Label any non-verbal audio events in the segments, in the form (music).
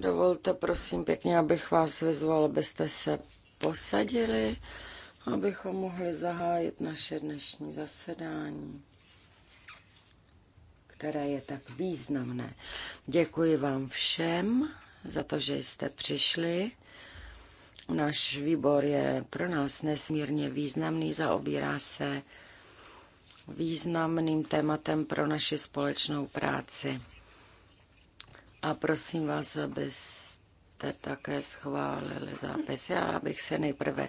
Dovolte prosím pěkně, abych vás vyzval, abyste se posadili, abychom mohli zahájit naše dnešní zasedání které je tak významné. Děkuji vám všem za to, že jste přišli. Náš výbor je pro nás nesmírně významný, zaobírá se významným tématem pro naši společnou práci. A prosím vás, abyste také schválili zápis. Já bych se nejprve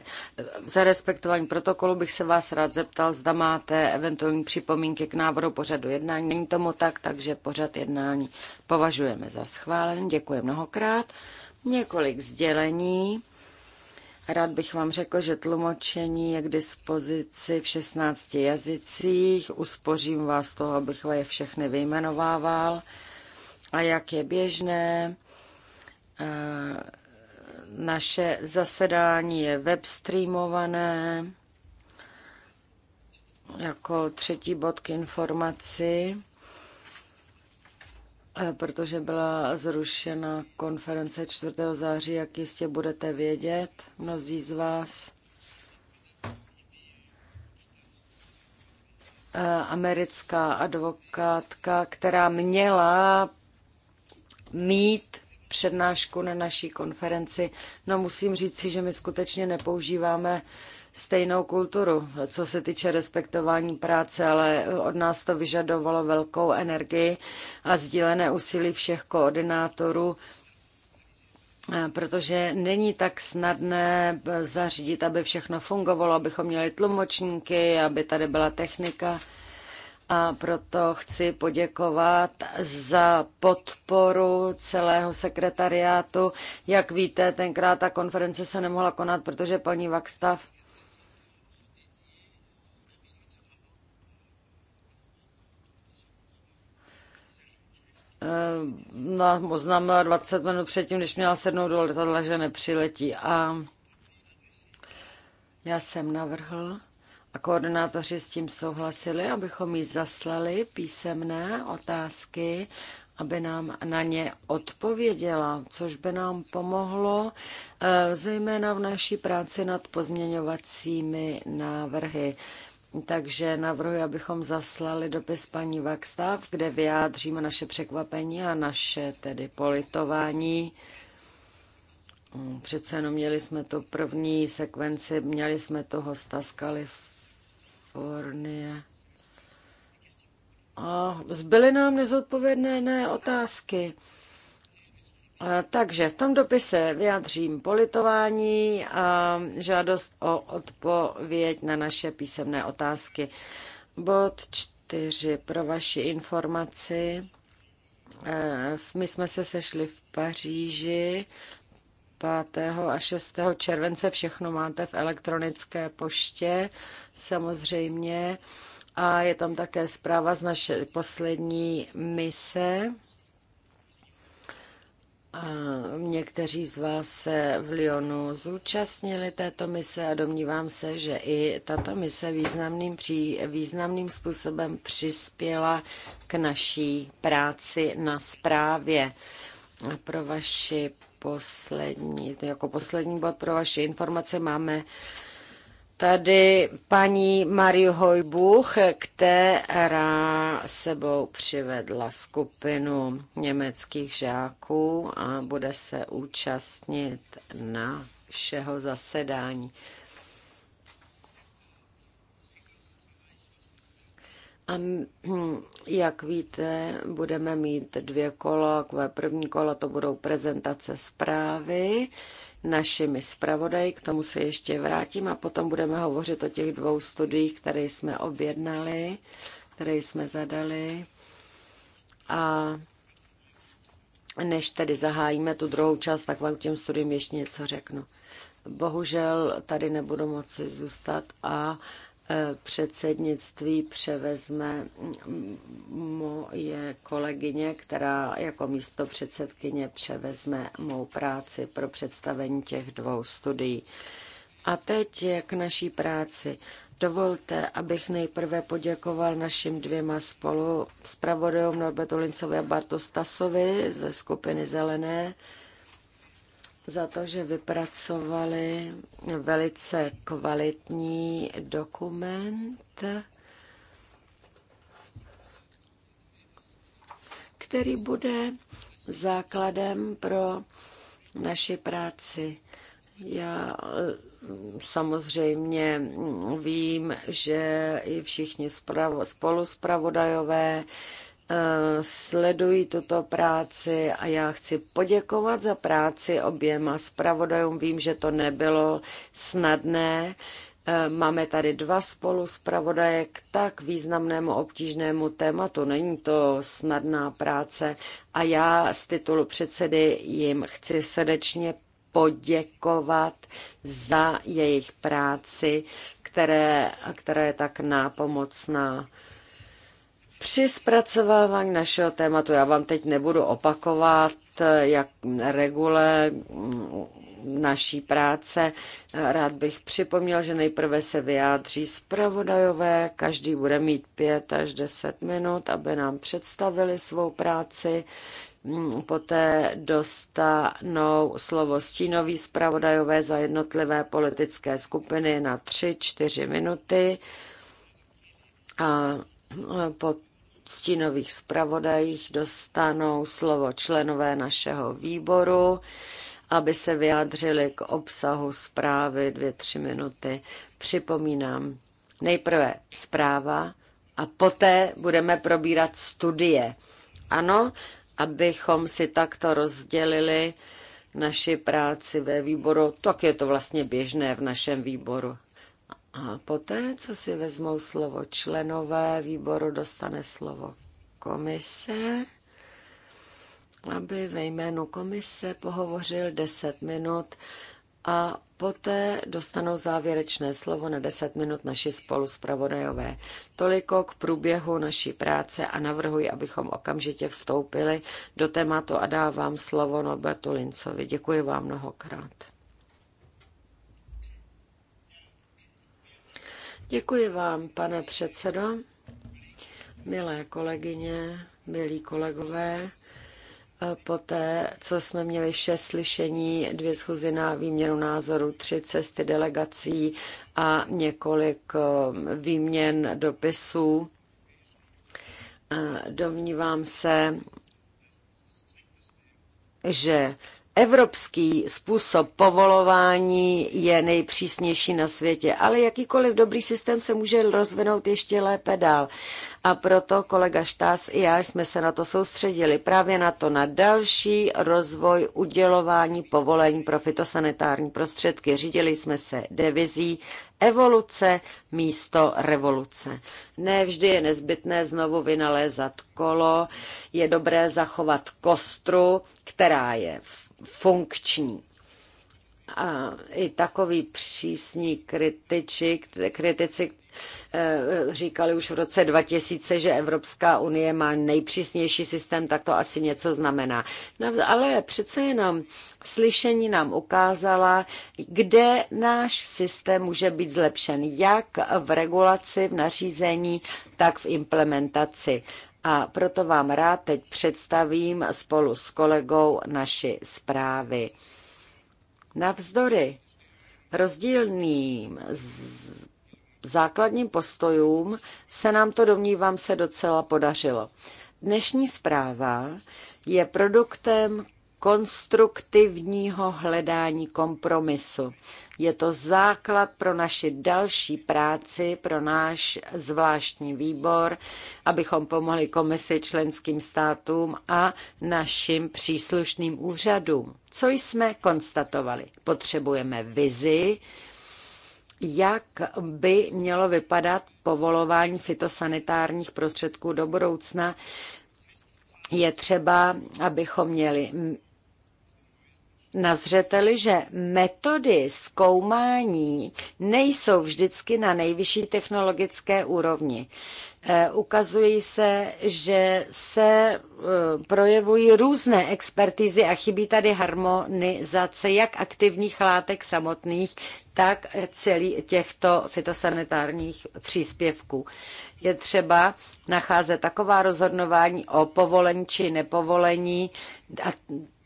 za respektování protokolu bych se vás rád zeptal, zda máte eventuální připomínky k návrhu pořadu jednání. Není tomu tak, takže pořad jednání považujeme za schválen. Děkuji mnohokrát. Několik sdělení. Rád bych vám řekl, že tlumočení je k dispozici v 16 jazycích. Uspořím vás toho, abych je všechny vyjmenovával. A jak je běžné, eh, naše zasedání je webstreamované jako třetí bod k informaci, eh, protože byla zrušena konference 4. září, jak jistě budete vědět, mnozí z vás. Eh, americká advokátka, která měla mít přednášku na naší konferenci. No musím říct si, že my skutečně nepoužíváme stejnou kulturu, co se týče respektování práce, ale od nás to vyžadovalo velkou energii a sdílené úsilí všech koordinátorů, protože není tak snadné zařídit, aby všechno fungovalo, abychom měli tlumočníky, aby tady byla technika a proto chci poděkovat za podporu celého sekretariátu. Jak víte, tenkrát ta konference se nemohla konat, protože paní Vakstav no, oznámila 20 minut předtím, když měla sednout do letadla, že nepřiletí. A já jsem navrhl, koordinátoři s tím souhlasili, abychom jí zaslali písemné otázky, aby nám na ně odpověděla, což by nám pomohlo eh, zejména v naší práci nad pozměňovacími návrhy. Takže navrhuji, abychom zaslali dopis paní Vakstav, kde vyjádříme naše překvapení a naše tedy politování. Přece jenom měli jsme tu první sekvenci, měli jsme toho hosta z Kalifornie Kalifornie. A zbyly nám nezodpovědné otázky. Takže v tom dopise vyjadřím politování a žádost o odpověď na naše písemné otázky. Bod čtyři pro vaši informaci. E, my jsme se sešli v Paříži 5. a 6. července. Všechno máte v elektronické poště samozřejmě. A je tam také zpráva z naše poslední mise. A někteří z vás se v Lyonu zúčastnili této mise a domnívám se, že i tato mise významným, pří, významným způsobem přispěla k naší práci na zprávě. A pro vaši poslední, jako poslední bod pro vaše informace máme tady paní Mariu Hojbuch, která sebou přivedla skupinu německých žáků a bude se účastnit na všeho zasedání. A hm, jak víte, budeme mít dvě kola. Kvůli první kola to budou prezentace zprávy našimi zpravodaji, k tomu se ještě vrátím a potom budeme hovořit o těch dvou studiích, které jsme objednali, které jsme zadali. A než tedy zahájíme tu druhou část, tak vám k těm studiím ještě něco řeknu. Bohužel tady nebudu moci zůstat a Eh, předsednictví převezme moje kolegyně, která jako místo předsedkyně převezme mou práci pro představení těch dvou studií. A teď k naší práci. Dovolte, abych nejprve poděkoval našim dvěma spolu s Norbertu Lincovi a Bartu Stasovi ze skupiny Zelené za to, že vypracovali velice kvalitní dokument, který bude základem pro naši práci. Já eh, samozřejmě vím, že i všichni spolu spoluspravodajové Eh, sledují tuto práci a já chci poděkovat za práci oběma zpravodajům. Vím, že to nebylo snadné. Eh, máme tady dva spolu zpravodaje k tak významnému obtížnému tématu. Není to snadná práce a já z titulu předsedy jim chci srdečně poděkovat za jejich práci, které, která je tak nápomocná při zpracovávání našeho tématu, já vám teď nebudu opakovat, jak regule mm, naší práce. Rád bych připomněl, že nejprve se vyjádří zpravodajové, každý bude mít pět až deset minut, aby nám představili svou práci. Mm, poté dostanou slovo stínoví zpravodajové za jednotlivé politické skupiny na tři čtyři minuty. A pot stínových zpravodajích dostanou slovo členové našeho výboru, aby se vyjádřili k obsahu zprávy dvě, tři minuty. Připomínám, nejprve zpráva a poté budeme probírat studie. Ano, abychom si takto rozdělili naši práci ve výboru, tak je to vlastně běžné v našem výboru. A poté, co si vezmou slovo členové výboru, dostane slovo komise, aby ve jménu komise pohovořil 10 minut a poté dostanou závěrečné slovo na 10 minut naši spoluspravodajové. Toliko k průběhu naší práce a navrhuji, abychom okamžitě vstoupili do tématu a dávám slovo Norbertu Lincovi. Děkuji vám mnohokrát. Děkuji vám, pane předsedo, milé kolegyně, milí kolegové. Poté, co jsme měli šest slyšení, dvě schůzy na výměnu názoru, tři cesty delegací a několik eh, výměn dopisů, eh, domnívám se, že Evropský způsob povolování je nejpřísnější na světě, ale jakýkoliv dobrý systém se může rozvinout ještě lépe dál. A proto kolega Štás i já jsme se na to soustředili, právě na to, na další rozvoj udělování povolení pro fitosanitární prostředky. Řídili jsme se devizí evoluce místo revoluce. Ne vždy je nezbytné znovu vynalézat kolo, je dobré zachovat kostru, která je v funkční. A i takový přísní kritiči, kritici eh, říkali už v roce 2000, že Evropská unie má nejpřísnější systém, tak to asi něco znamená. No, ale přece jenom slyšení nám ukázala, kde náš systém může být zlepšen, jak v regulaci, v nařízení, tak v implementaci. A proto vám rád teď představím spolu s kolegou naši zprávy. Navzdory rozdílným základním postojům se nám to, domnívám se, docela podařilo. Dnešní zpráva je produktem konstruktivního hledání kompromisu. Je to základ pro naši další práci, pro náš zvláštní výbor, abychom pomohli komisi členským státům a našim příslušným úřadům. Co jsme konstatovali? Potřebujeme vizi, jak by mělo vypadat povolování fitosanitárních prostředků do budoucna. Je třeba, abychom měli na zřeteli, že metody zkoumání nejsou vždycky na nejvyšší technologické úrovni. Eh, ukazují se, že se eh, projevují různé expertizy a chybí tady harmonizace jak aktivních látek samotných, tak celý těchto fitosanitárních příspěvků. Je třeba nacházet taková rozhodování o povolení či nepovolení a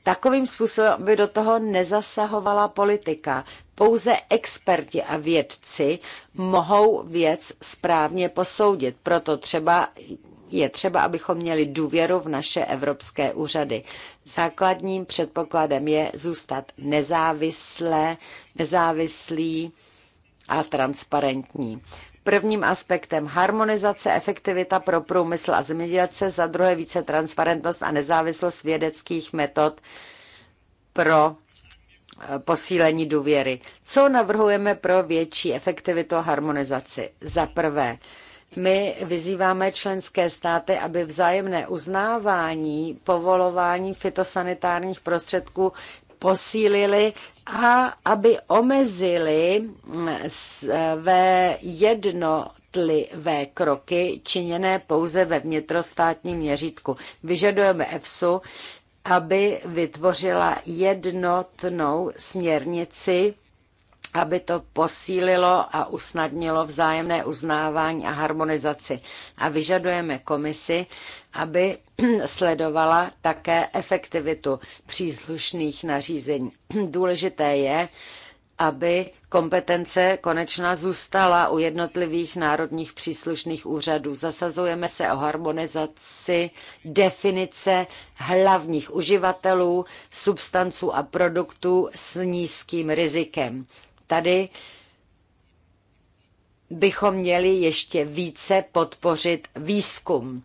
Takovým způsobem, aby do toho nezasahovala politika. Pouze experti a vědci mohou věc správně posoudit. Proto třeba je třeba, abychom měli důvěru v naše evropské úřady. Základním předpokladem je zůstat nezávislé, nezávislý a transparentní. Prvním aspektem harmonizace, efektivita pro průmysl a zemědělce, za druhé více transparentnost a nezávislost vědeckých metod pro eh, posílení důvěry. Co navrhujeme pro větší efektivitu a harmonizaci? Za prvé, my vyzýváme členské státy, aby vzájemné uznávání povolování fitosanitárních prostředků posílili a aby omezili mm, své jedno jednotlivé kroky činěné pouze ve vnitrostátním měřítku. Vyžadujeme EFSU, aby vytvořila jednotnou směrnici aby to posílilo a usnadnilo vzájemné uznávání a harmonizaci. A vyžadujeme komisi, aby (clears throat) sledovala také efektivitu příslušných nařízení. (clears throat) Důležité je, aby kompetence konečná zůstala u jednotlivých národních příslušných úřadů. Zasazujeme se o harmonizaci definice hlavních uživatelů, substanců a produktů s nízkým rizikem. Tady bychom měli ještě více podpořit výzkum.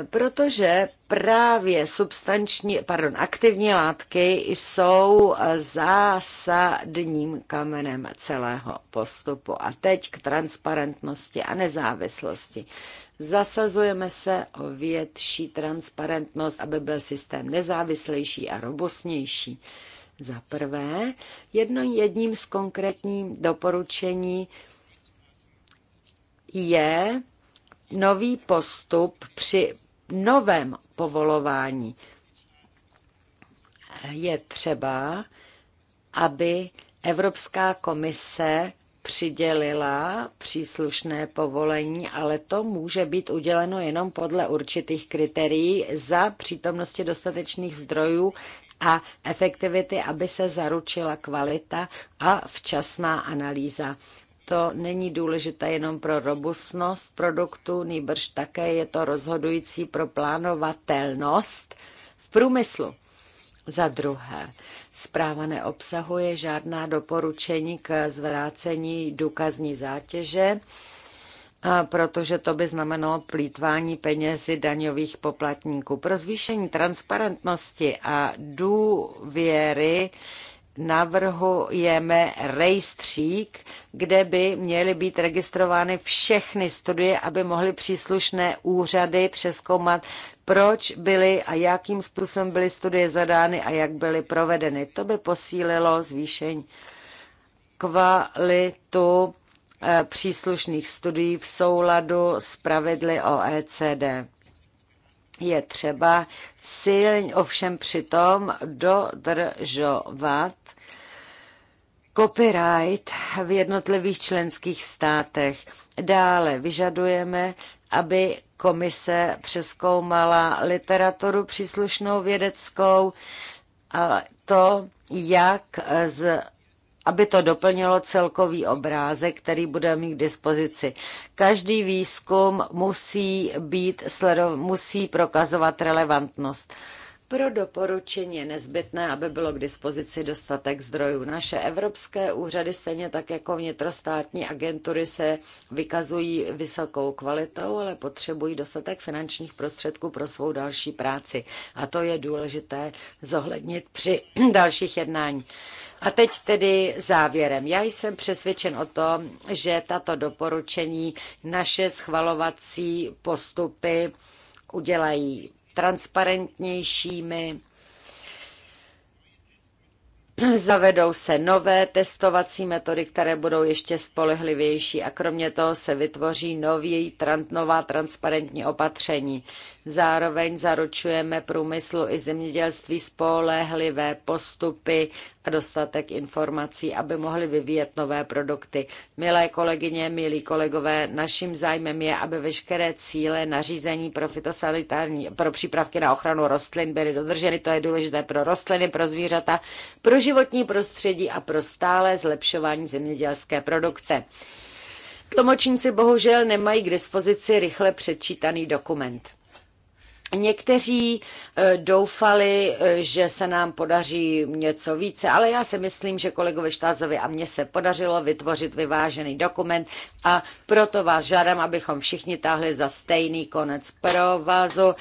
E, protože právě substanční, pardon, aktivní látky jsou zásadním kamenem celého postupu. A teď k transparentnosti a nezávislosti. Zasazujeme se o větší transparentnost, aby byl systém nezávislejší a robustnější. Za prvé, jedno, jedním z konkrétních doporučení je nový postup při novém povolování. Je třeba, aby Evropská komise přidělila příslušné povolení, ale to může být uděleno jenom podle určitých kritérií za přítomnosti dostatečných zdrojů a efektivity, aby se zaručila kvalita a včasná analýza to není důležité jenom pro robustnost produktu, nýbrž také je to rozhodující pro plánovatelnost v průmyslu. Za druhé, zpráva neobsahuje žádná doporučení k zvrácení důkazní zátěže protože to by znamenalo plítvání penězi daňových poplatníků. Pro zvýšení transparentnosti a důvěry navrhujeme rejstřík, kde by měly být registrovány všechny studie, aby mohly příslušné úřady přeskoumat, proč byly a jakým způsobem byly studie zadány a jak byly provedeny. To by posílilo zvýšení kvalitu Eh, příslušných studií v souladu s pravidly OECD. Je třeba silně ovšem přitom dodržovat copyright v jednotlivých členských státech. Dále vyžadujeme, aby komise přeskoumala literaturu příslušnou vědeckou, a to, jak z aby to doplnilo celkový obrázek, který bude mít k dispozici. Každý výzkum musí, být, musí prokazovat relevantnost. Pro doporučení je nezbytné, aby bylo k dispozici dostatek zdrojů. Naše evropské úřady, stejně tak jako vnitrostátní agentury, se vykazují vysokou kvalitou, ale potřebují dostatek finančních prostředků pro svou další práci. A to je důležité zohlednit při (clears throat) dalších jednání. A teď tedy závěrem. Já jsem přesvědčen o tom, že tato doporučení naše schvalovací postupy udělají transparentnějšími. Zavedou se nové testovací metody, které budou ještě spolehlivější a kromě toho se vytvoří nový, nová transparentní opatření. Zároveň zaručujeme průmyslu i zemědělství spolehlivé postupy a dostatek informací, aby mohli vyvíjet nové produkty. Milé kolegyně, milí kolegové, naším zájmem je, aby veškeré cíle nařízení pro, fitosanitární, pro přípravky na ochranu rostlin byly dodrženy. To je důležité pro rostliny, pro zvířata, pro životní prostředí a pro stále zlepšování zemědělské produkce. Tlumočníci bohužel nemají k dispozici rychle předčítaný dokument. Někteří eh, doufali, eh, že se nám podaří něco více, ale já si myslím, že kolegovi Štázovi a mně se podařilo vytvořit vyvážený dokument a proto vás žádám, abychom všichni táhli za stejný konec provazu.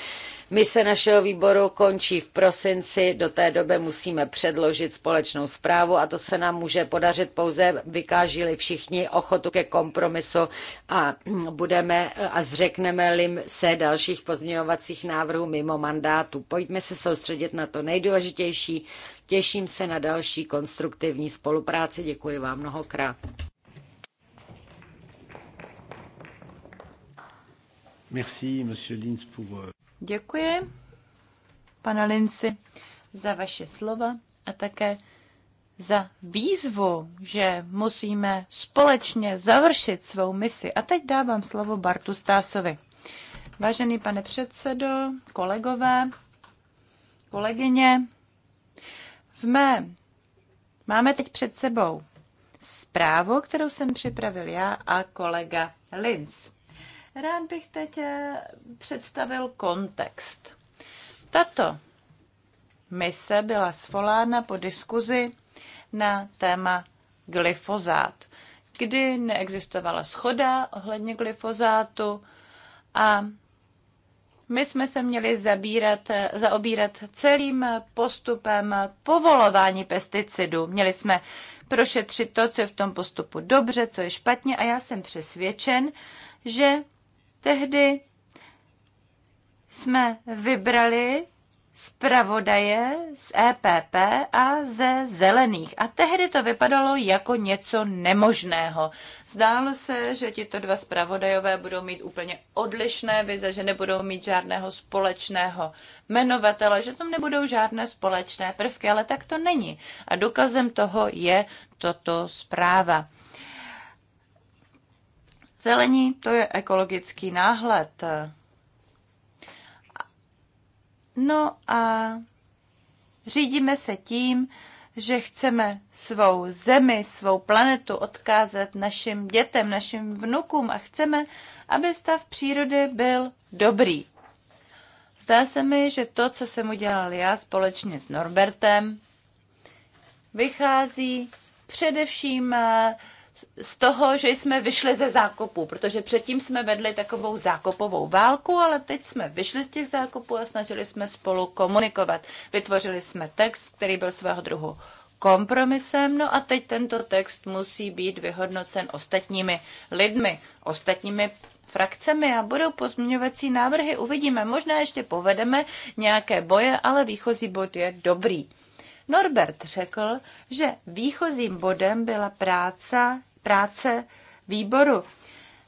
Mise našeho výboru končí v prosinci, do té doby musíme předložit společnou zprávu a to se nám může podařit pouze vykáží-li všichni ochotu ke kompromisu a budeme a zřekneme-li se dalších pozměňovacích návrhů mimo mandátu. Pojďme se soustředit na to nejdůležitější. Těším se na další konstruktivní spolupráci. Děkuji vám mnohokrát. Merci, monsieur Linz, pour... Euh, Děkuji, pane Linci, za vaše slova a také za výzvu, že musíme společně završit svou misi. A teď dávám slovo Bartu Stásovi. Vážený pane předsedo, kolegové, kolegyně, v mé máme teď před sebou zprávu, kterou jsem připravil já a kolega Linz. Rád bych teď eh, představil kontext. Tato mise byla svolána po diskuzi na téma glyfozát, kdy neexistovala schoda ohledně glyfozátu a my jsme se měli zabírat, eh, zaobírat celým postupem povolování pesticidů. Měli jsme prošetřit to, co je v tom postupu dobře, co je špatně a já jsem přesvědčen, že Tehdy jsme vybrali zpravodaje z EPP a ze zelených. A tehdy to vypadalo jako něco nemožného. Zdálo se, že tito dva zpravodajové budou mít úplně odlišné vize, že nebudou mít žádného společného jmenovatele, že tam nebudou žádné společné prvky, ale tak to není. A důkazem toho je toto zpráva. Zelení to je ekologický náhled. No a řídíme se tím, že chceme svou zemi, svou planetu odkázat našim dětem, našim vnukům a chceme, aby stav přírody byl dobrý. Zdá se mi, že to, co jsem udělal já společně s Norbertem, vychází především eh, z toho, že jsme vyšli ze zákopu, protože předtím jsme vedli takovou zákopovou válku, ale teď jsme vyšli z těch zákopů a snažili jsme spolu komunikovat. Vytvořili jsme text, který byl svého druhu kompromisem, no a teď tento text musí být vyhodnocen ostatními lidmi, ostatními frakcemi a budou pozměňovací návrhy, uvidíme. Možná ještě povedeme nějaké boje, ale výchozí bod je dobrý. Norbert řekl, že výchozím bodem byla práce, práce výboru.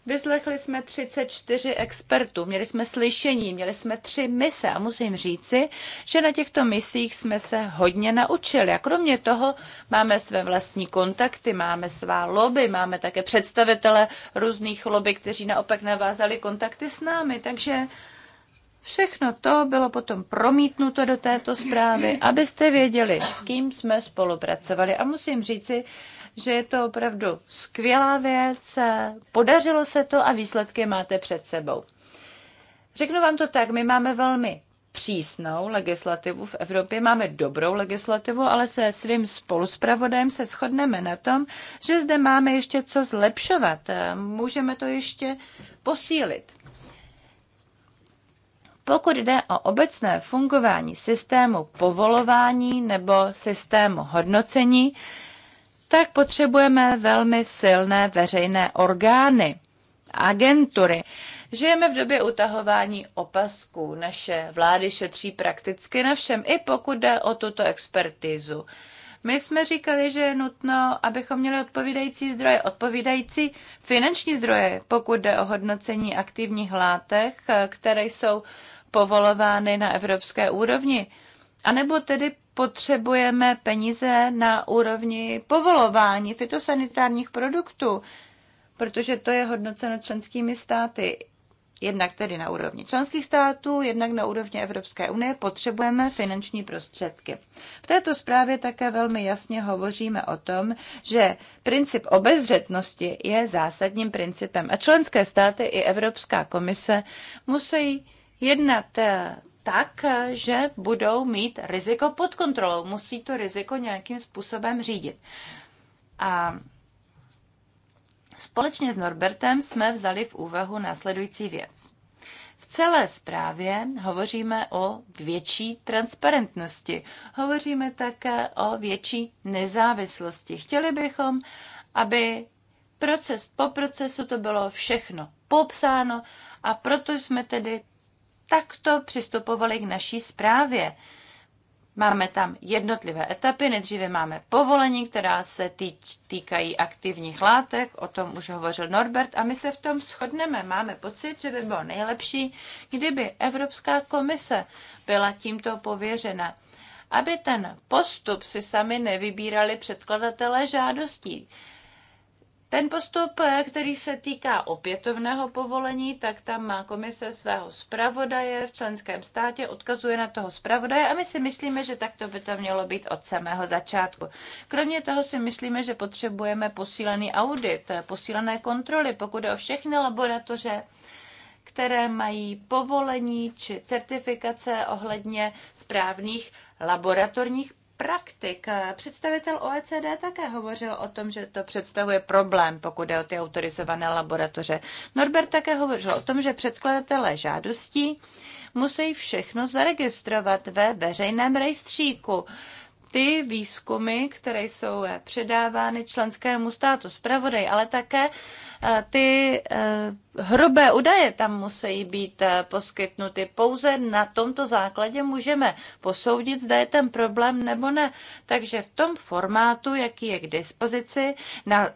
Vyslechli jsme 34 expertů, měli jsme slyšení, měli jsme tři mise a musím říci, že na těchto misích jsme se hodně naučili. A kromě toho máme své vlastní kontakty, máme svá lobby, máme také představitele různých lobby, kteří naopak navázali kontakty s námi. Takže Všechno to bylo potom promítnuto do této zprávy, abyste věděli, s kým jsme spolupracovali. A musím říci, že je to opravdu skvělá věc, podařilo se to a výsledky máte před sebou. Řeknu vám to tak, my máme velmi přísnou legislativu v Evropě, máme dobrou legislativu, ale se svým spoluspravodajem se shodneme na tom, že zde máme ještě co zlepšovat. Můžeme to ještě posílit. Pokud jde o obecné fungování systému povolování nebo systému hodnocení, tak potřebujeme velmi silné veřejné orgány, agentury. Žijeme v době utahování opasků. Naše vlády šetří prakticky na všem, i pokud jde o tuto expertizu. My jsme říkali, že je nutno, abychom měli odpovídající zdroje, odpovídající finanční zdroje, pokud jde o hodnocení aktivních látek, které jsou povolovány na evropské úrovni? A nebo tedy potřebujeme peníze na úrovni povolování fitosanitárních produktů, protože to je hodnoceno členskými státy. Jednak tedy na úrovni členských států, jednak na úrovni Evropské unie potřebujeme finanční prostředky. V této zprávě také velmi jasně hovoříme o tom, že princip obezřetnosti je zásadním principem a členské státy i Evropská komise musí jednat eh, tak, eh, že budou mít riziko pod kontrolou. Musí to riziko nějakým způsobem řídit. A společně s Norbertem jsme vzali v úvahu následující věc. V celé zprávě hovoříme o větší transparentnosti. Hovoříme také o větší nezávislosti. Chtěli bychom, aby proces po procesu to bylo všechno popsáno a proto jsme tedy takto přistupovali k naší zprávě. Máme tam jednotlivé etapy. Nejdříve máme povolení, která se týč, týkají aktivních látek, o tom už hovořil Norbert, a my se v tom shodneme. Máme pocit, že by bylo nejlepší, kdyby Evropská komise byla tímto pověřena, aby ten postup si sami nevybírali předkladatelé žádostí. Ten postup, který se týká opětovného povolení, tak tam má komise svého zpravodaje v členském státě, odkazuje na toho zpravodaje a my si myslíme, že tak to by to mělo být od samého začátku. Kromě toho si myslíme, že potřebujeme posílený audit, posílené kontroly, pokud je o všechny laboratoře, které mají povolení či certifikace ohledně správných laboratorních praktik. Představitel OECD také hovořil o tom, že to představuje problém, pokud je o ty autorizované laboratoře. Norbert také hovořil o tom, že předkladatelé žádostí musí všechno zaregistrovat ve veřejném rejstříku ty výzkumy, které jsou eh, předávány členskému státu zpravodaj, ale také eh, ty eh, hrubé údaje tam musí být poskytnuty. Pouze na tomto základě můžeme posoudit, zda je ten problém nebo ne. Takže v tom formátu, jaký je k dispozici, na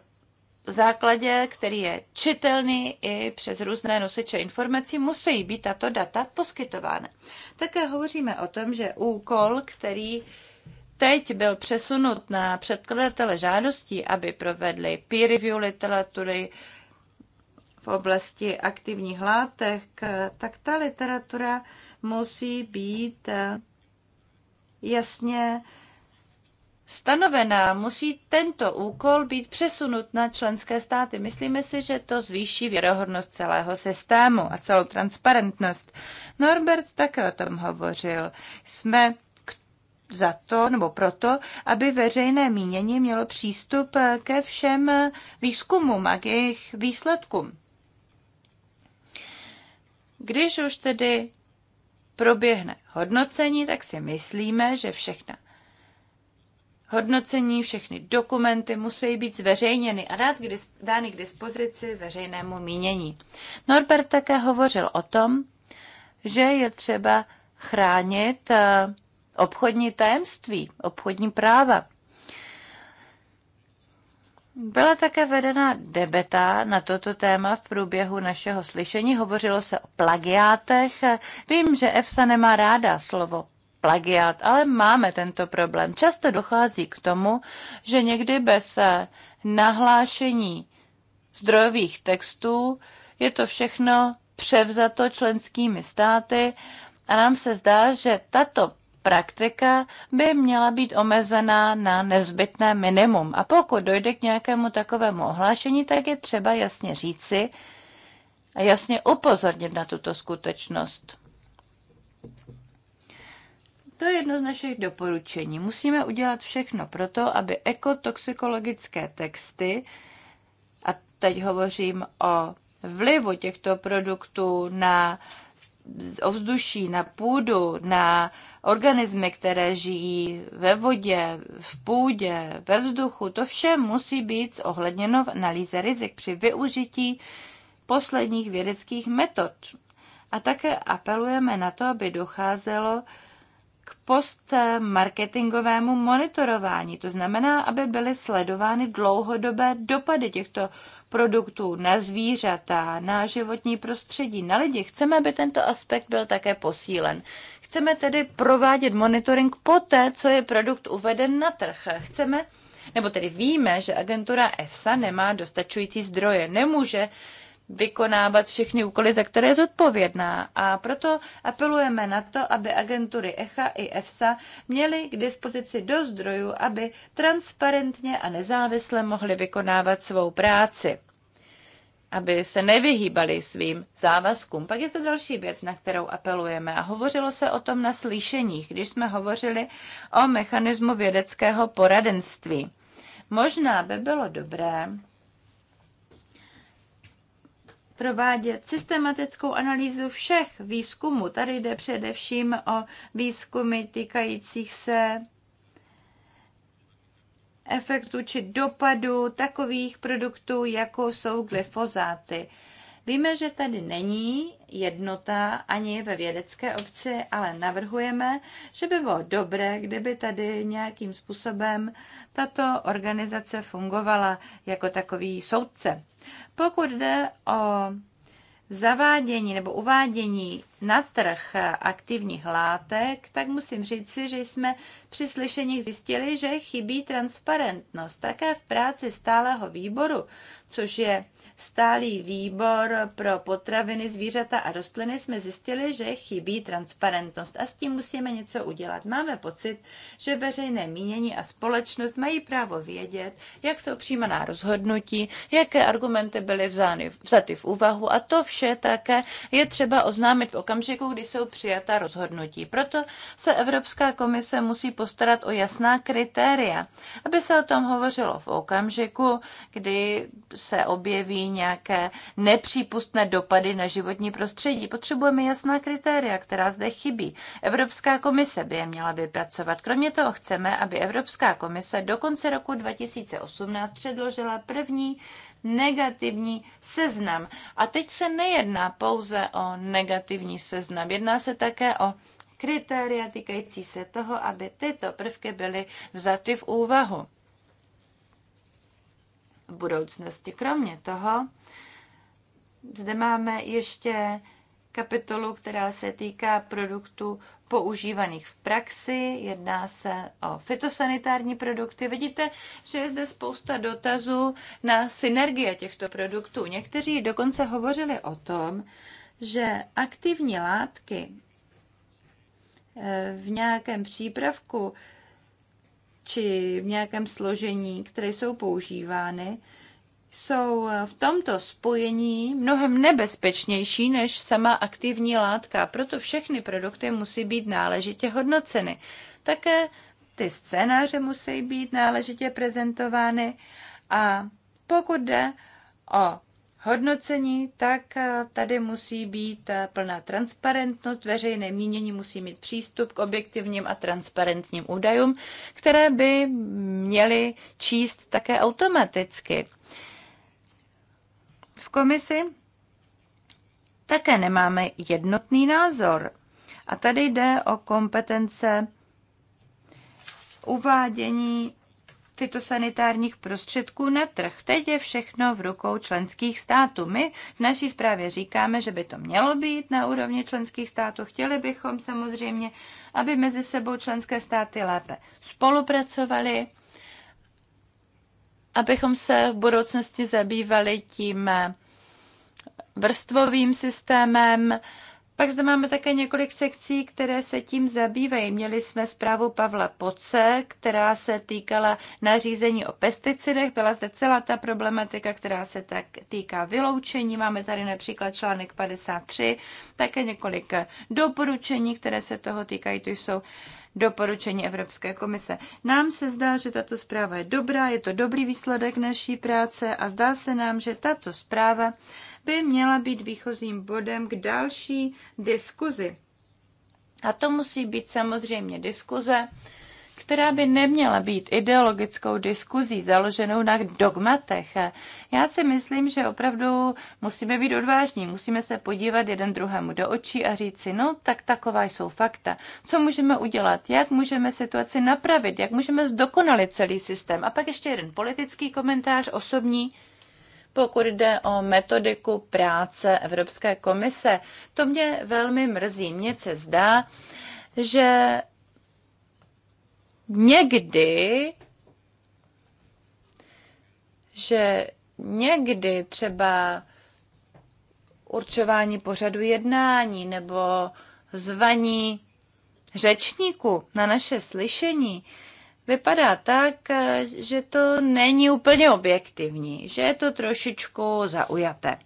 základě, který je čitelný i přes různé nosiče informací, musí být tato data poskytována. Také hovoříme o tom, že úkol, který teď byl přesunut na předkladatele žádostí, aby provedli peer review literatury v oblasti aktivních látek, tak ta literatura musí být jasně stanovená. Musí tento úkol být přesunut na členské státy. Myslíme si, že to zvýší věrohodnost celého systému a celou transparentnost. Norbert také o tom hovořil. Jsme za to nebo proto, aby veřejné mínění mělo přístup eh, ke všem eh, výzkumům a k jejich výsledkům. Když už tedy proběhne hodnocení, tak si myslíme, že všechna hodnocení, všechny dokumenty musí být zveřejněny a dát k dány k dispozici veřejnému mínění. Norbert také hovořil o tom, že je třeba chránit eh, obchodní tajemství, obchodní práva. Byla také vedena debeta na toto téma v průběhu našeho slyšení. Hovořilo se o plagiátech. Vím, že EFSA nemá ráda slovo plagiát, ale máme tento problém. Často dochází k tomu, že někdy bez eh, nahlášení zdrojových textů je to všechno převzato členskými státy a nám se zdá, že tato praktika by měla být omezená na nezbytné minimum. A pokud dojde k nějakému takovému ohlášení, tak je třeba jasně říci a jasně upozornit na tuto skutečnost. To je jedno z našich doporučení. Musíme udělat všechno pro to, aby ekotoxikologické texty, a teď hovořím o vlivu těchto produktů na ovzduší, na půdu, na organismy, které žijí ve vodě, v půdě, ve vzduchu, to vše musí být ohledněno v analýze rizik při využití posledních vědeckých metod. A také apelujeme na to, aby docházelo k postmarketingovému monitorování. To znamená, aby byly sledovány dlouhodobé dopady těchto produktů na zvířata, na životní prostředí, na lidi. Chceme, aby tento aspekt byl také posílen. Chceme tedy provádět monitoring poté, co je produkt uveden na trh. Chceme, nebo tedy víme, že agentura EFSA nemá dostačující zdroje, nemůže uh, vykonávat všechny úkoly, za které je zodpovědná. A proto apelujeme na to, aby agentury ECHA i EFSA měly k dispozici do zdrojů, aby transparentně a nezávisle mohly vykonávat svou práci aby se nevyhýbali svým závazkům. Pak je to další věc, na kterou apelujeme. A hovořilo se o tom na slyšeních, když jsme hovořili o mechanismu vědeckého poradenství. Možná by bylo dobré, provádět systematickou analýzu všech výzkumů. Tady jde především o výzkumy týkajících se efektu či dopadu takových produktů, jako jsou glyfozáty. Víme, že tady není jednota ani ve vědecké obci, ale navrhujeme, že by bylo dobré, kdyby tady nějakým způsobem tato organizace fungovala jako takový soudce. Pokud jde o zavádění nebo uvádění na trh aktivních látek, tak musím říci, že jsme při slyšeních zjistili, že chybí transparentnost také v práci stálého výboru, což je stálý výbor pro potraviny, zvířata a rostliny jsme zjistili, že chybí transparentnost a s tím musíme něco udělat. Máme pocit, že veřejné mínění a společnost mají právo vědět, jak jsou přijímaná rozhodnutí, jaké argumenty byly vzány, vzaty v úvahu a to vše také je třeba oznámit v okamžiku, kdy jsou přijata rozhodnutí. Proto se Evropská komise musí postarat o jasná kritéria, aby se o tom hovořilo v okamžiku, kdy se objeví nějaké nepřípustné dopady na životní prostředí. Potřebujeme jasná kritéria, která zde chybí. Evropská komise by je měla vypracovat. Kromě toho chceme, aby Evropská komise do konce roku 2018 předložila první negativní seznam. A teď se nejedná pouze o negativní seznam, jedná se také o kritéria týkající se toho, aby tyto prvky byly vzaty v úvahu budoucnosti. Kromě toho, zde máme ještě kapitolu, která se týká produktů používaných v praxi. Jedná se o fitosanitární produkty. Vidíte, že je zde spousta dotazů na synergie těchto produktů. Někteří dokonce hovořili o tom, že aktivní látky eh, v nějakém přípravku či v nějakém složení, které jsou používány, jsou v tomto spojení mnohem nebezpečnější než sama aktivní látka, proto všechny produkty musí být náležitě hodnoceny. Také ty scénáře musí být náležitě prezentovány a pokud jde o hodnocení, tak eh, tady musí být eh, plná transparentnost, veřejné mínění musí mít přístup k objektivním a transparentním údajům, které by měly číst také automaticky. V komisi také nemáme jednotný názor. A tady jde o kompetence uvádění fitosanitárních prostředků na trh. Teď je všechno v rukou členských států. My v naší zprávě říkáme, že by to mělo být na úrovni členských států. Chtěli bychom samozřejmě, aby mezi sebou členské státy lépe spolupracovali, abychom se v budoucnosti zabývali tím eh, vrstvovým systémem, pak zde máme také několik sekcí, které se tím zabývají. Měli jsme zprávu Pavla Poce, která se týkala nařízení o pesticidech. Byla zde celá ta problematika, která se tak týká vyloučení. Máme tady například článek 53, také několik doporučení, které se toho týkají. To jsou doporučení Evropské komise. Nám se zdá, že tato zpráva je dobrá, je to dobrý výsledek naší práce a zdá se nám, že tato zpráva by měla být výchozím bodem k další diskuzi. A to musí být samozřejmě diskuze, která by neměla být ideologickou diskuzí založenou na dogmatech. Já si myslím, že opravdu musíme být odvážní, musíme se podívat jeden druhému do očí a říct si, no tak taková jsou fakta. Co můžeme udělat, jak můžeme situaci napravit, jak můžeme zdokonalit celý systém. A pak ještě jeden politický komentář, osobní pokud jde o metodiku práce Evropské komise. To mě velmi mrzí. Mně se zdá, že někdy, že někdy třeba určování pořadu jednání nebo zvaní řečníku na naše slyšení, vypadá tak, eh, že to není úplně objektivní, že je to trošičku zaujaté.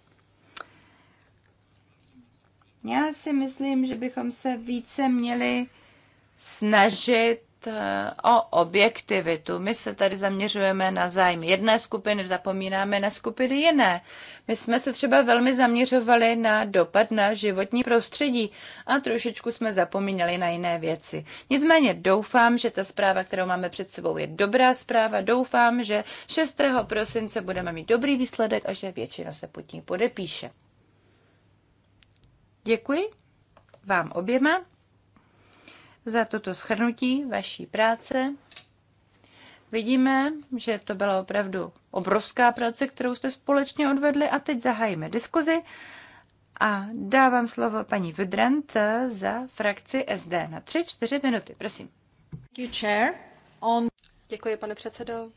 Já si myslím, že bychom se více měli snažit Eh, o objektivitu. My se tady zaměřujeme na zájmy jedné skupiny, zapomínáme na skupiny jiné. My jsme se třeba velmi zaměřovali na dopad na životní prostředí a trošičku jsme zapomínali na jiné věci. Nicméně doufám, že ta zpráva, kterou máme před sebou, je dobrá zpráva. Doufám, že 6. prosince budeme mít dobrý výsledek a že většina se pod ní podepíše. Děkuji vám oběma za toto schrnutí vaší práce. Vidíme, že to byla opravdu obrovská práce, kterou jste společně odvedli a teď zahájíme diskuzi a dávám slovo paní Vydrant za frakci SD na 3-4 minuty. Prosím. Děkuji, pane předsedo.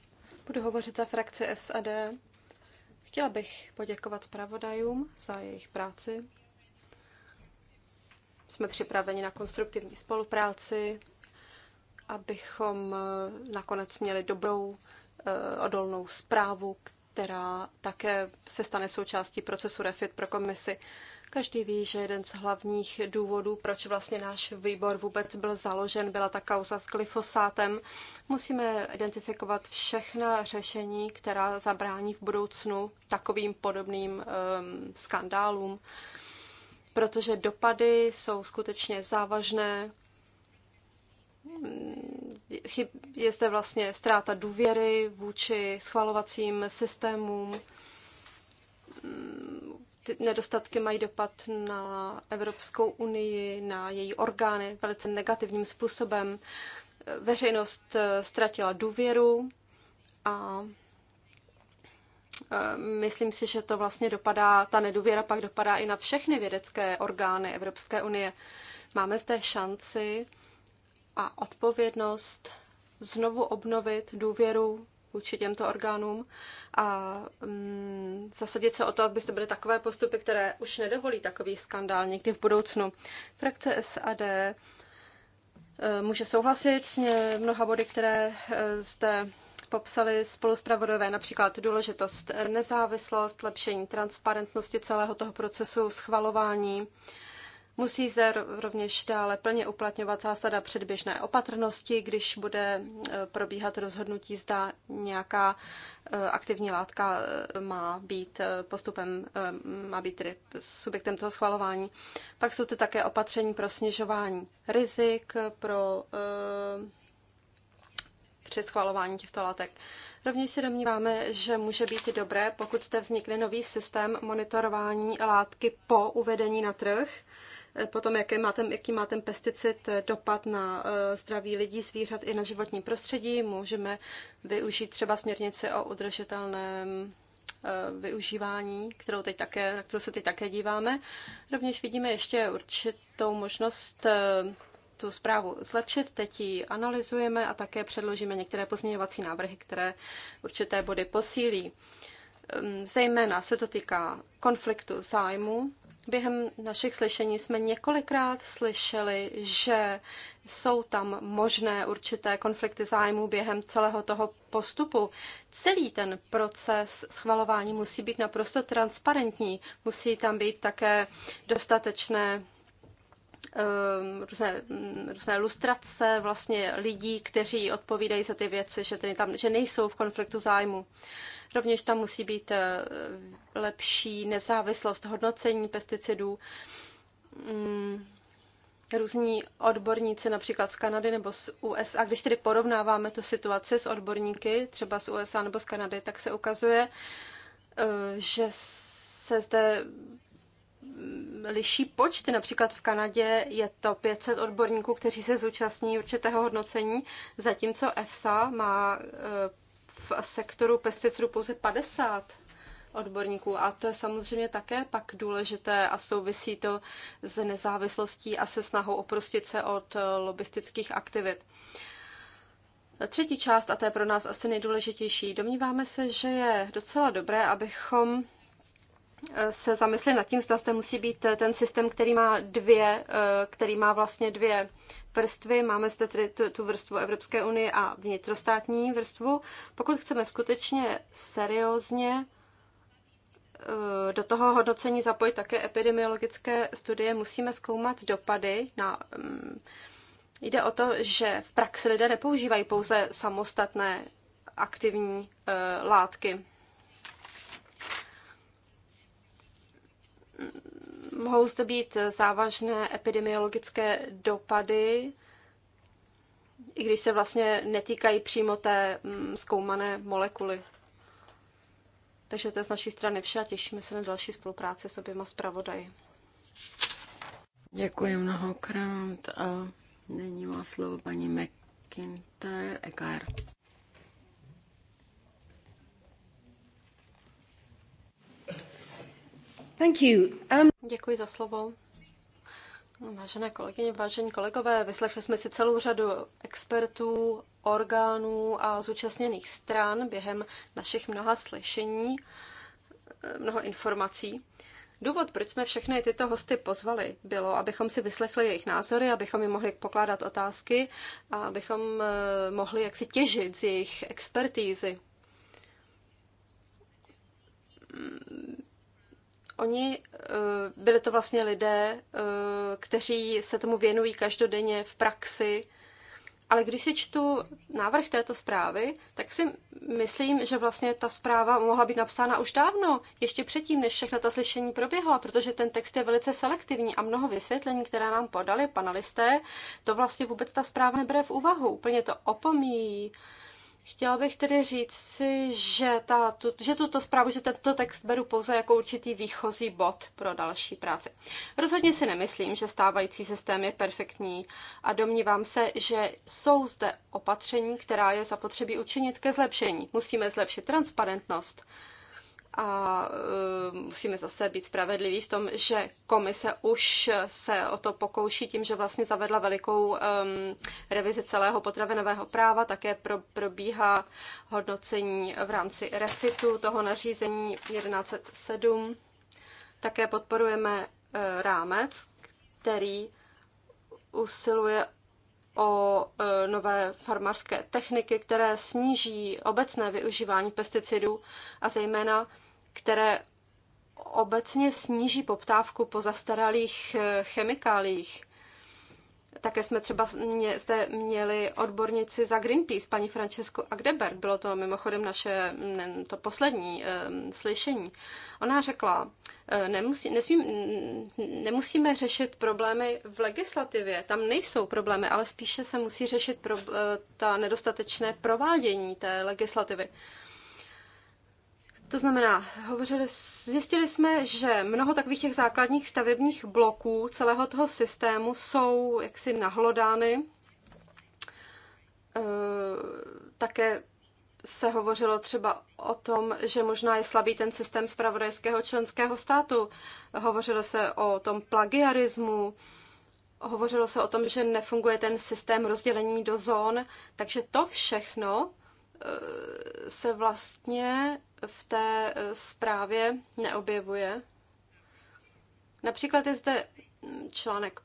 Budu hovořit za frakci SAD. Chtěla bych poděkovat zpravodajům za jejich práci jsme připraveni na konstruktivní spolupráci, abychom eh, nakonec měli dobrou eh, odolnou zprávu, která také se stane součástí procesu REFIT pro komisi. Každý ví, že jeden z hlavních důvodů, proč vlastně náš výbor vůbec byl založen, byla ta kauza s glyfosátem. Musíme identifikovat všechna řešení, která zabrání v budoucnu takovým podobným um, skandálům. Uh, protože dopady jsou skutečně závažné. Mm, je zde vlastně ztráta důvěry vůči schvalovacím systémům. Mm, ty nedostatky mají dopad na Evropskou unii, na její orgány velice negativním způsobem. Veřejnost eh, ztratila důvěru a Eh, myslím si, že to vlastně dopadá, ta nedůvěra pak dopadá i na všechny vědecké orgány Evropské unie. Máme zde šanci a odpovědnost znovu obnovit důvěru vůči těmto orgánům a mm, zasadit se o to, aby se byly takové postupy, které už nedovolí takový skandál někdy v budoucnu. Frakce SAD eh, může souhlasit s mnoha body, které eh, zde popsali pravodové například důležitost nezávislost, lepšení transparentnosti celého toho procesu schvalování. Musí se rovněž dále plně uplatňovat zásada předběžné opatrnosti, když bude e, probíhat rozhodnutí, zda nějaká e, aktivní látka e, má být postupem, má být tedy subjektem toho schvalování. Pak jsou to také opatření pro snižování rizik, pro při schvalování těchto látek. Rovněž se domníváme, že může být dobré, pokud zde vznikne nový systém monitorování látky po uvedení na trh, eh, potom jaký má ten, jaký má ten pesticid eh, dopad na eh, zdraví lidí, zvířat i na životní prostředí. Můžeme využít třeba směrnici o udržitelném využívání, kterou teď také, na kterou se teď také díváme. Rovněž vidíme ještě určitou možnost tu zprávu zlepšit. Teď ji analyzujeme a také předložíme některé pozměňovací návrhy, které určité body posílí. Ehm, zejména se to týká konfliktu zájmu. Během našich slyšení jsme několikrát slyšeli, že jsou tam možné určité konflikty zájmu během celého toho postupu. Celý ten proces schvalování musí být naprosto transparentní. Musí tam být také dostatečné Ehm, různé, mm, různé lustrace vlastně lidí, kteří odpovídají za ty věci, že, ten tam, že nejsou v konfliktu zájmu. Rovněž tam musí být eh, lepší nezávislost hodnocení pesticidů. Mm, různí odborníci například z Kanady nebo z USA, když tedy porovnáváme tu situaci s odborníky, třeba z USA nebo z Kanady, tak se ukazuje, eh, že se zde liší počty. Například v Kanadě je to 500 odborníků, kteří se zúčastní určitého hodnocení, zatímco EFSA má eh, v sektoru pesticidů pouze 50 odborníků. A to je samozřejmě také pak důležité a souvisí to s nezávislostí a se snahou oprostit se od eh, lobistických aktivit. Třetí část, a to je pro nás asi nejdůležitější, domníváme se, že je docela dobré, abychom se zamyslet nad tím, zda zde musí být ten systém, který má dvě, eh, který má vlastně dvě vrstvy. Máme zde tedy tu, tu vrstvu Evropské unie a vnitrostátní vrstvu. Pokud chceme skutečně seriózně eh, do toho hodnocení zapojit také epidemiologické studie, musíme zkoumat dopady na mm, Jde o to, že v praxi lidé nepoužívají pouze samostatné aktivní e, látky. mohou zde být závažné epidemiologické dopady, i když se vlastně netýkají přímo té mm, zkoumané molekuly. Takže to je z naší strany vše a těšíme se na další spolupráci s oběma zpravodaji. Děkuji mnohokrát a nyní má slovo paní McIntyre Eckhart. Um, Děkuji za slovo. Vážené kolegyně, vážení kolegové, vyslechli jsme si celou řadu expertů, orgánů a zúčastněných stran během našich mnoha slyšení, mnoho informací. Důvod, proč jsme všechny tyto hosty pozvali, bylo, abychom si vyslechli jejich názory, abychom jim mohli pokládat otázky a abychom eh, mohli jaksi těžit z jejich expertízy Oni eh, byli to vlastně lidé, eh, kteří se tomu věnují každodenně v praxi, ale když si čtu návrh této zprávy, tak si myslím, že vlastně ta zpráva mohla být napsána už dávno, ještě předtím, než všechna ta slyšení proběhla, protože ten text je velice selektivní a mnoho vysvětlení, která nám podali panelisté, to vlastně vůbec ta zpráva nebere v úvahu, úplně to opomíjí. Uh, Chtěla bych tedy říct si, že, ta, tu, že tuto zprávu, že tento text beru pouze jako určitý výchozí bod pro další práci. Rozhodně si nemyslím, že stávající systém je perfektní a domnívám se, že jsou zde opatření, která je zapotřebí učinit ke zlepšení. Musíme zlepšit transparentnost, a eh, musíme zase být spravedliví v tom, že komise už se o to pokouší tím, že vlastně zavedla velikou um, revizi celého potravinového práva, také pro, probíhá hodnocení v rámci refitu toho nařízení 1107. Také podporujeme uh, rámec, který usiluje o e, nové farmářské techniky, které sníží obecné využívání pesticidů a zejména které obecně sníží poptávku po zastaralých e, chemikáliích. Také jsme třeba mě, zde měli odbornici za Greenpeace, paní Francesku Agdeberg, bylo to mimochodem naše ne, to poslední e, slyšení. Ona řekla, e, nemusí, n, nemusíme řešit problémy v legislativě, tam nejsou problémy, ale spíše se musí řešit pro, e, ta nedostatečné provádění té legislativy. E, to znamená, hovořili, zjistili jsme, že mnoho takových těch základních stavebních bloků celého toho systému jsou jaksi nahlodány. Eh, také se hovořilo třeba o tom, že možná je slabý ten systém zpravodajského členského státu. Hovořilo se o tom plagiarismu, hovořilo se o tom, že nefunguje ten systém rozdělení do zón, takže to všechno eh, se vlastně v té eh, zprávě neobjevuje. Například je zde článek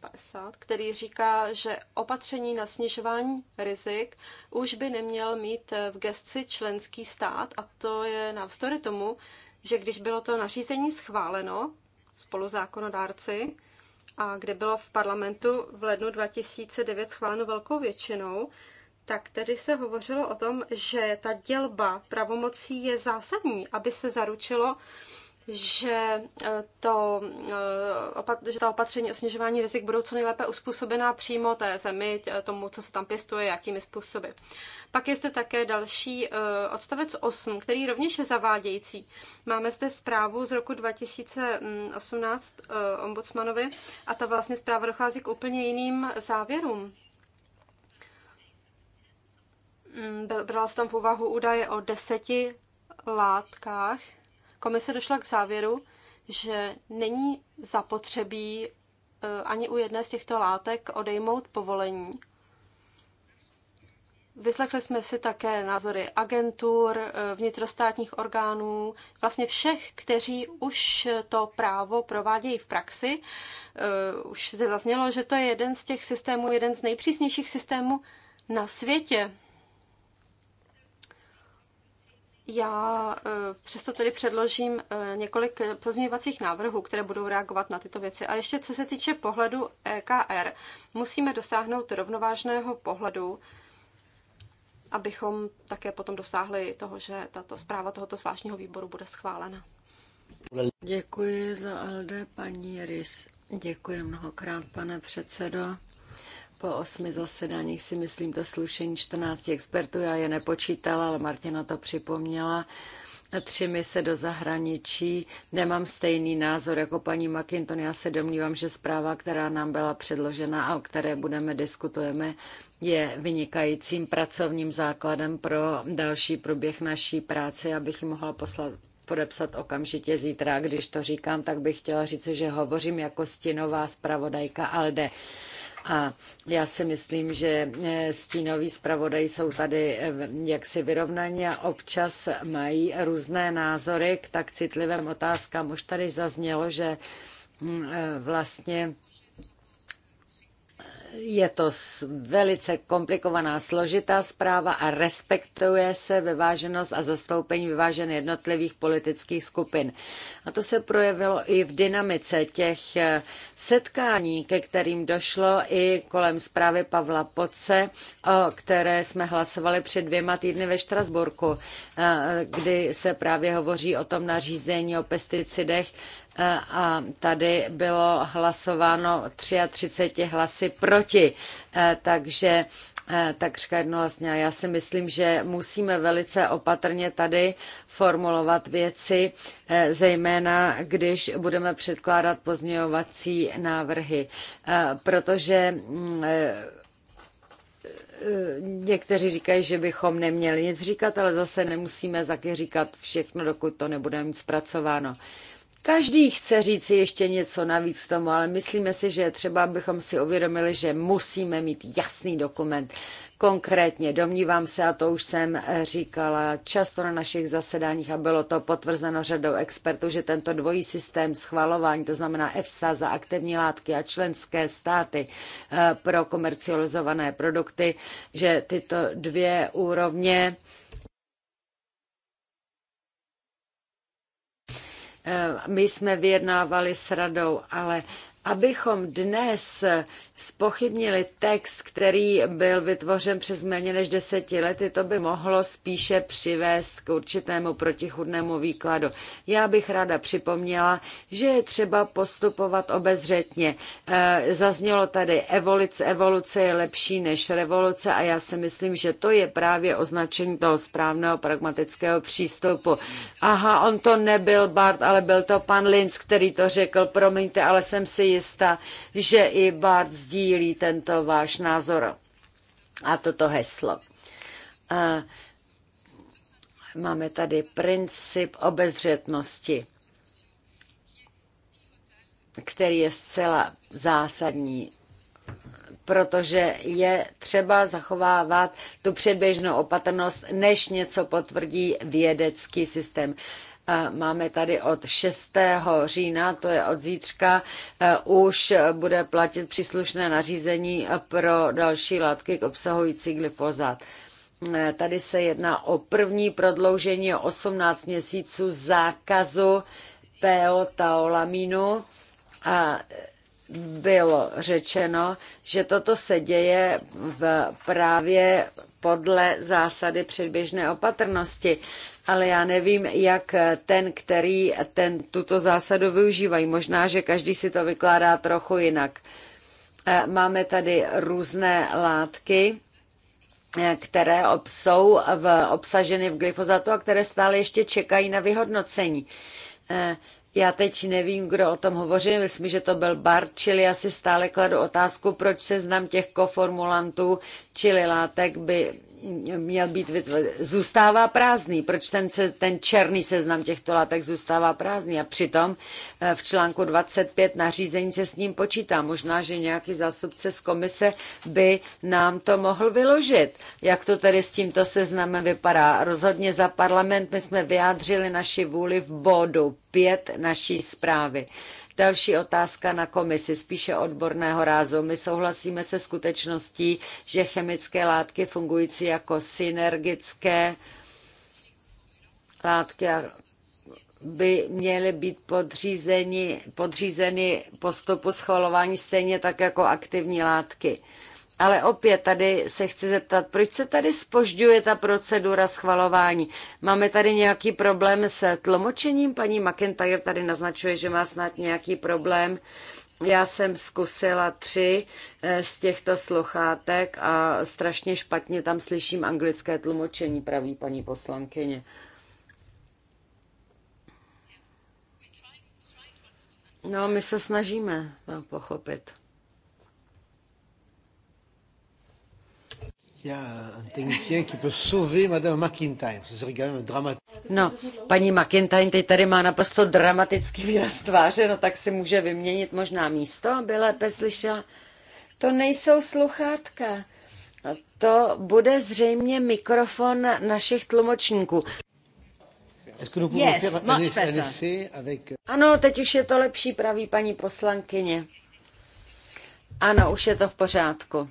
50, který říká, že opatření na snižování rizik už by neměl mít eh, v gesci členský stát a to je navzdory tomu, že když bylo to nařízení schváleno spoluzákonodárci a kde bylo v parlamentu v lednu 2009 schváleno velkou většinou, tak tedy se hovořilo o tom, že ta dělba pravomocí je zásadní, aby se zaručilo, že, eh, to, eh, že ta opatření o snižování rizik budou co nejlépe uspůsobená přímo té zemi, eh, tomu, co se tam pěstuje, jakými způsoby. Pak je zde také další odstavec 8, který rovněž je zavádějící. Máme zde zprávu z roku 2018 ombudsmanovi a ta vlastně zpráva dochází k úplně jiným závěrům. Mm, brala se tam v úvahu údaje o deseti látkách. Komise došla k závěru, že není zapotřebí e, ani u jedné z těchto látek odejmout povolení. Vyslechli jsme si také názory agentur, e, vnitrostátních orgánů, vlastně všech, kteří už to právo provádějí v praxi. E, už se zaznělo, že to je jeden z těch systémů, jeden z nejpřísnějších systémů na světě. Já eh, přesto tedy předložím eh, několik pozměňovacích návrhů, které budou reagovat na tyto věci. A ještě co se týče pohledu EKR, musíme dosáhnout rovnovážného pohledu, abychom také potom dosáhli toho, že tato zpráva tohoto zvláštního výboru bude schválena. Děkuji za LD, paní Rys. Děkuji mnohokrát, pane předsedo. Po osmi zasedáních si myslím to slušení 14 expertů, já je nepočítala, ale Martina to připomněla A tři se do zahraničí. Nemám stejný názor jako paní McInton. Já se domnívám, že zpráva, která nám byla předložena a o které budeme diskutujeme, je vynikajícím pracovním základem pro další průběh naší práce, abych ji mohla poslat podepsat okamžitě zítra. Když to říkám, tak bych chtěla říct, že hovořím jako stinová zpravodajka Alde. A já si myslím, že eh, stínoví zpravodaji jsou tady eh, jaksi vyrovnaní a občas mají různé názory k tak citlivým otázkám. Už tady zaznělo, že hm, eh, vlastně je to velice komplikovaná, složitá zpráva a respektuje se vyváženost a zastoupení vyvážen jednotlivých politických skupin. A to se projevilo i v dynamice těch eh, setkání, ke kterým došlo i kolem zprávy Pavla Poce, o které jsme hlasovali před dvěma týdny ve Štrasburku, eh, kdy se právě hovoří o tom nařízení o pesticidech, a tady bylo hlasováno 33 hlasy proti, e, takže e, takřka jednohlasně. Já si myslím, že musíme velice opatrně tady formulovat věci, e, zejména když budeme předkládat pozměňovací návrhy, protože mm, někteří říkají, že bychom neměli nic říkat, ale zase nemusíme taky říkat všechno, dokud to nebudeme mít zpracováno. Každý chce říct ještě něco navíc k tomu, ale myslíme si, že třeba bychom si uvědomili, že musíme mít jasný dokument. Konkrétně domnívám se, a to už jsem eh, říkala často na našich zasedáních a bylo to potvrzeno řadou expertů, že tento dvojí systém schvalování, to znamená EFSA za aktivní látky a členské státy eh, pro komercializované produkty, že tyto dvě úrovně Eh, my jsme vyjednávali s radou, ale abychom dnes spochybnili text, který byl vytvořen přes méně než deseti lety, to by mohlo spíše přivést k určitému protichudnému výkladu. Já bych ráda připomněla, že je třeba postupovat obezřetně. E, zaznělo tady evoluce, evoluce je lepší než revoluce a já si myslím, že to je právě označení toho správného pragmatického přístupu. Aha, on to nebyl Bart, ale byl to pan Linz, který to řekl, promiňte, ale jsem si jista, že i Bart sdílí tento váš názor a toto heslo. A máme tady princip obezřetnosti, který je zcela zásadní protože je třeba zachovávat tu předběžnou opatrnost, než něco potvrdí vědecký systém. Máme tady od 6. října, to je od zítřka, e, už bude platit příslušné nařízení pro další látky obsahující glyfozát. E, tady se jedná o první prodloužení o 18 měsíců zákazu peotaolaminu a bylo řečeno, že toto se děje v právě podle zásady předběžné opatrnosti. Ale já nevím, jak ten, který ten, tuto zásadu využívají. Možná, že každý si to vykládá trochu jinak. Eh, máme tady různé látky, eh, které jsou v, obsaženy v glyfozatu a které stále ještě čekají na vyhodnocení eh, já teď nevím, kdo o tom hovořil, myslím, že to byl Bart, čili já si stále kladu otázku, proč seznam těch koformulantů, čili látek by měl být zůstává prázdný. Proč ten, se, ten černý seznam těchto látek zůstává prázdný? A přitom eh, v článku 25 nařízení se s ním počítá. Možná, že nějaký zástupce z komise by nám to mohl vyložit. Jak to tedy s tímto seznamem vypadá? Rozhodně za parlament my jsme vyjádřili naši vůli v bodu 5 naší zprávy. Další otázka na komisi, spíše odborného rázu. My souhlasíme se skutečností, že chemické látky fungující jako synergické látky by měly být podřízeny, podřízeny postupu schvalování stejně tak jako aktivní látky. Ale opět tady se chci zeptat, proč se tady spožďuje ta procedura schvalování? Máme tady nějaký problém s tlumočením? Paní McIntyre tady naznačuje, že má snad nějaký problém. Já jsem zkusila tři eh, z těchto sluchátek a strašně špatně tam slyším anglické tlumočení, praví paní poslankyně. No, my se snažíme to pochopit. No, paní McIntyre teď tady má naprosto dramatický výraz tváře, no tak si může vyměnit možná místo, aby lépe slyšela. To nejsou sluchátka. To bude zřejmě mikrofon našich tlumočníků. Yes, much better. Euh, ano, teď už je to lepší, praví paní poslankyně. Ano, už je to v pořádku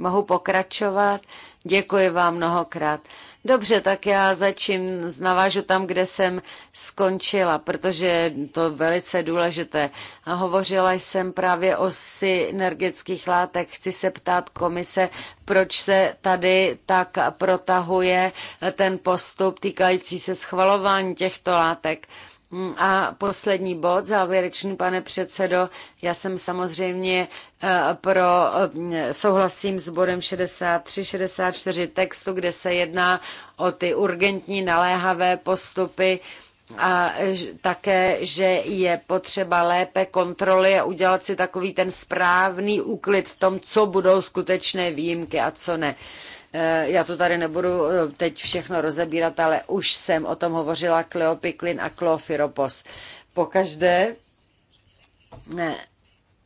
mohu pokračovat? Děkuji vám mnohokrát. Dobře, tak já začím, navážu tam, kde jsem skončila, protože je to velice důležité. A hovořila jsem právě o synergických látek. Chci se ptát komise, proč se tady tak protahuje ten postup týkající se schvalování těchto látek. A poslední bod, závěrečný pane předsedo, já jsem samozřejmě pro, eh, souhlasím s bodem 63-64 textu, kde se jedná o ty urgentní naléhavé postupy a také, že je potřeba lépe kontroly a udělat si takový ten správný úklid v tom, co budou skutečné výjimky a co ne. Eh, já to tady nebudu eh, teď všechno rozebírat, ale už jsem o tom hovořila Kleopiklin a Kleofiropos. Pokaždé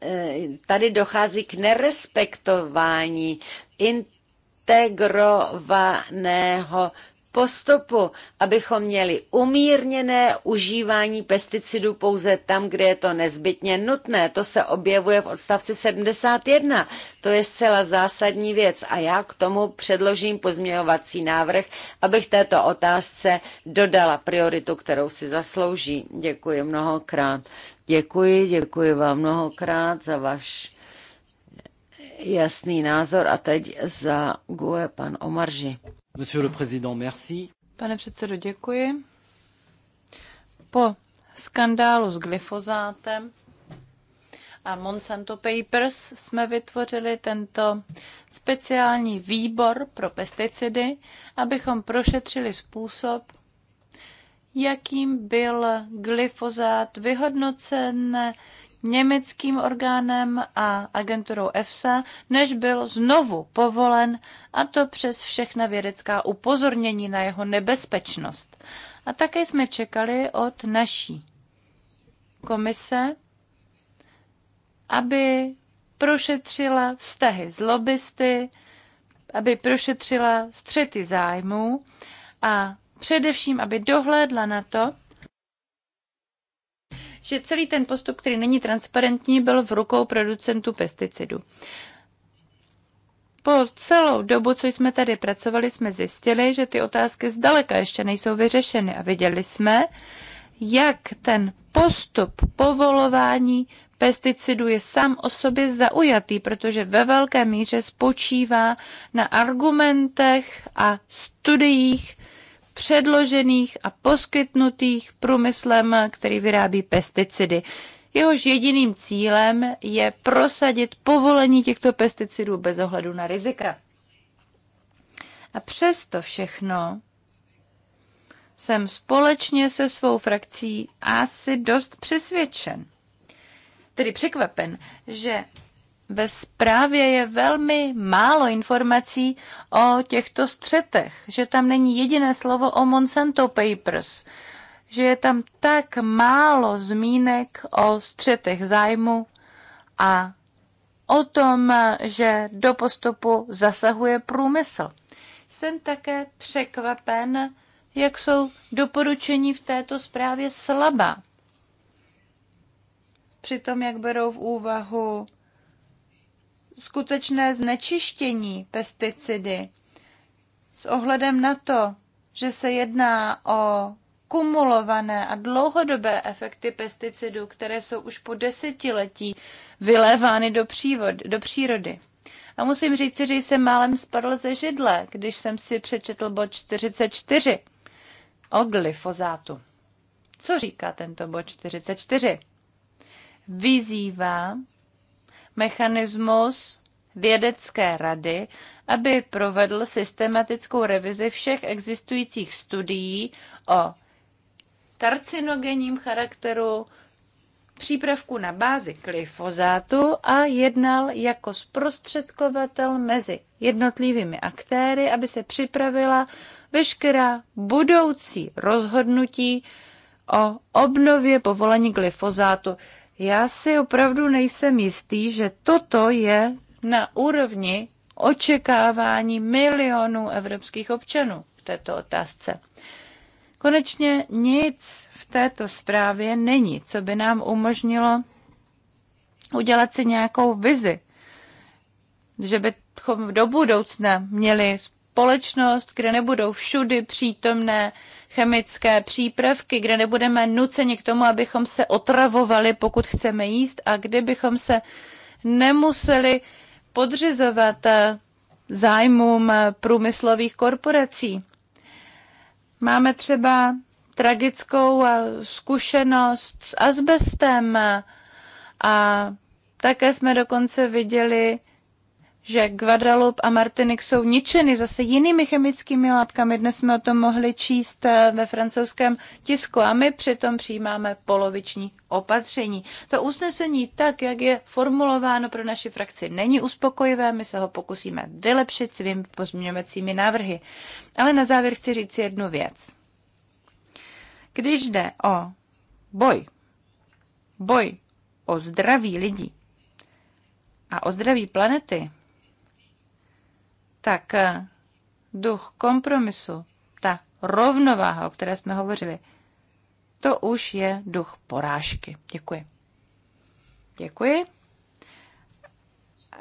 Eh, tady dochází k nerespektování integrovaného postupu, abychom měli umírněné užívání pesticidů pouze tam, kde je to nezbytně nutné. To se objevuje v odstavci 71. To je zcela zásadní věc a já k tomu předložím pozměňovací návrh, abych této otázce dodala prioritu, kterou si zaslouží. Děkuji mnohokrát. Děkuji, děkuji vám mnohokrát za váš jasný názor a teď za GUE pan Omarži. Pane předsedo, děkuji. Po skandálu s glyfozátem a Monsanto Papers jsme vytvořili tento speciální výbor pro pesticidy, abychom prošetřili způsob, jakým byl glyfozát vyhodnocen německým orgánem a agenturou EFSA, než byl znovu povolen, a to přes všechna vědecká upozornění na jeho nebezpečnost. A také jsme čekali od naší komise, aby prošetřila vztahy s lobbysty, aby prošetřila střety zájmů a především, aby dohlédla na to, že celý ten postup, který není transparentní, byl v rukou producentů pesticidů. Po celou dobu, co jsme tady pracovali, jsme zjistili, že ty otázky zdaleka ještě nejsou vyřešeny a viděli jsme, jak ten postup povolování pesticidů je sám o sobě zaujatý, protože ve velké míře spočívá na argumentech a studiích předložených a poskytnutých průmyslem, který vyrábí pesticidy. Jehož jediným cílem je prosadit povolení těchto pesticidů bez ohledu na rizika. A přesto všechno jsem společně se svou frakcí asi dost přesvědčen, tedy překvapen, že ve zprávě je velmi málo informací o těchto střetech, že tam není jediné slovo o Monsanto Papers, že je tam tak málo zmínek o střetech zájmu a o tom, že do postupu zasahuje průmysl. Jsem také překvapen, jak jsou doporučení v této zprávě slabá. Přitom, jak berou v úvahu skutečné znečištění pesticidy s ohledem na to, že se jedná o kumulované a dlouhodobé efekty pesticidů, které jsou už po desetiletí vylévány do, přívod, do přírody. A musím říct, že jsem málem spadl ze židle, když jsem si přečetl bod 44 o glyfozátu. Co říká tento bod 44? Vyzývá mechanismus vědecké rady, aby provedl systematickou revizi všech existujících studií o karcinogenním charakteru přípravku na bázi glyfozátu a jednal jako zprostředkovatel mezi jednotlivými aktéry, aby se připravila veškerá budoucí rozhodnutí o obnově povolení glyfozátu já si opravdu nejsem jistý, že toto je na úrovni očekávání milionů evropských občanů v této otázce. Konečně nic v této zprávě není, co by nám umožnilo udělat si nějakou vizi, že bychom do budoucna měli společnost, kde nebudou všudy přítomné chemické přípravky, kde nebudeme nuceni k tomu, abychom se otravovali, pokud chceme jíst a kde bychom se nemuseli podřizovat eh, zájmům eh, průmyslových korporací. Máme třeba tragickou eh, zkušenost s asbestem a také jsme dokonce viděli že Guadeloupe a Martinik jsou ničeny zase jinými chemickými látkami. Dnes jsme o tom mohli číst eh, ve francouzském tisku a my přitom přijímáme poloviční opatření. To usnesení tak, jak je formulováno pro naši frakci, není uspokojivé, my se ho pokusíme vylepšit svými pozměňovacími návrhy. Ale na závěr chci říct jednu věc. Když jde o boj, boj o zdraví lidí a o zdraví planety, tak eh, duch kompromisu, ta rovnováha, o které jsme hovořili, to už je duch porážky. Děkuji. Děkuji.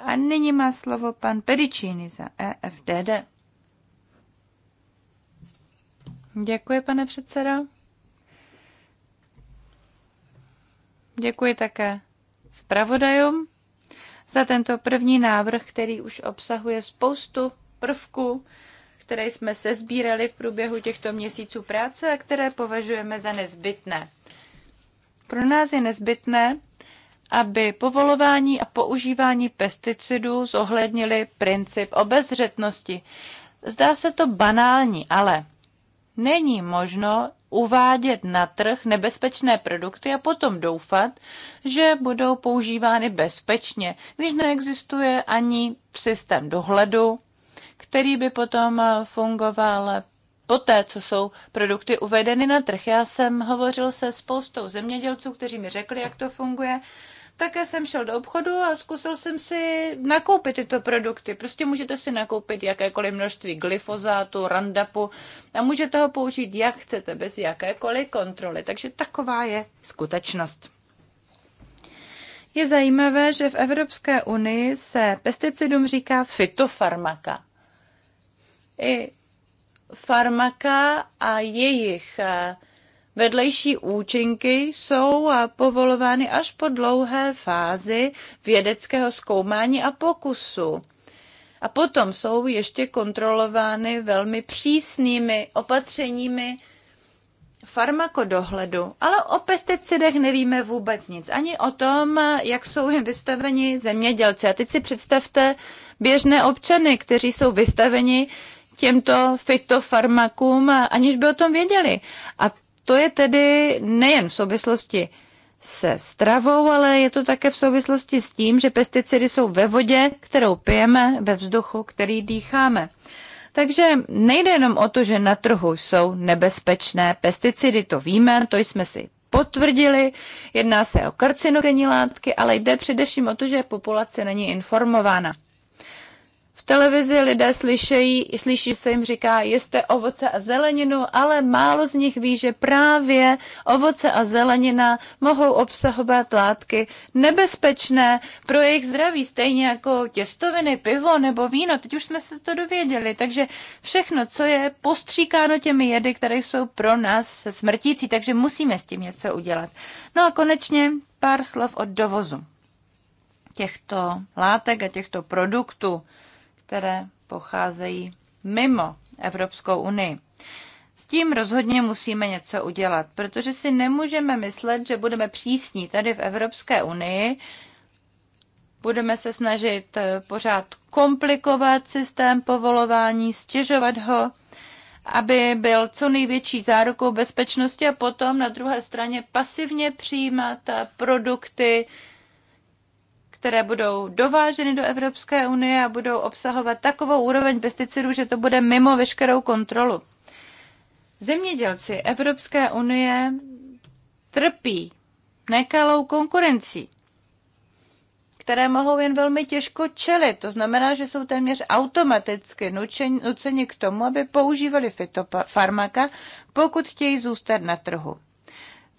A nyní má slovo pan Pedicini za EFDD. Děkuji, pane předsedo. Děkuji také zpravodajům za tento první návrh, který už obsahuje spoustu prvků, které jsme se sbírali v průběhu těchto měsíců práce a které považujeme za nezbytné. Pro nás je nezbytné, aby povolování a používání pesticidů zohlednili princip obezřetnosti. Zdá se to banální, ale není možno uvádět na trh nebezpečné produkty a potom doufat, že budou používány bezpečně, když neexistuje ani systém dohledu, který by potom fungoval poté, co jsou produkty uvedeny na trh. Já jsem hovořil se spoustou zemědělců, kteří mi řekli, jak to funguje také jsem šel do obchodu a zkusil jsem si nakoupit tyto produkty. Prostě můžete si nakoupit jakékoliv množství glyfozátu, randapu a můžete ho použít jak chcete, bez jakékoliv kontroly. Takže taková je skutečnost. Je zajímavé, že v Evropské unii se pesticidům říká fitofarmaka. I farmaka a jejich eh, vedlejší účinky jsou eh, povolovány až po dlouhé fázi vědeckého zkoumání a pokusu. A potom jsou ještě kontrolovány velmi přísnými opatřeními farmakodohledu. Ale o pesticidech nevíme vůbec nic. Ani o tom, eh, jak jsou jim vystaveni zemědělci. A teď si představte běžné občany, kteří jsou vystaveni těmto fitofarmakům, eh, aniž by o tom věděli. A to je tedy nejen v souvislosti se stravou, ale je to také v souvislosti s tím, že pesticidy jsou ve vodě, kterou pijeme, ve vzduchu, který dýcháme. Takže nejde jenom o to, že na trhu jsou nebezpečné pesticidy, to víme, to jsme si potvrdili. Jedná se o karcinogenní látky, ale jde především o to, že populace není informována. V televizi lidé slyšejí, slyší se jim říká, jeste ovoce a zeleninu, ale málo z nich ví, že právě ovoce a zelenina mohou obsahovat látky nebezpečné pro jejich zdraví, stejně jako těstoviny, pivo nebo víno. Teď už jsme se to dověděli, takže všechno, co je postříkáno těmi jedy, které jsou pro nás smrtící, takže musíme s tím něco udělat. No a konečně pár slov od dovozu těchto látek a těchto produktů které pocházejí mimo Evropskou unii. S tím rozhodně musíme něco udělat, protože si nemůžeme myslet, že budeme přísní tady v Evropské unii, budeme se snažit eh, pořád komplikovat systém povolování, stěžovat ho, aby byl co největší zárukou bezpečnosti a potom na druhé straně pasivně přijímat eh, produkty, které budou dováženy do Evropské unie a budou obsahovat takovou úroveň pesticidů, že to bude mimo veškerou kontrolu. Zemědělci Evropské unie trpí nekalou konkurencí, které mohou jen velmi těžko čelit. To znamená, že jsou téměř automaticky nuceni k tomu, aby používali fitofarmaka, pokud chtějí zůstat na trhu.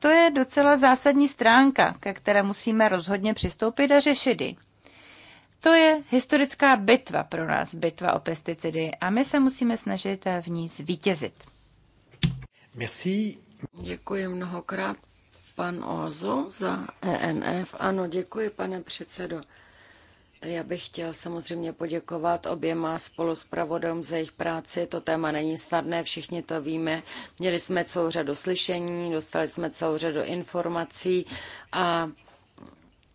To je docela zásadní stránka, ke které musíme rozhodně přistoupit a řešit ji. To je historická bitva pro nás, bitva o pesticidy a my se musíme snažit v ní zvítězit. Merci. Děkuji mnohokrát, pan Ozo, za ENF. Ano, děkuji, pane předsedo. Já bych chtěl samozřejmě poděkovat oběma spoluspravodům za jejich práci. To téma není snadné, všichni to víme. Měli jsme celou řadu slyšení, dostali jsme celou řadu informací a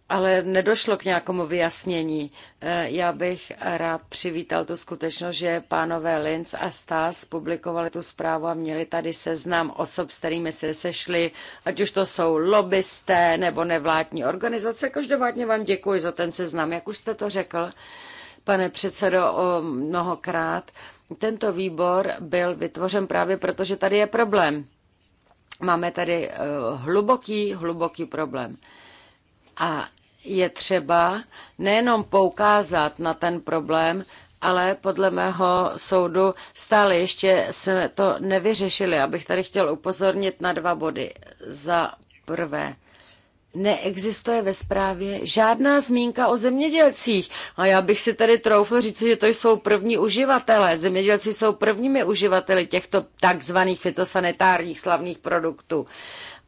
ale nedošlo k nějakému vyjasnění. Eh, já bych rád přivítal tu skutečnost, že pánové Linz a Stas publikovali tu zprávu a měli tady seznam osob, s kterými se sešli, ať už to jsou lobbysté nebo nevládní organizace. Každopádně vám děkuji za ten seznam, jak už jste to řekl, pane předsedo, mnohokrát. Tento výbor byl vytvořen právě proto, že tady je problém. Máme tady eh, hluboký, hluboký problém. A je třeba nejenom poukázat na ten problém, ale podle mého soudu stále ještě se to nevyřešili. Abych tady chtěl upozornit na dva body. Za prvé, neexistuje ve zprávě žádná zmínka o zemědělcích. A já bych si tady troufl říct, že to jsou první uživatelé. Zemědělci jsou prvními uživateli těchto takzvaných fitosanitárních slavných produktů.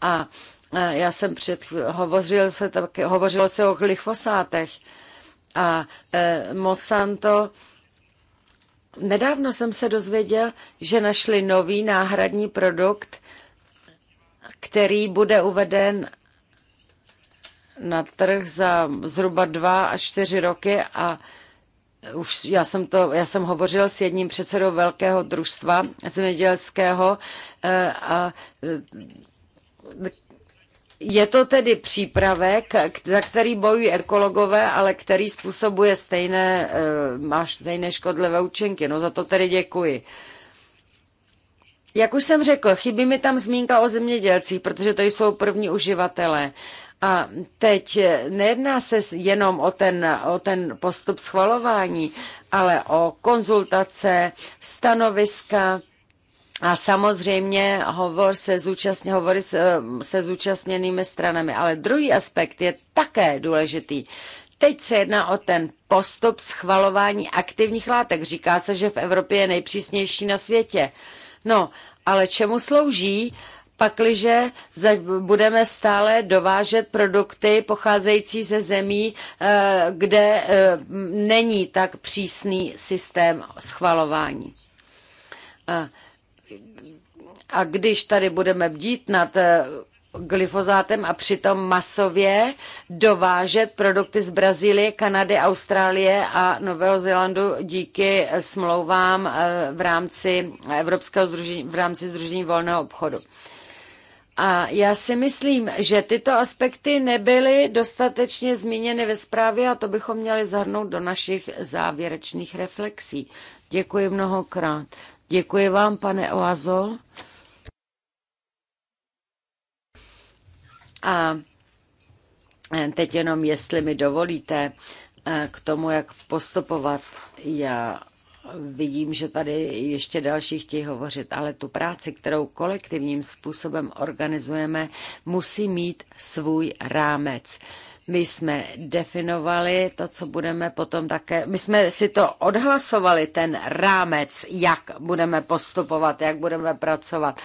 A Eh, já jsem před, hovořil se také, hovořilo se o glyfosátech a eh, Monsanto Nedávno jsem se dozvěděl, že našli nový náhradní produkt, který bude uveden na trh za zhruba dva až čtyři roky a už já jsem, to, já jsem hovořil s jedním předsedou velkého družstva zemědělského eh, a eh, je to tedy přípravek, za který bojují ekologové, ale který způsobuje stejné, eh, má stejné škodlivé účinky. No za to tedy děkuji. Jak už jsem řekl, chybí mi tam zmínka o zemědělcích, protože to jsou první uživatelé. A teď eh, nejedná se jenom o ten, o ten postup schvalování, ale o konzultace, stanoviska, a samozřejmě hovor se zúčastně, hovory se, se zúčastněnými stranami. Ale druhý aspekt je také důležitý. Teď se jedná o ten postup schvalování aktivních látek. Říká se, že v Evropě je nejpřísnější na světě. No, ale čemu slouží, pakliže budeme stále dovážet produkty pocházející ze zemí, eh, kde eh, není tak přísný systém schvalování? Eh, a když tady budeme bdít nad eh, glyfozátem a přitom masově dovážet produkty z Brazílie, Kanady, Austrálie a Nového Zélandu díky smlouvám eh, v rámci Evropského združení, v rámci Združení volného obchodu. A já si myslím, že tyto aspekty nebyly dostatečně zmíněny ve zprávě a to bychom měli zahrnout do našich závěrečných reflexí. Děkuji mnohokrát. Děkuji vám, pane Oazo. A e, teď jenom, jestli mi dovolíte e, k tomu, jak postupovat. Já vidím, že tady ještě další chtějí hovořit, ale tu práci, kterou kolektivním způsobem organizujeme, musí mít svůj rámec. My jsme definovali to, co budeme potom také, my jsme si to odhlasovali, ten rámec, jak budeme postupovat, jak budeme pracovat.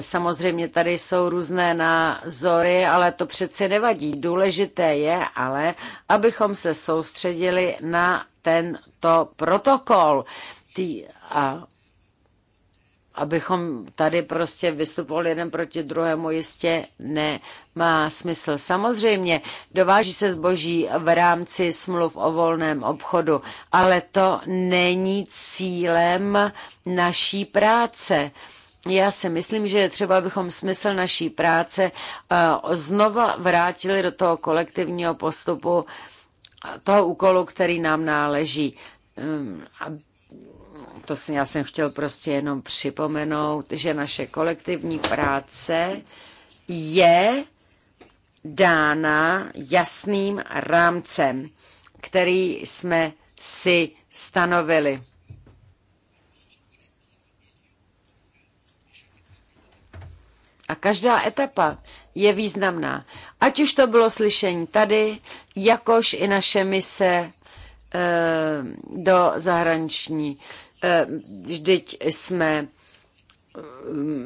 Samozřejmě tady jsou různé názory, ale to přece nevadí. Důležité je ale, abychom se soustředili na tento protokol. Tý, a abychom tady prostě vystupovali jeden proti druhému, jistě nemá smysl. Samozřejmě dováží se zboží v rámci smluv o volném obchodu, ale to není cílem naší práce já si myslím, že je třeba, abychom smysl naší práce eh, znova vrátili do toho kolektivního postupu, eh, toho úkolu, který nám náleží. Ehm, a to si já jsem chtěl prostě jenom připomenout, že naše kolektivní práce je dána jasným rámcem, který jsme si stanovili. A každá etapa je významná. Ať už to bylo slyšení tady, jakož i naše mise eh, do zahraniční. Eh, vždyť jsme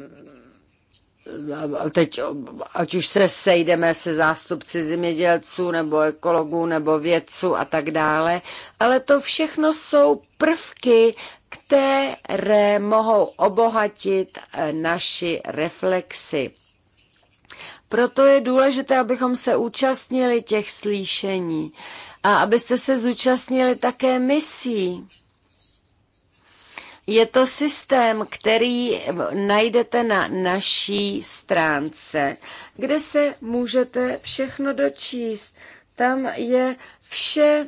eh, teď, ať už se sejdeme se zástupci zemědělců nebo ekologů nebo vědců a tak dále, ale to všechno jsou prvky které mohou obohatit eh, naši reflexy. Proto je důležité, abychom se účastnili těch slyšení a abyste se zúčastnili také misí. Je to systém, který najdete na naší stránce, kde se můžete všechno dočíst. Tam je vše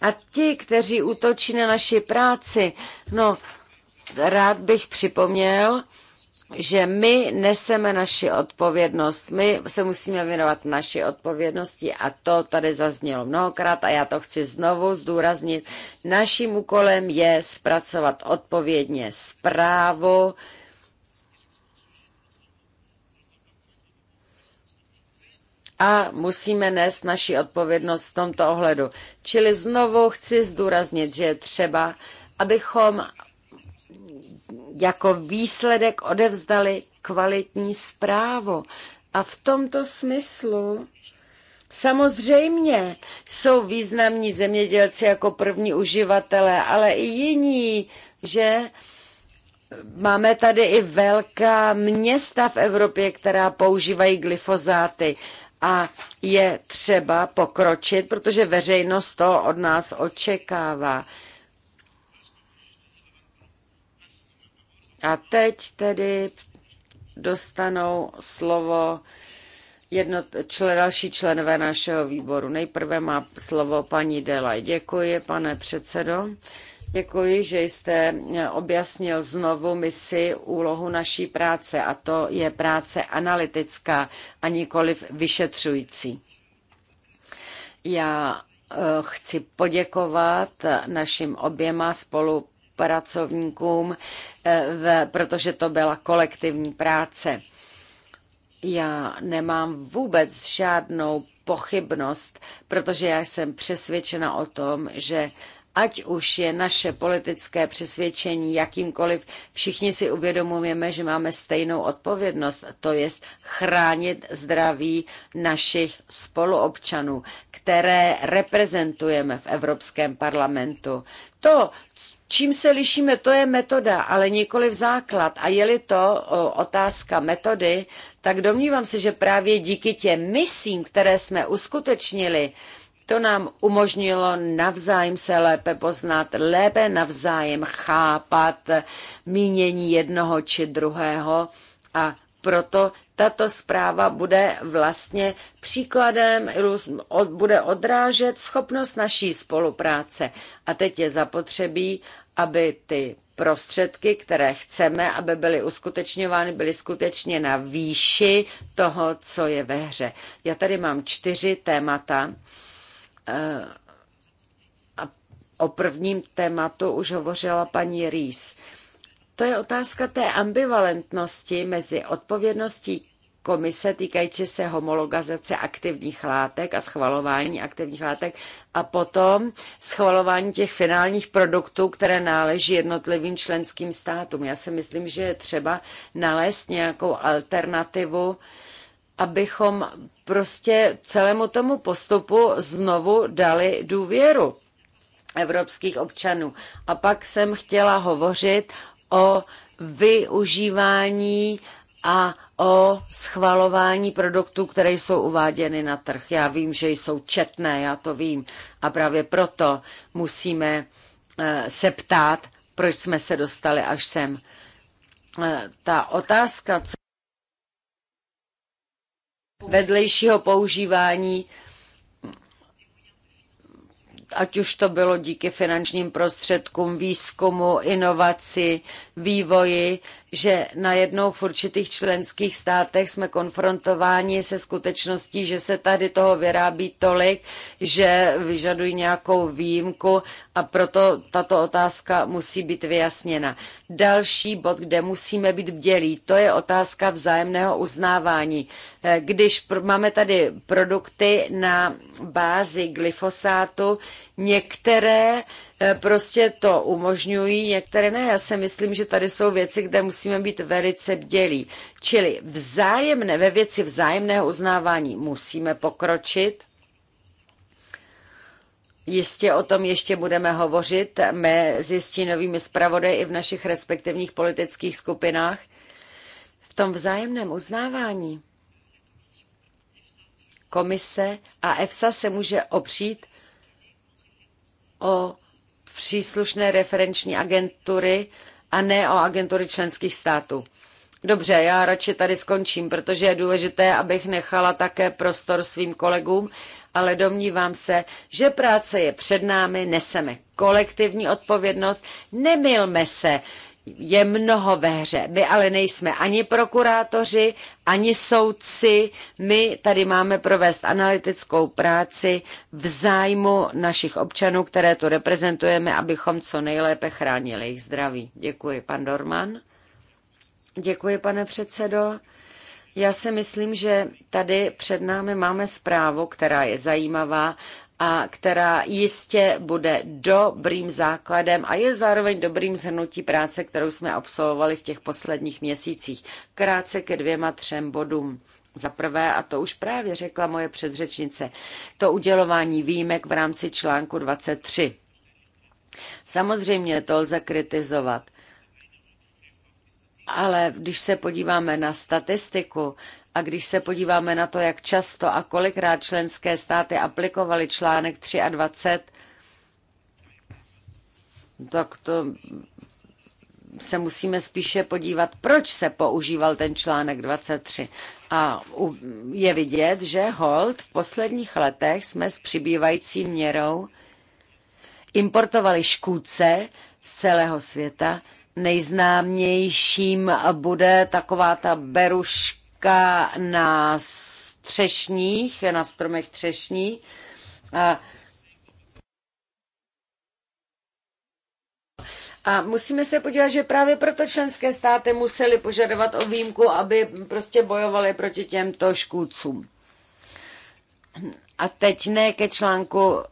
a ti, kteří útočí na naši práci, no, rád bych připomněl, že my neseme naši odpovědnost, my se musíme věnovat naši odpovědnosti a to tady zaznělo mnohokrát a já to chci znovu zdůraznit. Naším úkolem je zpracovat odpovědně zprávu, a musíme nést naši odpovědnost v tomto ohledu. Čili znovu chci zdůraznit, že je třeba, abychom jako výsledek odevzdali kvalitní zprávu. A v tomto smyslu samozřejmě jsou významní zemědělci jako první uživatelé, ale i jiní, že Máme tady i velká města v Evropě, která používají glyfozáty a je třeba pokročit, protože veřejnost to od nás očekává. A teď tedy dostanou slovo jedno, čle další členové našeho výboru. Nejprve má slovo paní Dela. Děkuji, pane předsedo. Děkuji, že jste objasnil znovu misi úlohu naší práce a to je práce analytická a nikoliv vyšetřující. Já eh, chci poděkovat našim oběma spolupracovníkům, eh, protože to byla kolektivní práce. Já nemám vůbec žádnou pochybnost, protože já jsem přesvědčena o tom, že ať už je naše politické přesvědčení jakýmkoliv, všichni si uvědomujeme, že máme stejnou odpovědnost, to je chránit zdraví našich spoluobčanů, které reprezentujeme v Evropském parlamentu. To, čím se lišíme, to je metoda, ale nikoli v základ. A je-li to otázka metody, tak domnívám se, že právě díky těm misím, které jsme uskutečnili, to nám umožnilo navzájem se lépe poznat, lépe navzájem chápat mínění jednoho či druhého a proto tato zpráva bude vlastně příkladem, bude odrážet schopnost naší spolupráce. A teď je zapotřebí, aby ty prostředky, které chceme, aby byly uskutečňovány, byly skutečně na výši toho, co je ve hře. Já tady mám čtyři témata, o prvním tématu už hovořila paní Rees. To je otázka té ambivalentnosti mezi odpovědností komise týkající se homologazace aktivních látek a schvalování aktivních látek a potom schvalování těch finálních produktů, které náleží jednotlivým členským státům. Já si myslím, že je třeba nalézt nějakou alternativu, abychom prostě celému tomu postupu znovu dali důvěru evropských občanů. A pak jsem chtěla hovořit o využívání a o schvalování produktů, které jsou uváděny na trh. Já vím, že jsou četné, já to vím. A právě proto musíme eh, se ptát, proč jsme se dostali až sem. Eh, ta otázka, co vedlejšího používání, ať už to bylo díky finančním prostředkům, výzkumu, inovaci, vývoji, že najednou v určitých členských státech jsme konfrontováni se skutečností, že se tady toho vyrábí tolik, že vyžadují nějakou výjimku a proto tato otázka musí být vyjasněna. Další bod, kde musíme být bdělí, to je otázka vzájemného uznávání. Eh, když máme tady produkty na bázi glyfosátu, některé E, prostě to umožňují, některé ne. Já si myslím, že tady jsou věci, kde musíme být velice bdělí. Čili vzájemné, ve věci vzájemného uznávání musíme pokročit, Jistě o tom ještě budeme hovořit mezi stínovými zpravodaji i v našich respektivních politických skupinách. V tom vzájemném uznávání komise a EFSA se může opřít o příslušné referenční agentury a ne o agentury členských států. Dobře, já radši tady skončím, protože je důležité, abych nechala také prostor svým kolegům, ale domnívám se, že práce je před námi, neseme kolektivní odpovědnost. Nemilme se, je mnoho ve hře. My ale nejsme ani prokurátoři, ani soudci. My tady máme provést analytickou práci v zájmu našich občanů, které tu reprezentujeme, abychom co nejlépe chránili jejich zdraví. Děkuji, pan Dorman. Děkuji, pane předsedo. Já si myslím, že tady před námi máme zprávu, která je zajímavá a která jistě bude dobrým základem a je zároveň dobrým zhrnutí práce, kterou jsme absolvovali v těch posledních měsících. Krátce ke dvěma třem bodům. Za prvé, a to už právě řekla moje předřečnice, to udělování výjimek v rámci článku 23. Samozřejmě to lze kritizovat, ale když se podíváme na statistiku a když se podíváme na to, jak často a kolikrát členské státy aplikovaly článek 23, tak to se musíme spíše podívat, proč se používal ten článek 23. A je vidět, že hold v posledních letech jsme s přibývající měrou importovali škůdce z celého světa. Nejznámějším bude taková ta beruška, na třešních, na stromech třešní. A, A musíme se podívat, že právě proto členské státy museli požadovat o výjimku, aby prostě bojovali proti těmto škůdcům. A teď ne ke článku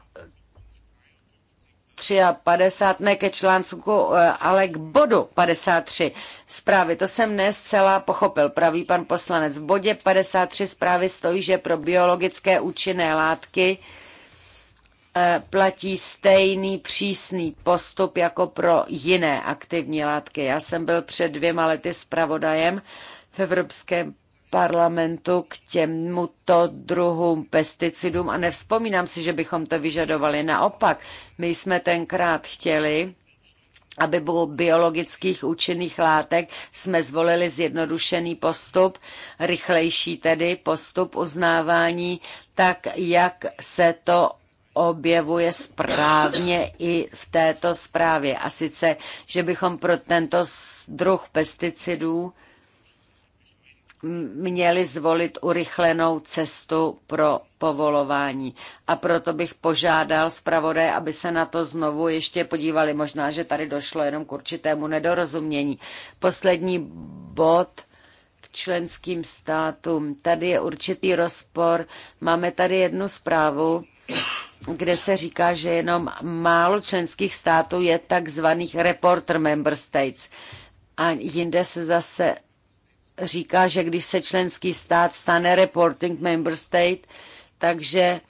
53, ne ke článku, eh, ale k bodu 53 zprávy. To jsem ne zcela pochopil, pravý pan poslanec. V bodě 53 zprávy stojí, že pro biologické účinné látky eh, platí stejný přísný postup jako pro jiné aktivní látky. Já jsem byl před dvěma lety zpravodajem v Evropském parlamentu k těmto druhům pesticidům a nevzpomínám si, že bychom to vyžadovali. Naopak, my jsme tenkrát chtěli, aby bylo biologických účinných látek, jsme zvolili zjednodušený postup, rychlejší tedy postup uznávání, tak jak se to objevuje správně i v této zprávě. A sice, že bychom pro tento druh pesticidů měli zvolit urychlenou cestu pro povolování. A proto bych požádal zpravodaje, aby se na to znovu ještě podívali. Možná, že tady došlo jenom k určitému nedorozumění. Poslední bod k členským státům. Tady je určitý rozpor. Máme tady jednu zprávu, kde se říká, že jenom málo členských států je takzvaných reporter member states. A jinde se zase říká, že když se členský stát stane reporting member state, takže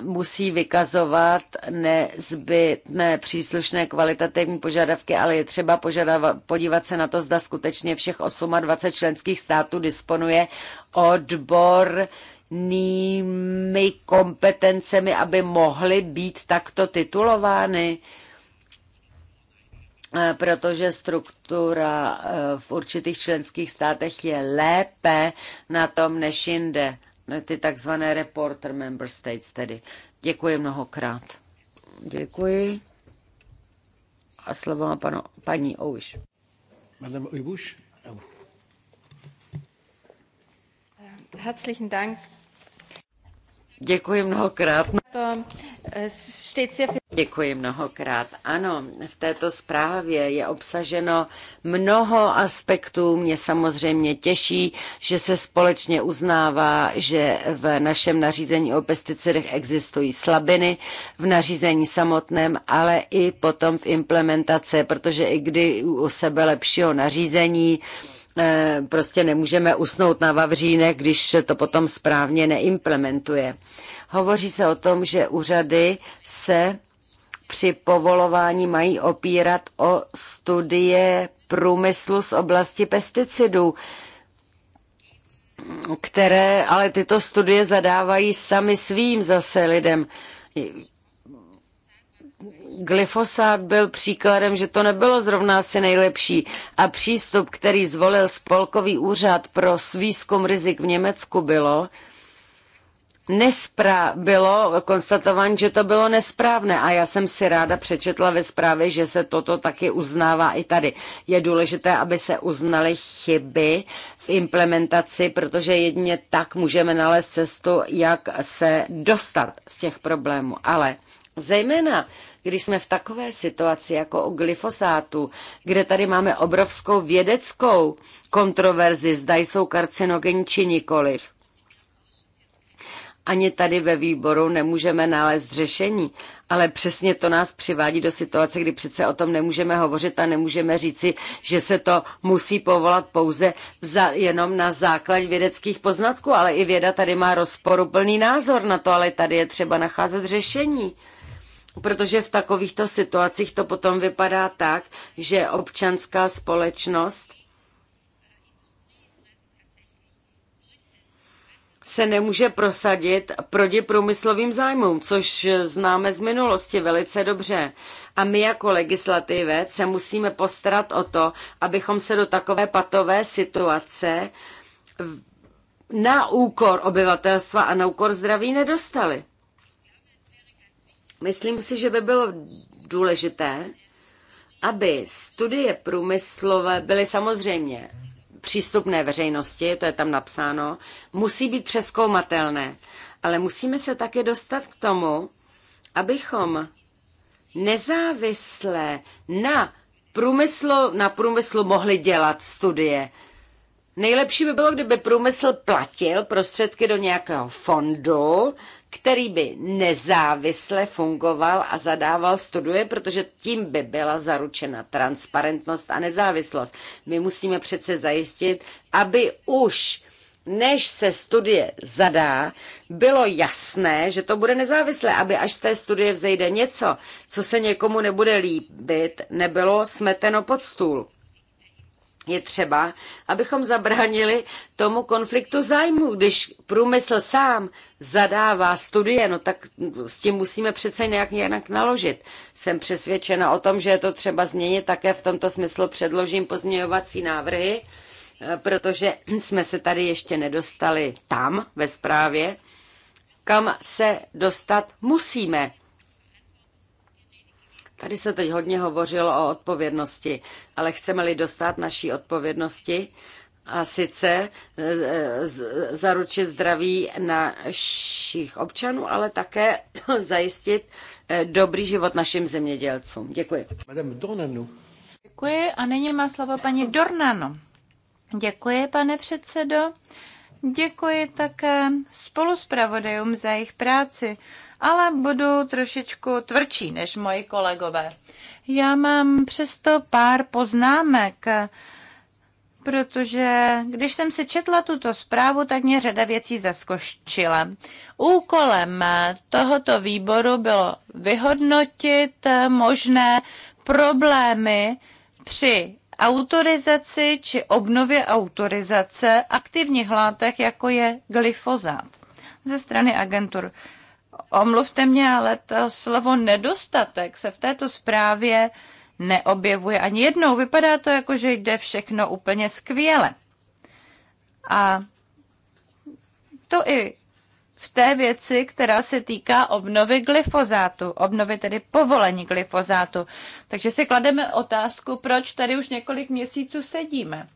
musí vykazovat nezbytné příslušné kvalitativní požadavky, ale je třeba požadava, podívat se na to, zda skutečně všech 28 členských států disponuje odbor nými kompetencemi, aby mohly být takto titulovány. Uh, Eh, protože struktura eh, v určitých členských státech je lépe na tom než jinde. Ty takzvané reporter member states tedy. Děkuji mnohokrát. Děkuji. A slovo má panu, paní Ouš. Madame Ouš? Herzlichen Dank. Děkuji mnohokrát. Eh, Děkuji mnohokrát. Ano, v této zprávě je obsaženo mnoho aspektů. Mě samozřejmě těší, že se společně uznává, že v našem nařízení o pesticidech existují slabiny v nařízení samotném, ale i potom v implementaci, protože i kdy u sebe lepšího nařízení, eh, prostě nemůžeme usnout na vavřínek, když to potom správně neimplementuje. Hovoří se o tom, že úřady se při povolování mají opírat o studie průmyslu z oblasti pesticidů, které ale tyto studie zadávají sami svým zase lidem. Glyfosát byl příkladem, že to nebylo zrovna asi nejlepší a přístup, který zvolil Spolkový úřad pro výzkum rizik v Německu bylo, nespra- bylo konstatováno, že to bylo nesprávné a já jsem si ráda přečetla ve zprávě, že se toto taky uznává i tady. Je důležité, aby se uznaly chyby v implementaci, protože jedině tak můžeme nalézt cestu, jak se dostat z těch problémů. Ale Zejména, když jsme v takové situaci jako o glyfosátu, kde tady máme obrovskou vědeckou kontroverzi, zda jsou karcinogenní či nikoliv ani tady ve výboru nemůžeme nalézt řešení. Ale přesně to nás přivádí do situace, kdy přece o tom nemůžeme hovořit a nemůžeme říci, že se to musí povolat pouze za, jenom na základě vědeckých poznatků, ale i věda tady má rozporuplný názor na to, ale tady je třeba nacházet řešení protože v takovýchto situacích to potom vypadá tak, že občanská společnost se nemůže prosadit proti průmyslovým zájmům, což známe z minulosti velice dobře. A my jako legislativec se musíme postarat o to, abychom se do takové patové situace na úkor obyvatelstva a na úkor zdraví nedostali. Myslím si, že by bylo důležité, aby studie průmyslové byly samozřejmě přístupné veřejnosti, to je tam napsáno, musí být přeskoumatelné. Ale musíme se také dostat k tomu, abychom nezávisle na průmyslu, na průmyslu mohli dělat studie. Nejlepší by bylo, kdyby průmysl platil prostředky do nějakého fondu, který by nezávisle fungoval a zadával studie, protože tím by byla zaručena transparentnost a nezávislost. My musíme přece zajistit, aby už než se studie zadá, bylo jasné, že to bude nezávislé, aby až z té studie vzejde něco, co se někomu nebude líbit, nebylo smeteno pod stůl je vlastně třeba, abychom zabránili tomu konfliktu zájmu, Když průmysl sám zadává studie, no tak s tím musíme přece nějak jinak naložit. Jsem přesvědčena o tom, že je to třeba změnit, také v tomto smyslu předložím pozměňovací návrhy, eh, protože jsme se tady ještě nedostali tam ve zprávě, kam se dostat musíme Tady se teď hodně hovořilo o odpovědnosti, ale chceme-li dostat naší odpovědnosti, a sice e, zaručit zdraví našich občanů, ale také (coughs) zajistit e, dobrý život našim zemědělcům. Děkuji. Děkuji a nyní má slovo paní Dornano. Děkuji, pane předsedo. Děkuji také spoluspravodajům za jejich práci ale budu trošičku tvrdší než moji kolegové. Já mám přesto pár poznámek, protože když jsem si četla tuto zprávu, tak mě řada věcí zaskočila. Úkolem tohoto výboru bylo vyhodnotit možné problémy při autorizaci či obnově autorizace aktivních látek, jako je glyfozát ze strany agentur omluvte mě, ale to slovo nedostatek se v této zprávě neobjevuje ani jednou. Vypadá to jako, že jde všechno úplně skvěle. A to i v té věci, která se týká obnovy glyfozátu, obnovy tedy povolení glyfozátu. Takže si klademe otázku, proč tady už několik měsíců sedíme.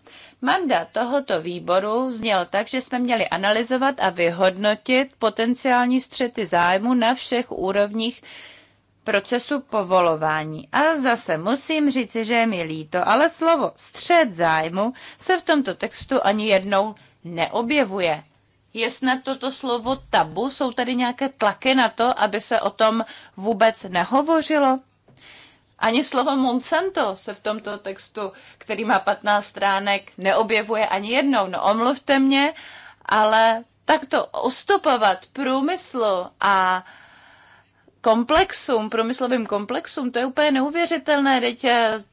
Mandát tohoto výboru zněl tak, že jsme měli analyzovat a vyhodnotit potenciální střety zájmu na všech úrovních procesu povolování. A zase musím říci, že je mi líto, ale slovo střed zájmu se v tomto textu ani jednou neobjevuje. Je snad toto slovo tabu? Jsou tady nějaké tlaky na to, aby se o tom vůbec nehovořilo? Ani slovo Monsanto se v tomto textu, který má 15 stránek, neobjevuje ani jednou. No omluvte mě, ale takto ustupovat průmyslu a komplexům, průmyslovým komplexům, to je úplně neuvěřitelné. Teď eh,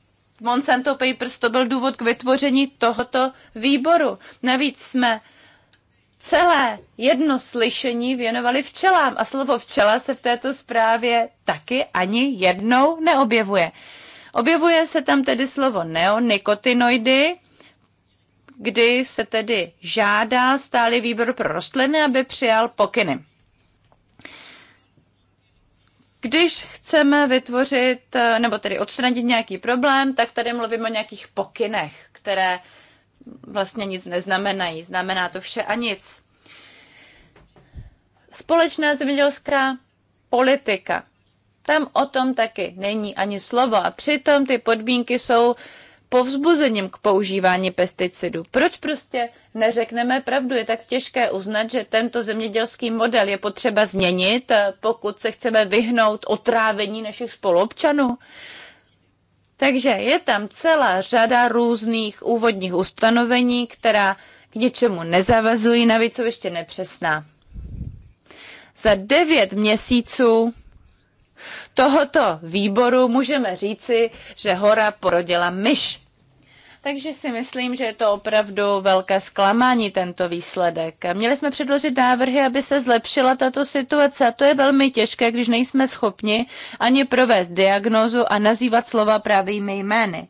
Monsanto Papers to byl důvod k vytvoření tohoto výboru. Navíc jsme celé jedno slyšení věnovali včelám a slovo včela se v této zprávě taky ani jednou neobjevuje. Objevuje se tam tedy slovo neonikotinoidy, kdy se tedy žádá stály výbor pro rostliny, aby přijal pokyny. Když chceme vytvořit eh, nebo tedy odstranit nějaký problém, tak tady mluvíme o nějakých pokynech, které vlastně nic neznamenají. Znamená to vše a nic. Společná zemědělská politika. Tam o tom taky není ani slovo a přitom ty podmínky jsou povzbuzením k používání pesticidů. Proč prostě neřekneme pravdu? Je tak těžké uznat, že tento zemědělský model je potřeba změnit, eh, pokud se chceme vyhnout otrávení našich spolupčanů. Takže je tam celá řada různých úvodních ustanovení, která k něčemu nezavazují, navíc jsou ještě nepřesná. Za devět měsíců tohoto výboru můžeme říci, že hora porodila myš. Takže si myslím, že je to opravdu velké zklamání tento výsledek. Měli jsme předložit návrhy, aby se zlepšila tato situace a to je velmi těžké, když nejsme schopni ani provést diagnózu a nazývat slova pravými jmény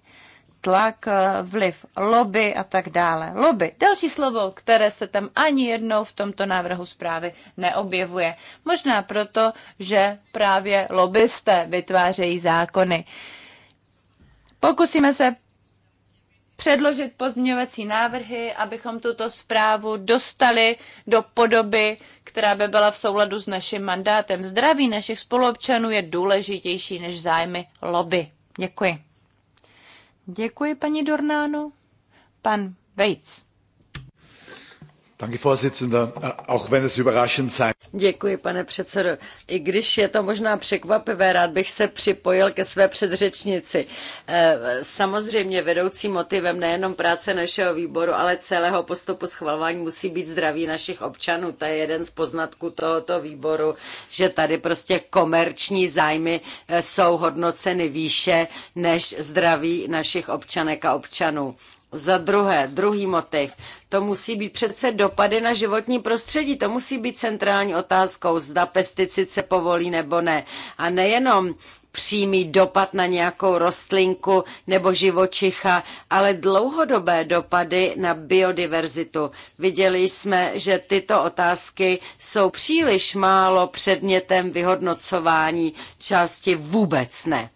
tlak, eh, vliv lobby a tak dále. Lobby, další slovo, které se tam ani jednou v tomto návrhu zprávy neobjevuje. Možná proto, že právě lobbyste vytvářejí zákony. Pokusíme se předložit pozměňovací návrhy, abychom tuto zprávu dostali do podoby, která by byla v souladu s naším mandátem. Zdraví našich spoluobčanů je důležitější než zájmy lobby. Děkuji. Děkuji, paní Dornáno. Pan Vejc. Děkuji, pane předsedo. I když je to možná překvapivé, rád bych se připojil ke své předřečnici. Eh, samozřejmě vedoucím motivem nejenom práce našeho výboru, ale celého postupu schvalování musí být zdraví našich občanů. To je jeden z poznatků tohoto výboru, že tady prostě komerční zájmy eh, jsou hodnoceny výše než zdraví našich občanek a občanů. Za druhé, druhý motiv, to musí být přece dopady na životní prostředí, to musí být centrální otázkou, zda pesticid se povolí nebo ne. A nejenom přímý dopad na nějakou rostlinku nebo živočicha, ale dlouhodobé dopady na biodiverzitu. Viděli jsme, že tyto otázky jsou příliš málo předmětem vyhodnocování, části vůbec ne.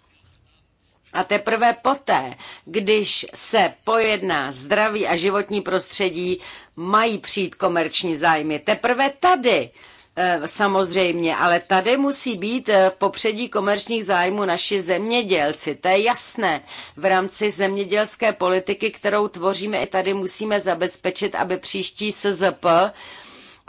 A teprve poté, když se pojedná zdraví a životní prostředí, mají přijít komerční zájmy. Teprve tady eh, samozřejmě, ale tady musí být eh, v popředí komerčních zájmů naši zemědělci. To je jasné. V rámci zemědělské politiky, kterou tvoříme, i tady musíme zabezpečit, aby příští SZP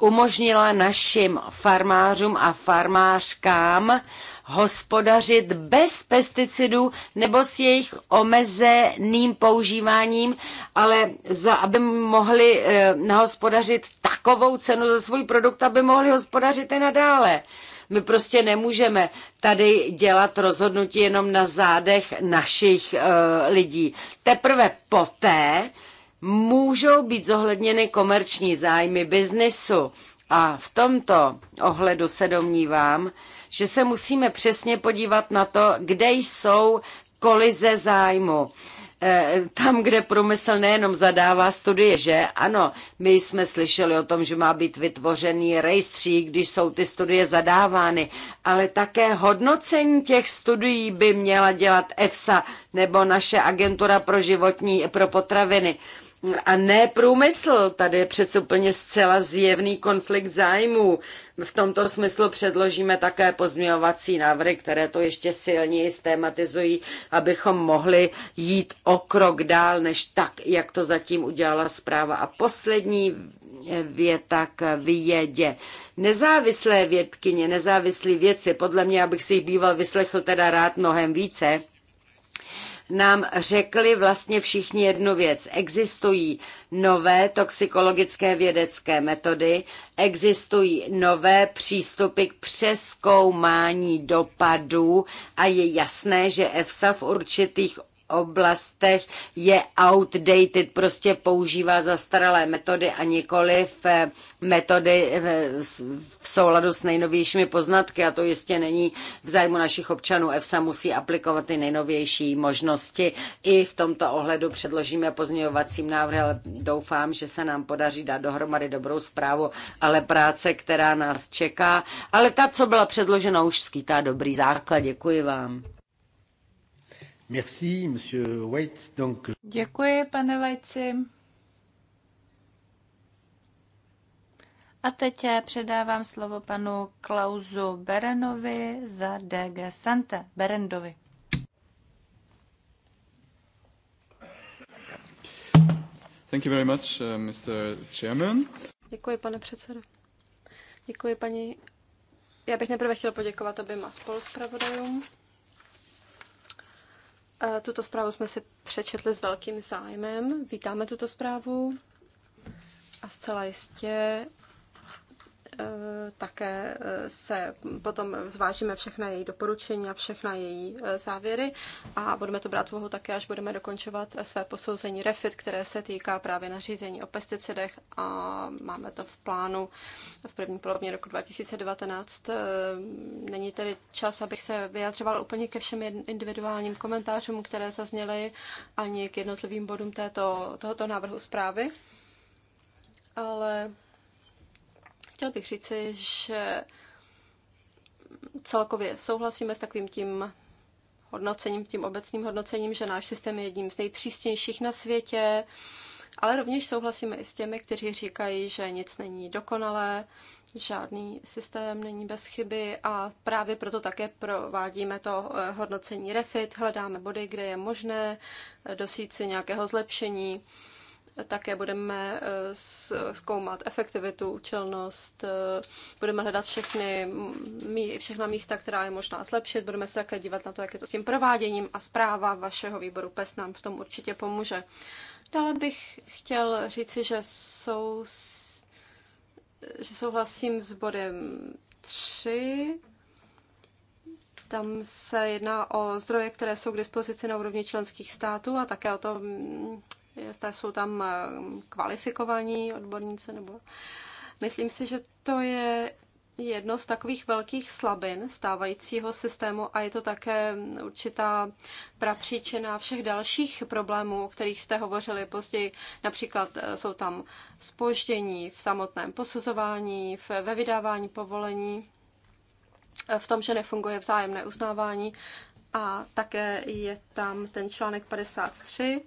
umožnila našim farmářům a farmářkám hospodařit bez pesticidů nebo s jejich omezeným používáním, ale za, aby mohli e, eh, hospodařit takovou cenu za svůj produkt, aby mohli hospodařit i nadále. My prostě nemůžeme tady dělat rozhodnutí jenom na zádech našich e, lidí. Teprve poté můžou být zohledněny komerční zájmy biznesu. A v tomto ohledu se domnívám, že se musíme přesně podívat na to, kde jsou kolize zájmu e, tam, kde průmysl nejenom zadává studie, že ano, my jsme slyšeli o tom, že má být vytvořený rejstřík, když jsou ty studie zadávány, ale také hodnocení těch studií by měla dělat EFSA nebo naše agentura pro životní pro potraviny a ne průmysl. Tady je přece úplně zcela zjevný konflikt zájmů. V tomto smyslu předložíme také pozměňovací návrhy, které to ještě silněji stématizují, abychom mohli jít o krok dál, než tak, jak to zatím udělala zpráva. A poslední věta k vědě. Nezávislé vědkyně, nezávislí věci, podle mě, abych si jich býval vyslechl teda rád mnohem více, nám řekli vlastně všichni jednu věc. Existují nové toxikologické vědecké metody, existují nové přístupy k přeskoumání dopadů a je jasné, že EFSA v určitých oblastech je outdated, prostě používá zastaralé metody a nikoli eh, eh, v metody v souladu s nejnovějšími poznatky a to jistě není v zájmu našich občanů. EFSA musí aplikovat ty nejnovější možnosti. I v tomto ohledu předložíme pozměňovacím návrh, ale doufám, že se nám podaří dát dohromady dobrou zprávu, ale práce, která nás čeká, ale ta, co byla předložena, už skýtá dobrý základ. Děkuji vám. Merci, monsieur White. Donc... Děkuji, pane Vajci. A teď předávám slovo panu Klausu Berenovi za DG Santa. Berendovi. Thank you very much, uh, Mr. Chairman. Děkuji, pane předsedo. Děkuji, paní. Já bych nejprve chtěl poděkovat oběma spoluzpravodajům. E, tuto zprávu jsme si přečetli s velkým zájmem. Vítáme tuto zprávu a zcela jistě Eh, také eh, se potom zvážíme všechna její doporučení a všechna její eh, závěry a budeme to brát v úvahu také, až budeme dokončovat své posouzení REFIT, které se týká právě nařízení o pesticidech a máme to v plánu v první polovině roku 2019. Není tedy čas, abych se vyjadřoval úplně ke všem individuálním komentářům, které zazněly ani k jednotlivým bodům této, tohoto návrhu zprávy ale Chtěl bych říci, že celkově souhlasíme s takovým tím hodnocením, tím obecným hodnocením, že náš systém je jedním z nejpřísnějších na světě, ale rovněž souhlasíme i s těmi, kteří říkají, že nic není dokonalé, žádný systém není bez chyby a právě proto také provádíme to eh, hodnocení refit, hledáme body, kde je možné eh, dosít si nějakého zlepšení také budeme eh, zkoumat efektivitu, účelnost, eh, budeme hledat všechny, všechna místa, která je možná zlepšit, budeme se také dívat na to, jak je to s tím prováděním a zpráva vašeho výboru PES nám v tom určitě pomůže. Dále bych chtěl říci, že, jsou, že souhlasím s bodem 3, tam se jedná o zdroje, které jsou k dispozici na úrovni členských států a také o to, jsou tam eh, kvalifikovaní odborníci nebo... Myslím si, že to je jedno z takových velkých slabin stávajícího systému a je to také určitá prapříčina všech dalších problémů, o kterých jste hovořili později. Například eh, jsou tam spoždění v samotném posuzování, ve vydávání povolení, eh, v tom, že nefunguje vzájemné uznávání a také je tam ten článek 53,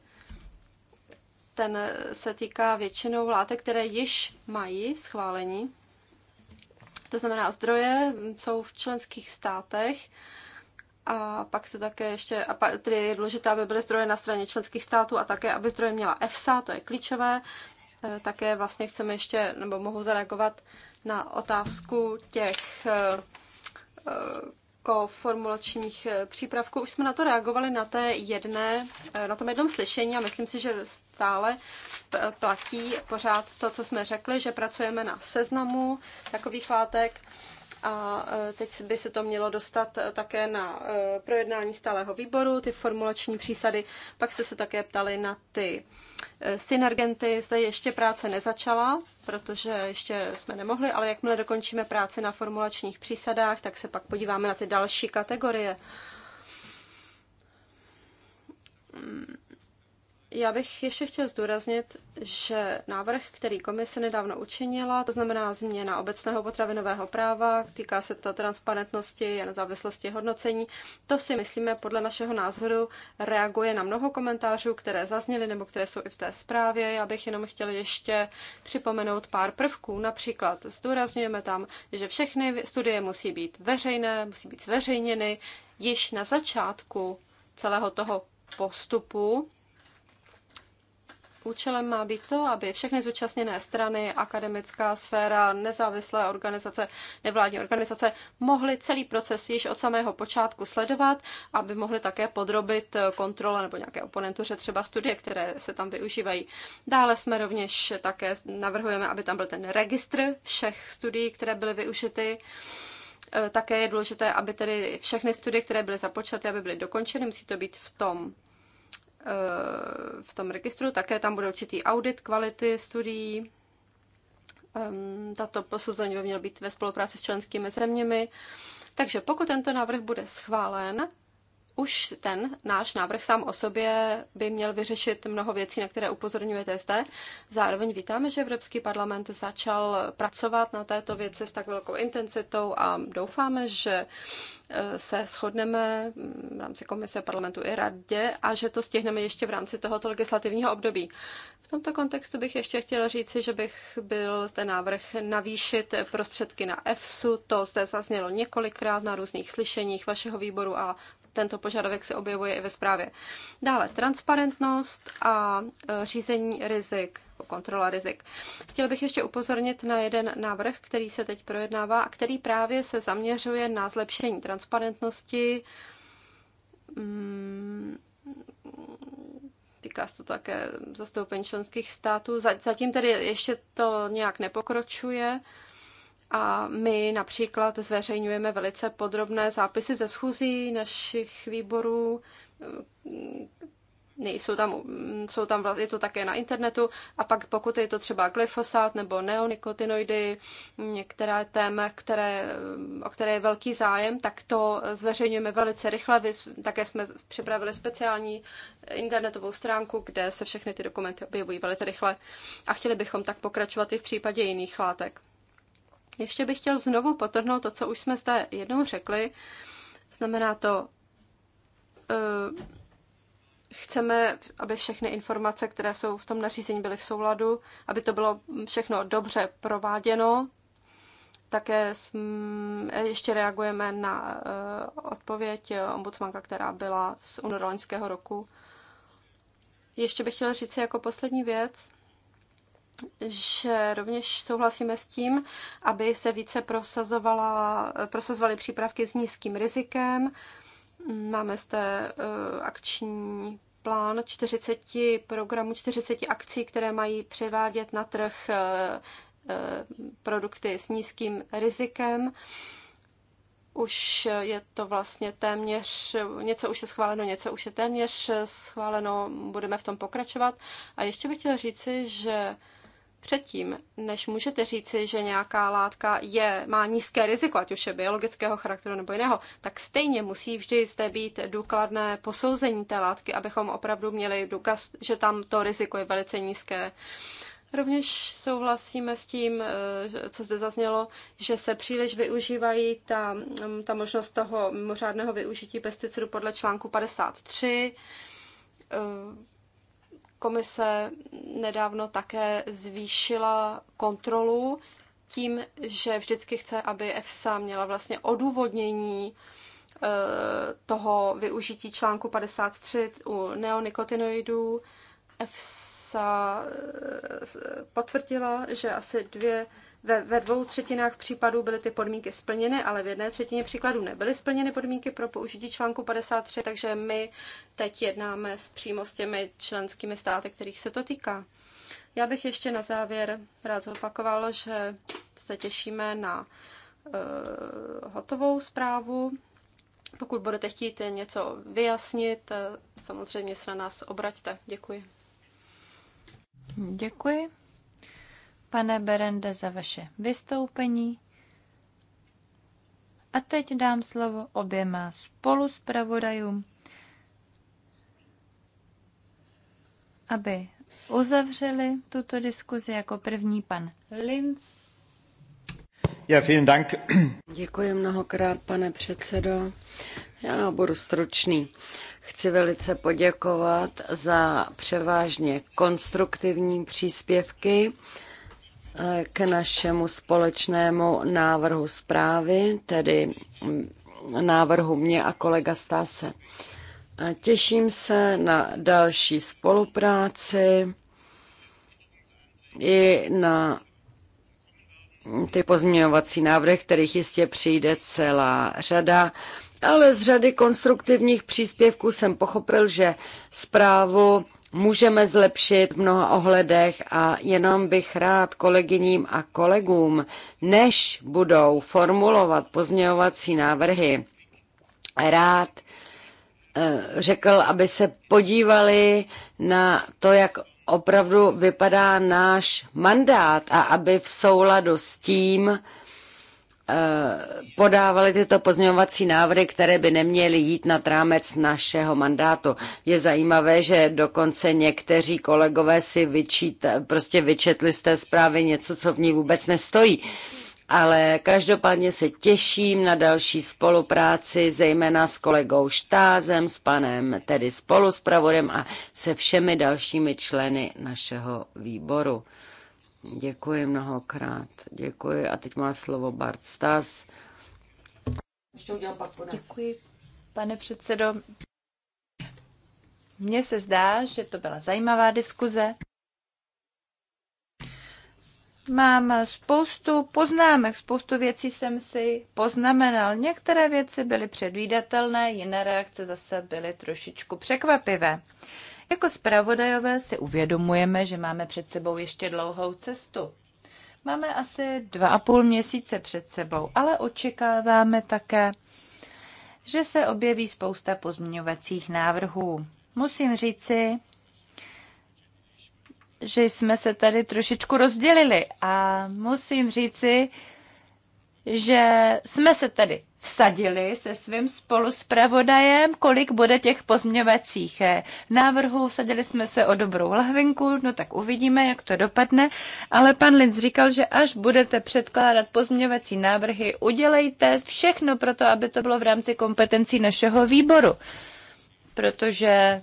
ten se týká většinou látek, které již mají schválení. To znamená, zdroje jsou v členských státech a pak se také ještě, a pak, tedy je důležité, aby byly zdroje na straně členských států a také, aby zdroje měla EFSA, to je klíčové. E, také vlastně chceme ještě, nebo mohu zareagovat na otázku těch e, e, formulačních eh, přípravků. Už jsme na to reagovali na, té jedné, eh, na tom jednom slyšení a myslím si, že stále eh, platí pořád to, co jsme řekli, že pracujeme na seznamu takových látek a e, teď by se to mělo dostat e, také na e, projednání stáleho výboru, ty formulační přísady. Pak jste se také ptali na ty synergenty. Zde ještě práce nezačala, protože ještě jsme nemohli, ale jakmile dokončíme práci na formulačních přísadách, tak se pak podíváme na ty další kategorie. Hmm já bych ještě chtěl zdůraznit, že návrh, který komise nedávno učinila, to znamená změna obecného potravinového práva, týká se to transparentnosti a nezávislosti hodnocení, to si myslíme podle našeho názoru reaguje na mnoho komentářů, které zazněly nebo které jsou i v té zprávě. Já bych jenom chtěl ještě připomenout pár prvků. Například zdůrazňujeme tam, že všechny studie musí být veřejné, musí být zveřejněny již na začátku celého toho postupu Účelem má být to, aby všechny zúčastněné strany, akademická sféra, nezávislé organizace, nevládní organizace mohly celý proces již od samého počátku sledovat, aby mohly také podrobit kontrole nebo nějaké oponentuře třeba studie, které se tam využívají. Dále jsme rovněž také navrhujeme, aby tam byl ten registr všech studií, které byly využity. E, také je důležité, aby tedy všechny studie, které byly započaty, aby byly dokončeny. Musí to být v tom v tom registru. Také tam bude určitý audit kvality studií. Ehm, tato posuzování by mělo být ve spolupráci s členskými zeměmi. Takže pokud tento návrh bude schválen, už ten náš návrh sám o sobě by měl vyřešit mnoho věcí, na které upozorňujete zde. Zároveň vítáme, že Evropský parlament začal pracovat na této věci s tak velkou intenzitou a doufáme, že eh, se shodneme mm, v rámci Komise parlamentu i radě a že to stihneme ještě v rámci tohoto legislativního období. V tomto kontextu bych ještě chtěla říci, že bych byl ten návrh navýšit prostředky na EFSU. To zde zaznělo několikrát na různých slyšeních vašeho výboru a tento požadavek se objevuje i ve zprávě. Dále transparentnost a e, řízení rizik, kontrola rizik. Chtěl bych ještě upozornit na jeden návrh, který se teď projednává a který právě se zaměřuje na zlepšení transparentnosti. Mm, týká se to také zastoupení členských států. Zatím tedy ještě to nějak nepokročuje. A my například zveřejňujeme velice podrobné zápisy ze schůzí našich výborů, nejsou tam, jsou tam, je to také na internetu a pak pokud je to třeba glyfosát nebo neonikotinoidy, některé téma, které, o které je velký zájem, tak to zveřejňujeme velice rychle. Také jsme připravili speciální internetovou stránku, kde se všechny ty dokumenty objevují velice rychle a chtěli bychom tak pokračovat i v případě jiných látek. Ještě bych chtěl znovu potrhnout to, co už jsme zde jednou řekli. Znamená to, uh, chceme, aby všechny informace, které jsou v tom nařízení, byly v souladu, aby to bylo všechno dobře prováděno. Také ještě reagujeme na eh, odpověď ombudsmanka, která byla z února loňského roku. Ještě bych chtěla říct jako poslední věc, že rovněž souhlasíme s tím, aby se více prosazovaly přípravky s nízkým rizikem. Máme zde eh, akční plán 40 programů, 40 akcí, které mají převádět na trh eh, eh, produkty s nízkým rizikem. Už je to vlastně téměř, něco už je schváleno, něco už je téměř schváleno, budeme v tom pokračovat. A ještě bych chtěla říci, že Předtím, než můžete říci, že nějaká látka je, má nízké riziko, ať už je biologického charakteru nebo jiného, tak stejně musí vždy zde být důkladné posouzení té látky, abychom opravdu měli důkaz, že tam to riziko je velice nízké. Rovněž souhlasíme s tím, eh, co zde zaznělo, že se příliš využívají ta, mm, ta možnost toho mimořádného využití pesticidů podle článku 53 Komise nedávno také zvýšila kontrolu tím, že vždycky chce, aby EFSA měla vlastně odůvodnění eh, toho využití článku 53 u neonikotinoidů. EFSA eh, potvrdila, že asi dvě ve, ve dvou třetinách případů byly ty podmínky splněny, ale v jedné třetině příkladů nebyly splněny podmínky pro použití článku 53, takže my teď jednáme s přímo s těmi členskými státy, kterých se to týká. Já bych ještě na závěr rád zopakoval, že se těšíme na uh, hotovou zprávu. Pokud budete chtít něco vyjasnit, eh, samozřejmě se na nás obraťte. Děkuji. Děkuji pane Berende, za vaše vystoupení. A teď dám slovo oběma spolu s pravodajům, aby uzavřeli tuto diskuzi jako první pan Linz. Ja, vielen Dank. Děkuji mnohokrát, pane předsedo. Já budu stručný. Chci velice poděkovat za převážně konstruktivní příspěvky k našemu společnému návrhu zprávy, tedy návrhu mě a kolega Stase. Těším se na další spolupráci i na ty pozměňovací návrhy, kterých jistě přijde celá řada. Ale z řady konstruktivních příspěvků jsem pochopil, že zprávu můžeme zlepšit v mnoha ohledech a jenom bych rád kolegyním a kolegům, než budou formulovat pozměňovací návrhy, rád eh, řekl, aby se podívali na to, jak opravdu vypadá náš mandát a aby v souladu s tím, podávali tyto pozměňovací návrhy, které by neměly jít na rámec našeho mandátu. Je zajímavé, že dokonce někteří kolegové si vyčít, prostě vyčetli z té zprávy něco, co v ní vůbec nestojí. Ale každopádně se těším na další spolupráci, zejména s kolegou Štázem, s panem, tedy spolu s Pravodem a se všemi dalšími členy našeho výboru. Děkuji mnohokrát. Děkuji. A teď má slovo Bart Stas. Ještě udělám pak konec. Děkuji, pane předsedo. Mně se zdá, že to byla zajímavá diskuze. Mám spoustu poznámek, spoustu věcí jsem si poznamenal. Některé věci byly předvídatelné, jiné reakce zase byly trošičku překvapivé. Jako zpravodajové si uvědomujeme, že máme před sebou ještě dlouhou cestu. Máme asi dva a půl měsíce před sebou, ale očekáváme také, že se objeví spousta pozměňovacích návrhů. Musím říci, že jsme se tady trošičku rozdělili a musím říci, že jsme se tady vsadili se svým spoluspravodajem, kolik bude těch pozměvacích eh, návrhů. Vsadili jsme se o dobrou lahvinku, no tak uvidíme, jak to dopadne. Ale pan Linz říkal, že až budete předkládat pozměvací návrhy, udělejte všechno pro to, aby to bylo v rámci kompetencí našeho výboru. Protože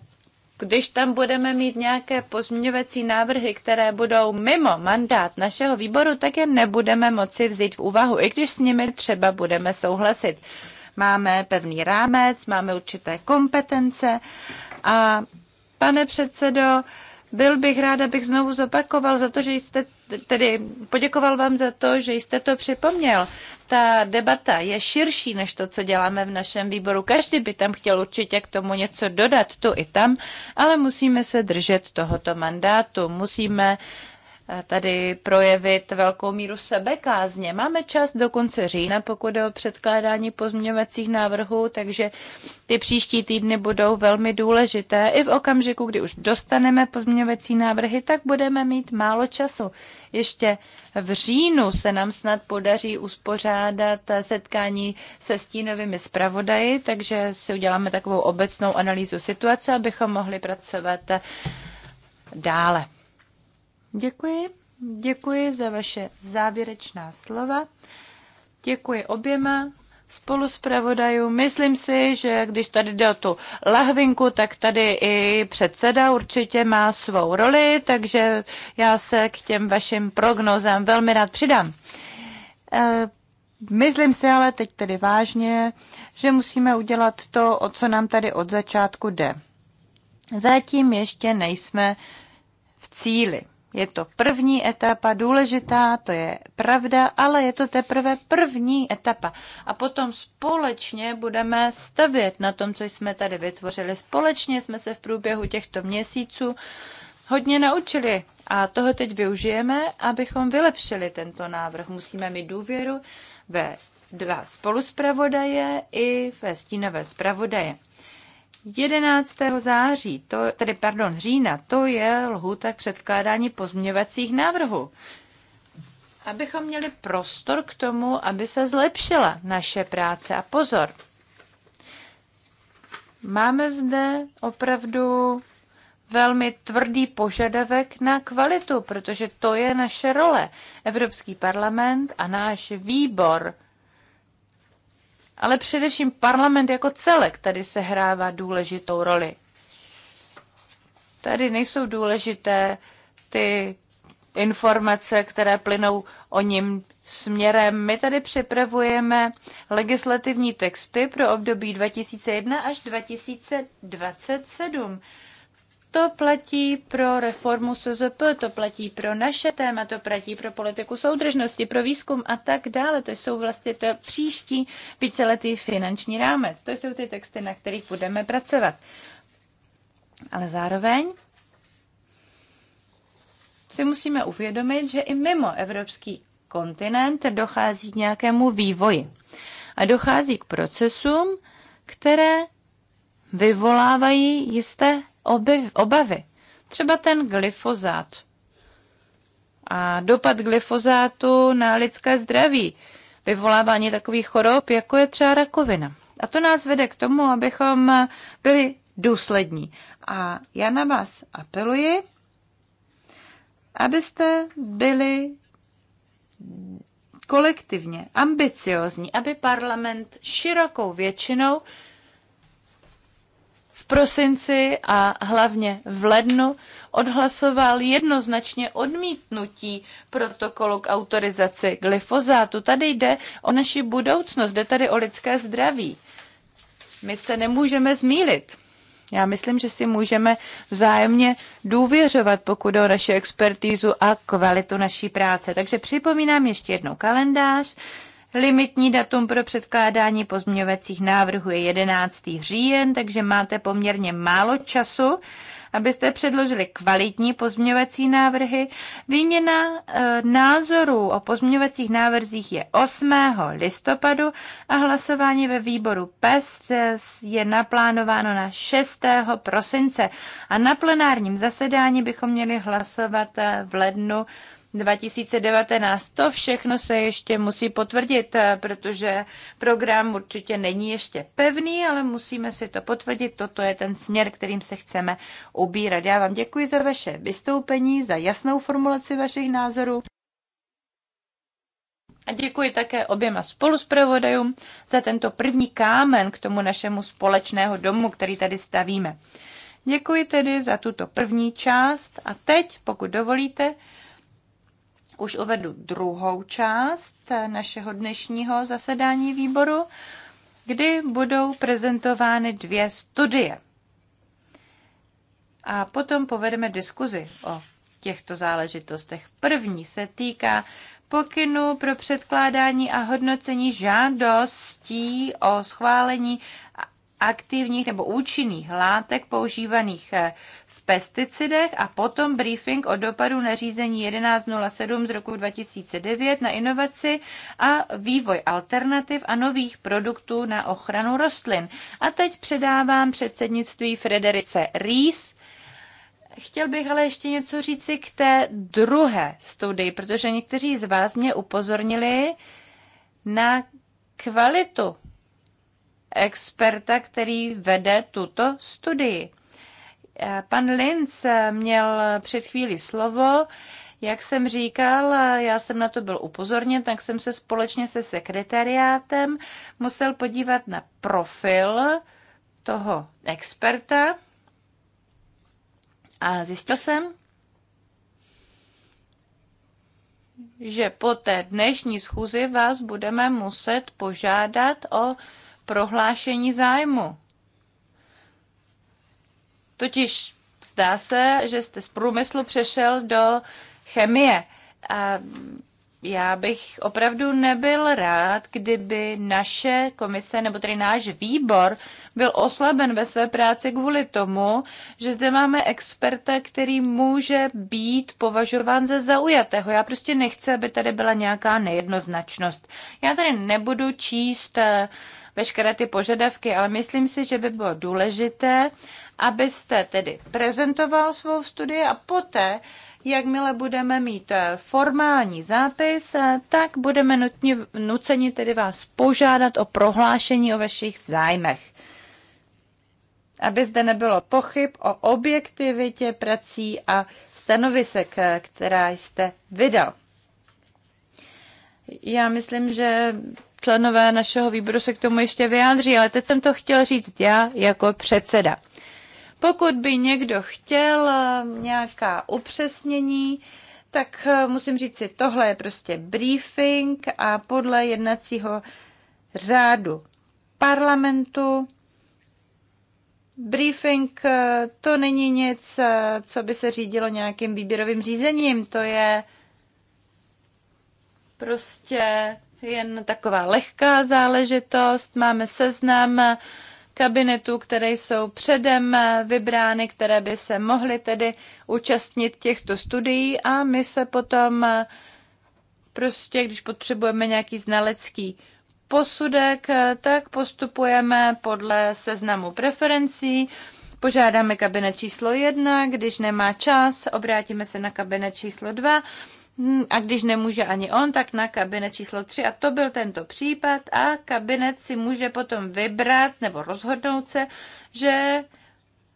když tam budeme mít nějaké pozměňovací návrhy, které budou mimo mandát našeho výboru, tak je nebudeme moci vzít v úvahu, i když s nimi třeba budeme souhlasit. Máme pevný rámec, máme určité kompetence a pane předsedo, byl bych rád, abych znovu zopakoval za to, že jste, tedy poděkoval vám za to, že jste to připomněl. Ta debata je širší než to, co děláme v našem výboru. Každý by tam chtěl určitě k tomu něco dodat tu i tam, ale musíme se držet tohoto mandátu. Musíme uh, Eh, tady projevit velkou míru sebekázně. Máme čas do konce října, pokud je o předkládání pozměňovacích návrhů, takže ty příští týdny budou velmi důležité. I v okamžiku, kdy už dostaneme pozměňovací návrhy, tak budeme mít málo času. Ještě v říjnu se nám snad podaří uspořádat setkání se stínovými zpravodaji, takže si uděláme takovou obecnou analýzu situace, abychom mohli pracovat dále. Děkuji. Děkuji za vaše závěrečná slova. Děkuji oběma spolu s pravodajů. Myslím si, že když tady jde o tu lahvinku, tak tady i předseda určitě má svou roli, takže já se k těm vašim prognozám velmi rád přidám. E, myslím si ale teď tedy vážně, že musíme udělat to, o co nám tady od začátku jde. Zatím ještě nejsme v cíli. Je to první etapa, důležitá, to je pravda, ale je to teprve první etapa. A potom společně budeme stavět na tom, co jsme tady vytvořili. Společně jsme se v průběhu těchto měsíců hodně naučili a toho teď využijeme, abychom vylepšili tento návrh. Musíme mít důvěru ve dva spoluspravodaje i ve stínové zpravodaje. 11. září, to, tedy pardon, října, to je lhůta k předkládání pozměňovacích návrhů. Abychom měli prostor k tomu, aby se zlepšila naše práce. A pozor, máme zde opravdu velmi tvrdý požadavek na kvalitu, protože to je naše role. Evropský parlament a náš výbor ale především parlament jako celek tady sehrává důležitou roli. Tady nejsou důležité ty informace, které plynou o ním směrem. My tady připravujeme legislativní texty pro období 2001 až 2027. To platí pro reformu SZP, to platí pro naše téma, to platí pro politiku soudržnosti, pro výzkum a tak dále. To jsou vlastně to příští víceletý finanční rámec. To jsou ty texty, na kterých budeme pracovat. Ale zároveň si musíme uvědomit, že i mimo evropský kontinent dochází k nějakému vývoji. A dochází k procesům, které vyvolávají jisté oby, obavy. Třeba ten glyfozát a dopad glyfozátu na lidské zdraví, vyvolávání takových chorob, jako je třeba rakovina. A to nás vede k tomu, abychom byli důslední. A já na vás apeluji, abyste byli kolektivně ambiciozní, aby parlament širokou většinou v prosinci a hlavně v lednu odhlasoval jednoznačně odmítnutí protokolu k autorizaci glyfozátu. Tady jde o naši budoucnost, jde tady o lidské zdraví. My se nemůžeme zmílit. Já myslím, že si můžeme vzájemně důvěřovat, pokud jde o naši expertízu a kvalitu naší práce. Takže připomínám ještě jednou kalendář. Limitní datum pro předkládání pozměňovacích návrhů je 11. říjen, takže máte poměrně málo času, abyste předložili kvalitní pozměňovací návrhy. Výměna e, názorů o pozměňovacích návrzích je 8. listopadu a hlasování ve výboru PEST eh, je naplánováno na 6. prosince. A na plenárním zasedání bychom měli hlasovat eh, v lednu 2019. To všechno se ještě musí potvrdit, eh, protože program určitě není ještě pevný, ale musíme si to potvrdit. Toto je ten směr, kterým se chceme ubírat. Já vám děkuji za vaše vystoupení, za jasnou formulaci vašich názorů. A děkuji také oběma spoluspravodajům za tento první kámen k tomu našemu společného domu, který tady stavíme. Děkuji tedy za tuto první část a teď, pokud dovolíte, už uvedu druhou část našeho dnešního zasedání výboru, kdy budou prezentovány dvě studie. A potom povedeme diskuzi o těchto záležitostech. První se týká pokynu pro předkládání a hodnocení žádostí o schválení aktivních nebo účinných látek používaných eh, v pesticidech a potom briefing o dopadu nařízení 1107 z roku 2009 na inovaci a vývoj alternativ a nových produktů na ochranu rostlin. A teď předávám předsednictví Frederice Rees. Chtěl bych ale ještě něco říci k té druhé studii, protože někteří z vás mě upozornili na kvalitu experta, který vede tuto studii. Eh, pan Linz měl před chvíli slovo. Jak jsem říkal, eh, já jsem na to byl upozorněn, tak jsem se společně se sekretariátem musel podívat na profil toho experta a zjistil jsem, že po té dnešní schůzi vás budeme muset požádat o prohlášení zájmu. Totiž zdá se, že jste z průmyslu přešel do chemie. A já bych opravdu nebyl rád, kdyby naše komise, nebo tedy náš výbor, byl oslaben ve své práci kvůli tomu, že zde máme experta, který může být považován za zaujatého. Já prostě nechci, aby tady byla nějaká nejednoznačnost. Já tady nebudu číst uh, veškeré ty požadavky, ale myslím si, že by bylo důležité, abyste tedy prezentoval svou studii a poté, jakmile budeme mít eh, formální zápis, eh, tak budeme nutni, nuceni tedy vás požádat o prohlášení o vašich zájmech. Aby zde nebylo pochyb o objektivitě prací a stanovisek, eh, která jste vydal. Já myslím, že členové našeho výboru se k tomu ještě vyjádří, ale teď jsem to chtěl říct já jako předseda. Pokud by někdo chtěl eh, nějaká upřesnění, tak eh, musím říct si, tohle je prostě briefing a podle jednacího řádu parlamentu Briefing eh, to není nic, co by se řídilo nějakým výběrovým řízením, to je prostě jen taková lehká záležitost. Máme seznam kabinetů, které jsou předem vybrány, které by se mohly tedy účastnit těchto studií a my se potom prostě, když potřebujeme nějaký znalecký posudek, tak postupujeme podle seznamu preferencí. Požádáme kabinet číslo 1, když nemá čas, obrátíme se na kabinet číslo 2 Hmm, a když nemůže ani on, tak na kabinet číslo 3 a to byl tento případ a kabinet si může potom vybrat nebo rozhodnout se, že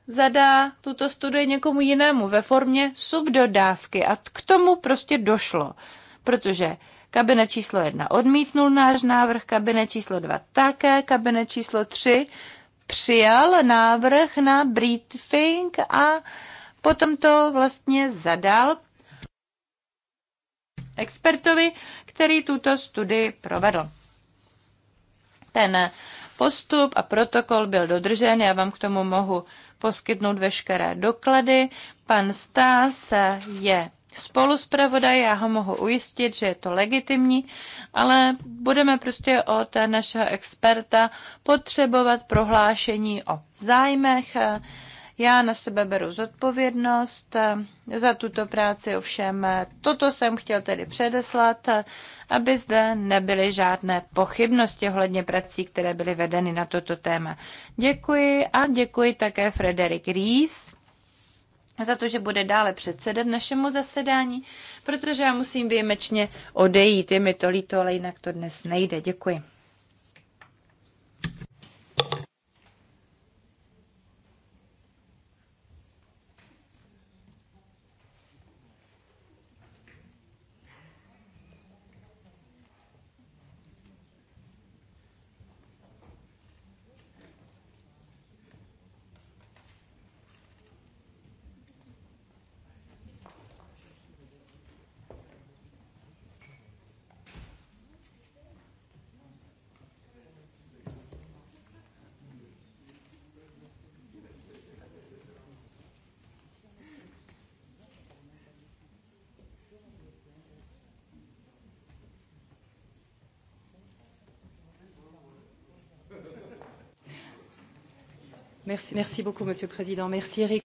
zadá tuto studii někomu jinému ve formě subdodávky a k tomu prostě došlo, protože kabinet číslo 1 odmítnul náš návrh, kabinet číslo 2 také, kabinet číslo 3 přijal návrh na briefing a potom to vlastně zadal expertovi, který tuto studii provedl. Ten postup a protokol byl dodržen, já vám k tomu mohu poskytnout veškeré doklady. Pan Stás je spoluspravodaj, já ho mohu ujistit, že je to legitimní, ale budeme prostě od našeho experta potřebovat prohlášení o zájmech, já na sebe beru zodpovědnost eh, za tuto práci, ovšem eh, toto jsem chtěl tedy předeslat, eh, aby zde nebyly žádné pochybnosti ohledně prací, které byly vedeny na toto téma. Děkuji a děkuji také Frederik Ries za to, že bude dále předsedat našemu zasedání, protože já musím výjimečně odejít. Je mi to líto, ale jinak to dnes nejde. Děkuji. Merci, merci beaucoup, monsieur président. Merci, Eric.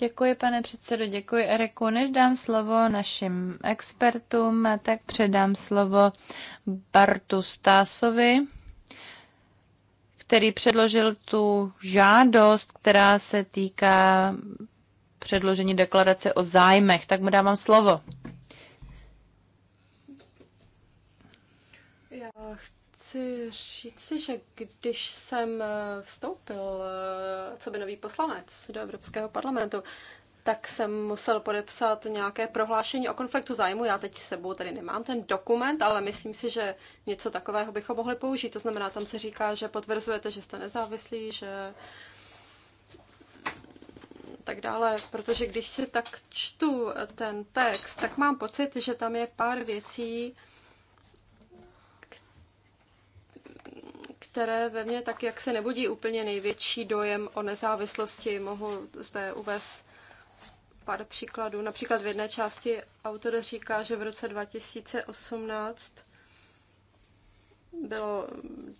Děkuji, pane předsedo, děkuji, Eriku. Než dám slovo našim expertům, tak předám slovo Bartu Stásovi, který předložil tu žádost, která se týká předložení deklarace o zájmech. Tak mu dávám slovo. chci si, že když jsem eh, vstoupil, eh, co by nový poslanec do Evropského parlamentu, tak jsem musel podepsat nějaké prohlášení o konfliktu zájmu. Já teď s sebou tady nemám ten dokument, ale myslím si, že něco takového bychom mohli použít. To znamená, tam se říká, že potvrzujete, že jste nezávislí, že tak dále, protože když si tak čtu ten text, tak mám pocit, že tam je pár věcí, které ve mně tak jak se nebudí úplně největší dojem o nezávislosti. Mohu zde uvést pár příkladů. Například v jedné části autor říká, že v roce 2018 bylo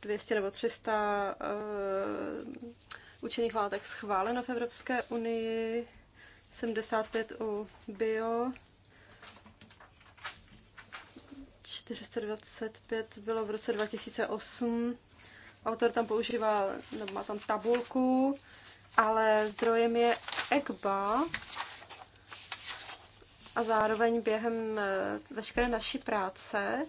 200 nebo 300 uh, eh, učených látek schváleno v Evropské unii, 75 u bio, 425 bylo v roce 2008 Autor tam používá, nebo má tam tabulku, ale zdrojem je EGBA a zároveň během eh, veškeré naší práce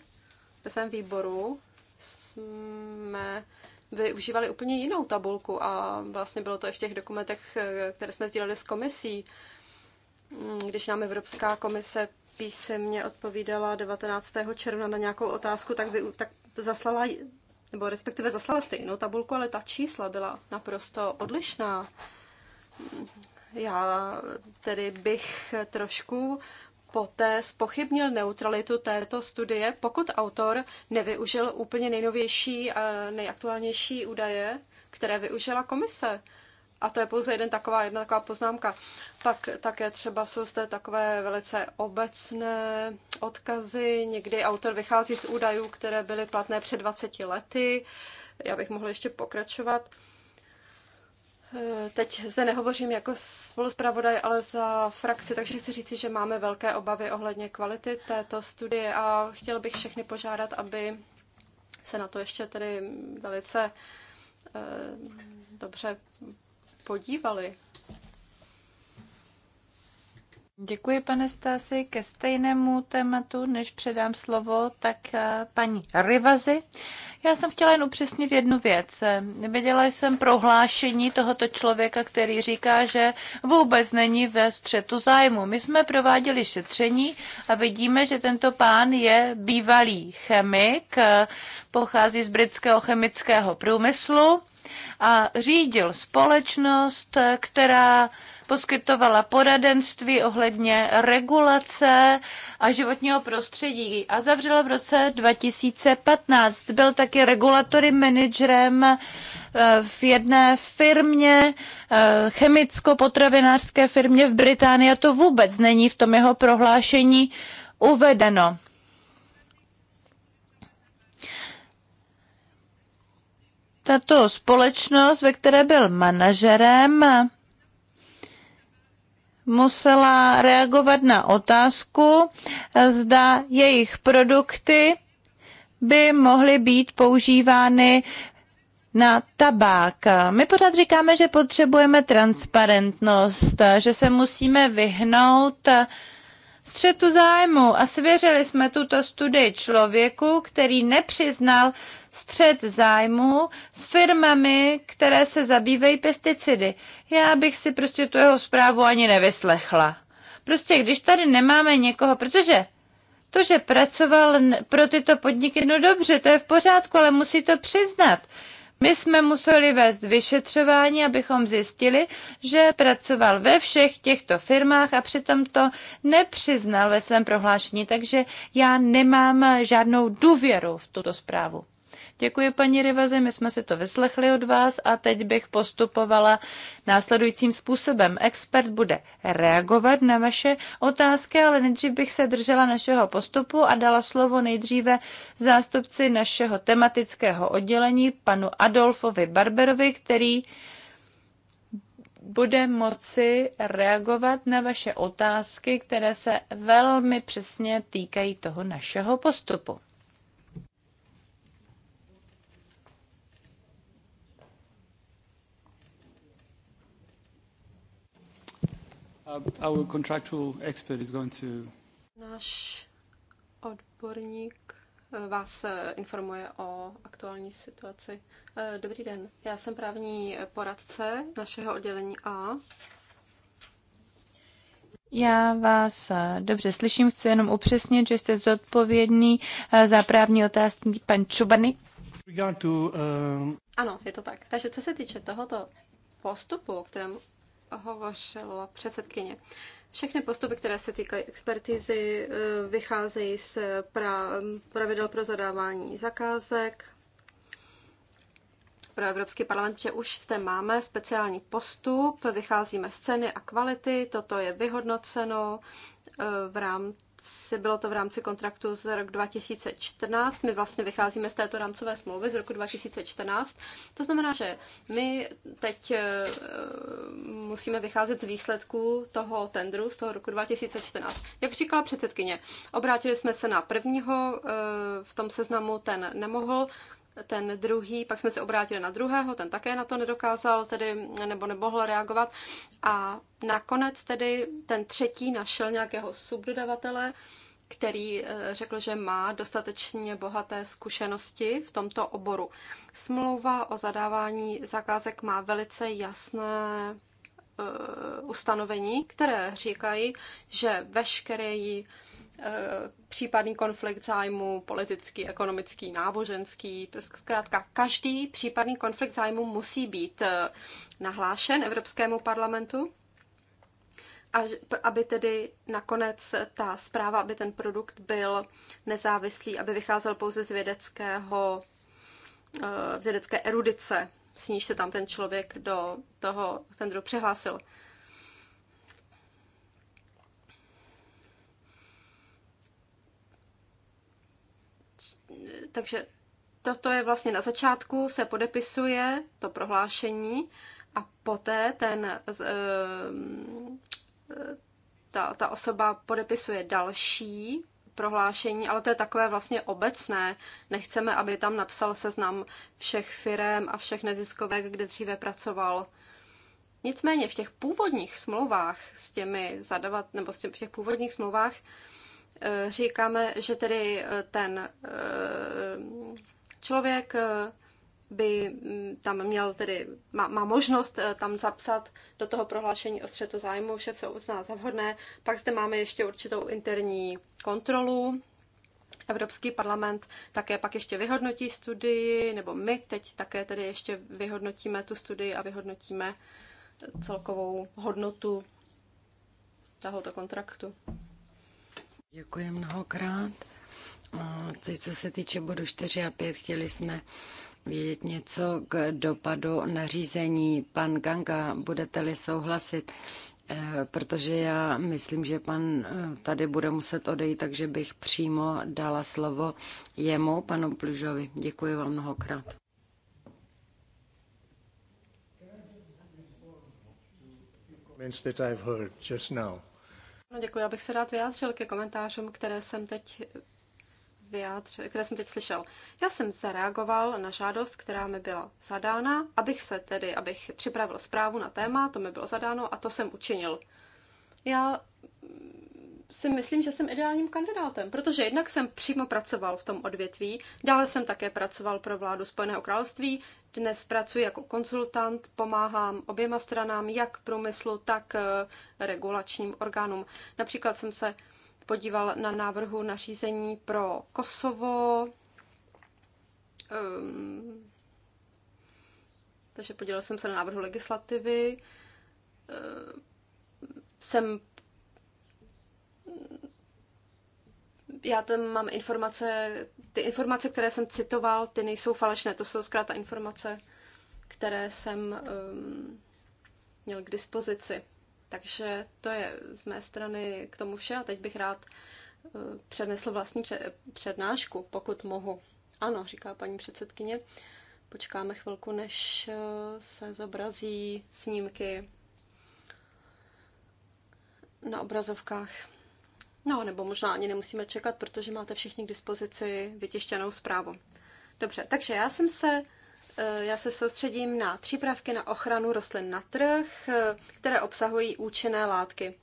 ve svém výboru jsme využívali úplně jinou tabulku a vlastně bylo to i v těch dokumentech, eh, které jsme sdíleli s komisí. Mm, když nám Evropská komise písemně odpovídala 19. června na nějakou otázku, tak, vy, tak zaslala nebo respektive zaslala stejnou tabulku, ale ta čísla byla naprosto odlišná. Já tedy bych trošku poté spochybnil neutralitu této studie, pokud autor nevyužil úplně nejnovější a nejaktuálnější údaje, které využila komise. A to je pouze jeden taková, jedna taková poznámka. Pak také třeba jsou zde takové velice obecné odkazy. Někdy autor vychází z údajů, které byly platné před 20 lety. Já bych mohla ještě pokračovat. E, teď zde nehovořím jako spoluzpravodaj, ale za frakci, takže chci říci, že máme velké obavy ohledně kvality této studie a chtěl bych všechny požádat, aby se na to ještě tedy velice e, dobře podívali. Děkuji, pane Stasi. Ke stejnému tématu, než předám slovo, tak eh, paní Rivazi. Já jsem chtěla jen upřesnit jednu věc. Viděla jsem prohlášení tohoto člověka, který říká, že vůbec není ve střetu zájmu. My jsme prováděli šetření a vidíme, že tento pán je bývalý chemik, eh, pochází z britského chemického průmyslu a řídil společnost, která poskytovala poradenství ohledně regulace a životního prostředí a zavřela v roce 2015. Byl taky regulatory manažerem eh, v jedné firmě, eh, chemicko-potravinářské firmě v Británii a to vůbec není v tom jeho prohlášení uvedeno. tato společnost, ve které byl manažerem, musela reagovat na otázku, zda jejich produkty by mohly být používány na tabák. My pořád říkáme, že potřebujeme transparentnost, že se musíme vyhnout střetu zájmu a svěřili jsme tuto studii člověku, který nepřiznal střed zájmu s firmami, které se zabývají pesticidy. Já bych si prostě tu jeho zprávu ani nevyslechla. Prostě když tady nemáme někoho, protože to, že pracoval pro tyto podniky, no dobře, to je v pořádku, ale musí to přiznat. My jsme museli vést vyšetřování, abychom zjistili, že pracoval ve všech těchto firmách a přitom to nepřiznal ve svém prohlášení, takže já nemám žádnou důvěru v tuto zprávu. Děkuji, paní Rivazi, my jsme si to vyslechli od vás a teď bych postupovala následujícím způsobem. Expert bude reagovat na vaše otázky, ale nejdřív bych se držela našeho postupu a dala slovo nejdříve zástupci našeho tematického oddělení, panu Adolfovi Barberovi, který bude moci reagovat na vaše otázky, které se velmi přesně týkají toho našeho postupu. Uh, our contractual expert is going to... Náš odborník eh, vás eh, informuje o aktuální situaci. Eh, dobrý den, já jsem právní poradce našeho oddělení A. Já vás dobře slyším, chci jenom upřesnit, že jste zodpovědný za právní otázky pan Čubany. Ano, je to tak. Takže co se týče tohoto postupu, kterému hovořila předsedkyně. Všechny postupy, které se týkají expertizy eh, vycházejí z pra, pravidel pro zadávání zakázek pro Evropský parlament, že už zde máme speciální postup, vycházíme z ceny a kvality, toto je vyhodnoceno eh, v rám, bylo to v rámci kontraktu z roku 2014. My vlastně vycházíme z této rámcové smlouvy z roku 2014. To znamená, že my teď eh, musíme vycházet z výsledků toho tendru z toho roku 2014. Jak říkala předsedkyně, obrátili jsme se na prvního, eh, v tom seznamu ten nemohl ten druhý, pak jsme se obrátili na druhého, ten také na to nedokázal tedy, nebo nemohl reagovat a nakonec tedy ten třetí našel nějakého subdodavatele, který eh, řekl, že má dostatečně bohaté zkušenosti v tomto oboru. Smlouva o zadávání zakázek má velice jasné eh, ustanovení, které říkají, že veškerý Eh, případný konflikt zájmu, politický, ekonomický, náboženský, prostě zkrátka každý případný konflikt zájmu musí být eh, nahlášen Evropskému parlamentu, aby tedy nakonec ta zpráva, aby ten produkt byl nezávislý, aby vycházel pouze z vědeckého, eh, z vědecké erudice, s níž se tam ten člověk do toho tendru přihlásil. takže toto je vlastně na začátku, se podepisuje to prohlášení a poté ten, ehm, ta, ta osoba podepisuje další prohlášení, ale to je takové vlastně obecné. Nechceme, aby tam napsal seznam všech firm a všech neziskovek, kde dříve pracoval. Nicméně v těch původních smlouvách s těmi zadavat, nebo s těmi, v těch původních smlouvách Eh, říkáme, že tedy eh, ten eh, člověk by mm, tam měl tedy, má, má možnost tam zapsat do toho prohlášení o střetu zájmu vše, co uzná za vhodné. Pak zde máme ještě určitou interní kontrolu. Evropský parlament také pak ještě vyhodnotí studii, nebo my teď také tedy ještě vyhodnotíme tu studii a vyhodnotíme celkovou hodnotu tohoto kontraktu. Děkuji mnohokrát. teď, co se týče bodu 4 a 5, chtěli jsme vědět něco k dopadu nařízení. Pan Ganga, budete-li souhlasit, eh, protože já myslím, že pan eh, tady bude muset odejít, takže bych přímo dala slovo jemu, panu Plužovi. Děkuji vám mnohokrát. That I've heard just now. No děkuji, já bych se rád vyjádřil ke komentářům, které jsem teď vyjádřil, které jsem teď slyšel. Já jsem zareagoval na žádost, která mi byla zadána, abych se tedy, abych připravil zprávu na téma, to mi bylo zadáno a to jsem učinil. Já si myslím, že jsem ideálním kandidátem, protože jednak jsem přímo pracoval v tom odvětví, dále jsem také pracoval pro vládu Spojeného království, dnes pracuji jako konzultant, pomáhám oběma stranám, jak průmyslu, tak eh, regulačním orgánům. Například jsem se podíval na návrhu nařízení pro Kosovo, um, takže podílel jsem se na návrhu legislativy, eh, jsem já tam mám informace, ty informace, které jsem citoval, ty nejsou falešné, to jsou zkrátka informace, které jsem um, měl k dispozici. Takže to je z mé strany k tomu vše a teď bych rád uh, přednesl vlastní přednášku, pokud mohu. Ano, říká paní předsedkyně. Počkáme chvilku, než uh, se zobrazí snímky na obrazovkách. No, nebo možná ani nemusíme čekat, protože máte všichni k dispozici vytištěnou zprávu. Dobře, takže já jsem se eh, já se soustředím na přípravky na ochranu rostlin na trh, eh, které obsahují účinné látky.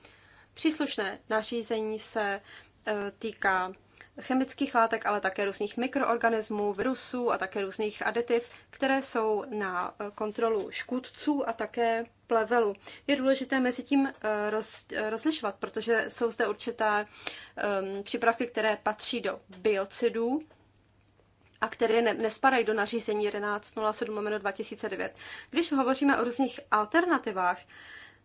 Příslušné nařízení se eh, týká chemických látek, ale také různých mikroorganismů, virusů a také různých aditiv, které jsou na kontrolu škůdců a také plevelu. Je důležité mezi tím eh, roz, eh, rozlišovat, protože jsou zde určité um, ehm, přípravky, které patří do biocidů a které ne, nespadají do nařízení 1107 2009. Když hovoříme o různých alternativách,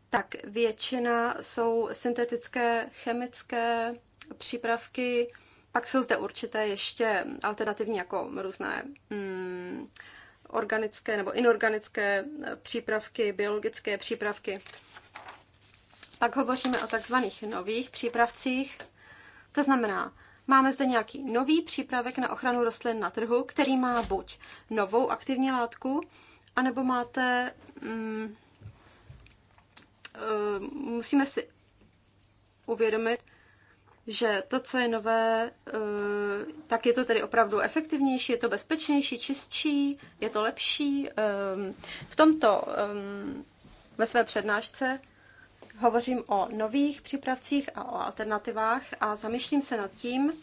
tak většina jsou syntetické, chemické přípravky, pak jsou zde určité ještě alternativní, jako různé mm, organické nebo inorganické eh, přípravky, biologické přípravky. Pak hovoříme o takzvaných nových přípravcích. To znamená, máme zde nějaký nový přípravek na ochranu rostlin na trhu, který má buď novou aktivní látku, anebo máte. Mm, eh, musíme si uvědomit, že to, co je nové, eh, tak je to tedy opravdu efektivnější, je to bezpečnější, čistší, je to lepší. Ehm, v tomto, ehm, ve své přednášce, hovořím o nových přípravcích a o alternativách a zamýšlím se nad tím,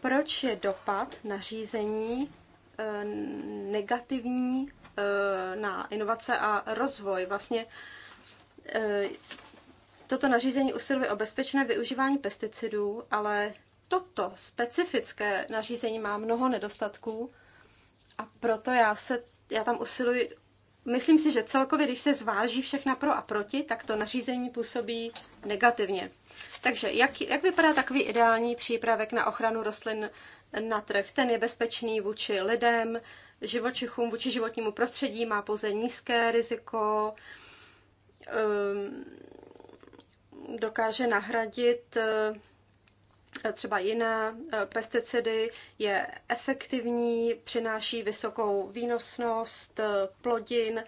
proč je dopad nařízení eh, negativní eh, na inovace a rozvoj. Vlastně Toto nařízení usiluje o bezpečné využívání pesticidů, ale toto specifické nařízení má mnoho nedostatků a proto já, se, já tam usiluji. Myslím si, že celkově, když se zváží všechna pro a proti, tak to nařízení působí negativně. Takže jak, jak vypadá takový ideální přípravek na ochranu rostlin na trh? Ten je bezpečný vůči lidem, živočichům, vůči životnímu prostředí, má pouze nízké riziko. Um, dokáže nahradit eh, třeba jiné eh, pesticidy, je efektivní, přináší vysokou výnosnost eh, plodin,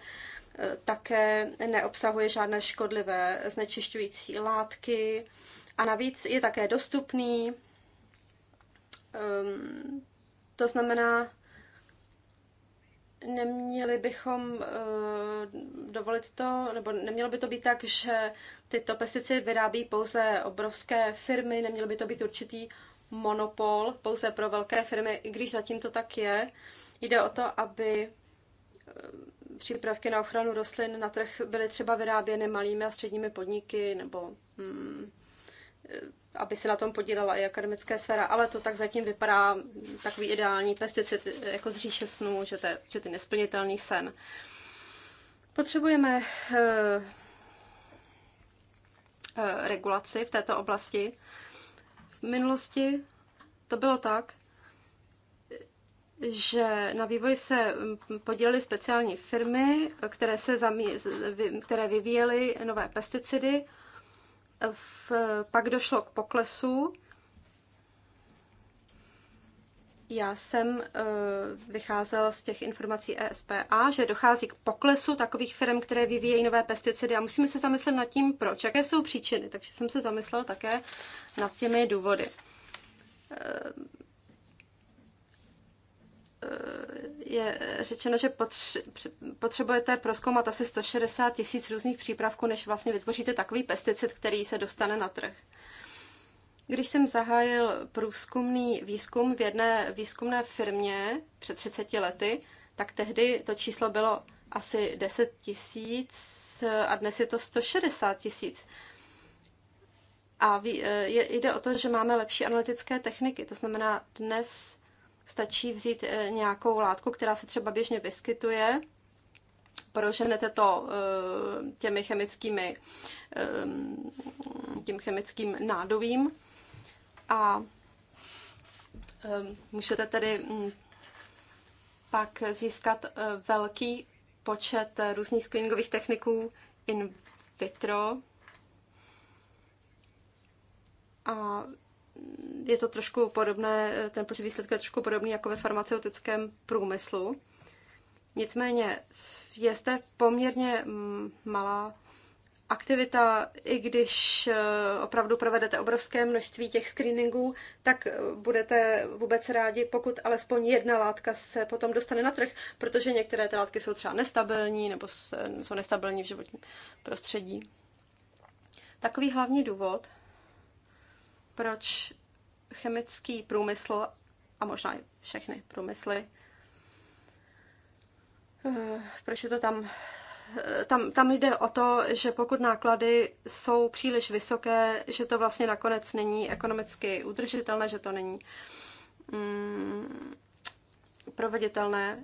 také neobsahuje žádné škodlivé znečišťující látky a navíc je také dostupný. Ehm, to znamená, neměli bychom eh, dovolit to, nebo nemělo by to být tak, že tyto pesticidy vyrábí pouze obrovské firmy, Nemělo by to být určitý monopol pouze pro velké firmy, i když zatím to tak je. Jde o to, aby eh, přípravky na ochranu rostlin na trh byly třeba vyráběny malými a středními podniky nebo hmm, Eh, aby se na tom podílela i akademická sféra, ale to tak zatím vypadá takový ideální pesticid eh, jako z říše snů, že to je určitý nesplnitelný sen. Potřebujeme eh, regulaci v této oblasti. V minulosti to bylo tak, že na vývoj se mm, podělily speciální firmy, které, se zamí, které vyvíjely nové pesticidy v, pak došlo k poklesu. Já jsem eh, vycházela z těch informací ESPA, že dochází k poklesu takových firm, které vyvíjejí nové pesticidy a musíme se zamyslet nad tím, proč, jaké jsou příčiny. Takže jsem se zamyslel také nad těmi důvody eh, Eh, je řečeno, že potřebujete proskoumat asi 160 tisíc různých přípravků, než vlastně vytvoříte takový pesticid, který se dostane na trh. Když jsem zahájil průzkumný výzkum v jedné výzkumné firmě před 30 lety, tak tehdy to číslo bylo asi 10 tisíc a dnes je to 160 tisíc. A eh, jde o to, že máme lepší analytické techniky. To znamená, dnes Stačí vzít eh, nějakou látku, která se třeba běžně vyskytuje, proženete to eh, těmi chemickými, eh, tím chemickým nádobím a můžete tedy hm, pak získat velký počet různých screeningových techniků in vitro. A je to trošku podobné, ten počet výsledků je trošku podobný jako ve farmaceutickém průmyslu. Nicméně je zde poměrně mm, malá aktivita, i když eh, opravdu provedete obrovské množství těch screeningů, tak eh, budete vůbec rádi, pokud alespoň jedna látka se potom dostane na trh, protože některé ty látky jsou třeba nestabilní nebo jsou nestabilní v životním prostředí. Takový hlavní důvod proč chemický průmysl a možná i všechny průmysly, eh, proč je to tam eh, tam, tam jde o to, že pokud náklady jsou příliš vysoké, že to vlastně nakonec není ekonomicky udržitelné, že to není mm, proveditelné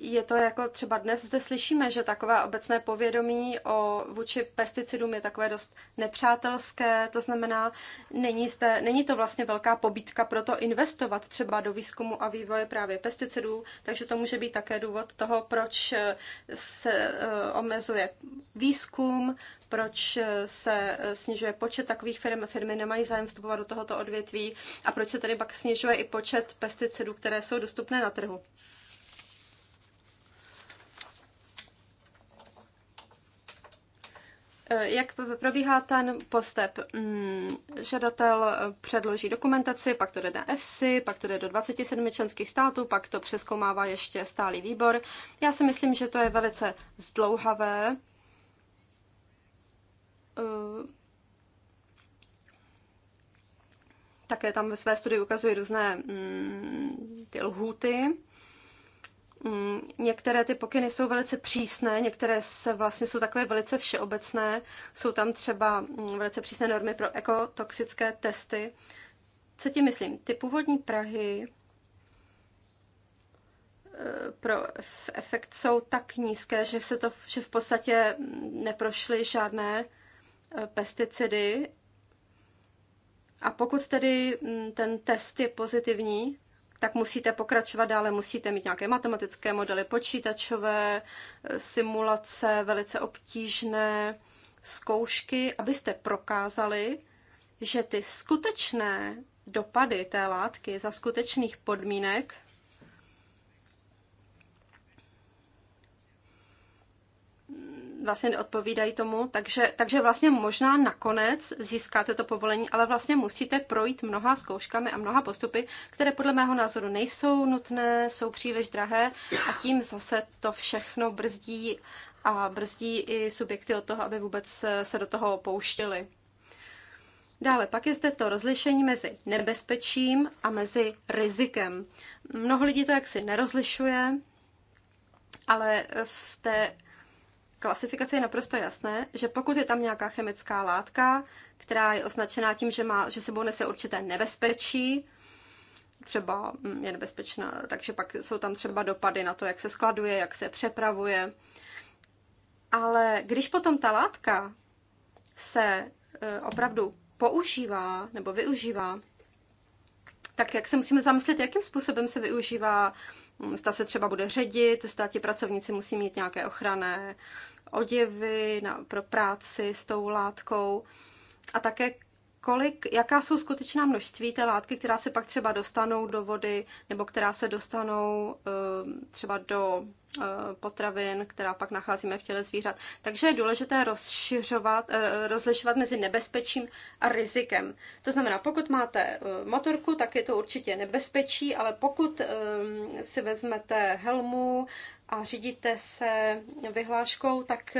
je to jako třeba dnes zde slyšíme, že takové obecné povědomí o vůči pesticidům je takové dost nepřátelské, to znamená, není, zde, není to vlastně velká pobítka pro to investovat třeba do výzkumu a vývoje právě pesticidů, takže to může být také důvod toho, proč eh, se eh, omezuje výzkum, proč eh, se snižuje počet takových firm, firmy nemají zájem vstupovat do tohoto odvětví a proč se tedy pak snižuje i počet pesticidů, které jsou dostupné na trhu. Eh, jak probíhá ten postep? Hmm, žadatel eh, předloží dokumentaci, pak to jde na EFSI, pak to jde do 27 členských států, pak to přeskoumává ještě stálý výbor. Já si myslím, že to je velice zdlouhavé. Eh, také tam ve své studii ukazují různé hmm, ty lhůty. Mm, některé ty pokyny jsou velice přísné, některé se vlastně jsou takové velice všeobecné. Jsou tam třeba mm, velice přísné normy pro ekotoxické testy. Co ti myslím? Ty původní Prahy eh, pro efekt jsou tak nízké, že, se to, že v podstatě mm, neprošly žádné eh, pesticidy. A pokud tedy ten test je pozitivní, tak musíte pokračovat dále, musíte mít nějaké matematické modely, počítačové, eh, simulace, velice obtížné zkoušky, abyste prokázali, že ty skutečné dopady té látky za skutečných podmínek vlastně neodpovídají tomu, takže, takže vlastně možná nakonec získáte to povolení, ale vlastně musíte projít mnoha zkouškami a mnoha postupy, které podle mého názoru nejsou nutné, jsou příliš drahé a tím zase to všechno brzdí a brzdí i subjekty od toho, aby vůbec se do toho pouštěli. Dále pak je zde to rozlišení mezi nebezpečím a mezi rizikem. Mnoho lidí to jaksi nerozlišuje, ale v té Klasifikace je naprosto jasné, že pokud je tam nějaká chemická látka, která je označená tím, že, má, že sebou nese určité nebezpečí, třeba mm, je nebezpečná, takže pak jsou tam třeba dopady na to, jak se skladuje, jak se přepravuje. Ale když potom ta látka se e, opravdu používá nebo využívá, tak jak se musíme zamyslet, jakým způsobem se využívá, hm, zda se třeba bude ředit, zda ti pracovníci musí mít nějaké ochranné oděvy na, pro práci s tou látkou a také kolik, jaká jsou skutečná množství té látky, která se pak třeba dostanou do vody, nebo která se dostanou ehm, třeba do eh, potravin, která pak nacházíme v těle zvířat. Takže je důležité rozšiřovat, eh, rozlišovat mezi nebezpečím a rizikem. To znamená, pokud máte eh, motorku, tak je to určitě nebezpečí, ale pokud ehm, si vezmete helmu a řídíte se vyhláškou, tak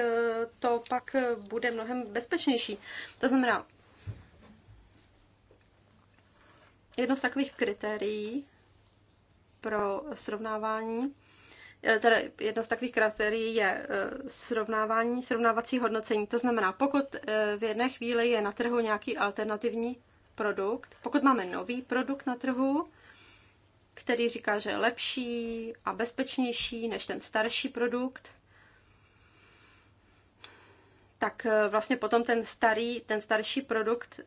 to pak bude mnohem bezpečnější. To znamená, Jedno z takových kritérií pro srovnávání, eh, tedy jedno z takových kritérií je eh, srovnávání, srovnávací hodnocení. To znamená, pokud eh, v jedné chvíli je na trhu nějaký alternativní produkt, pokud máme nový produkt na trhu, který říká, že je lepší a bezpečnější než ten starší produkt, tak vlastně potom ten starý, ten starší produkt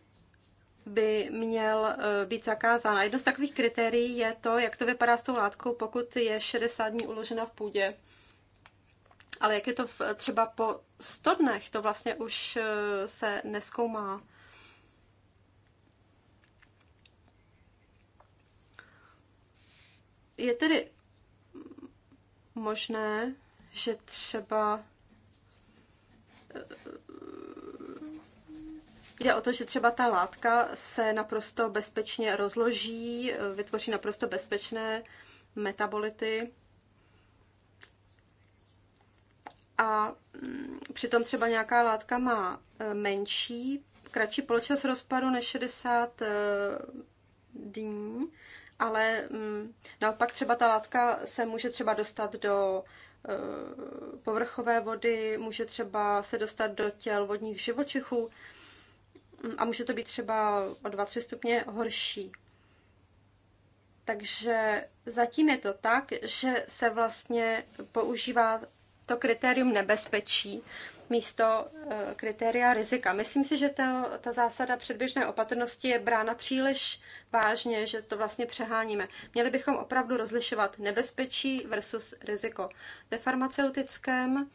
by měl eh, být zakázán. A jedno z takových kritérií je to, jak to vypadá s tou látkou, pokud je 60 dní uložena v půdě. Ale jak je to v, třeba po 100 dnech, to vlastně už eh, se neskoumá. Je tedy možné, že třeba eh, Jde o to, že třeba ta látka se naprosto bezpečně rozloží, vytvoří naprosto bezpečné metabolity a mm, přitom třeba nějaká látka má e, menší, kratší poločas rozpadu než 60 e, dní, ale mm, naopak třeba ta látka se může třeba dostat do e, povrchové vody, může třeba se dostat do těl vodních živočichů. Mm, a může to být třeba o 2-3 stupně horší. Takže zatím je to tak, že se vlastně používá to kritérium nebezpečí místo eh, kritéria rizika. Myslím si, že ta, ta zásada předběžné opatrnosti je brána příliš vážně, že to vlastně přeháníme. Měli bychom opravdu rozlišovat nebezpečí versus riziko. Ve farmaceutickém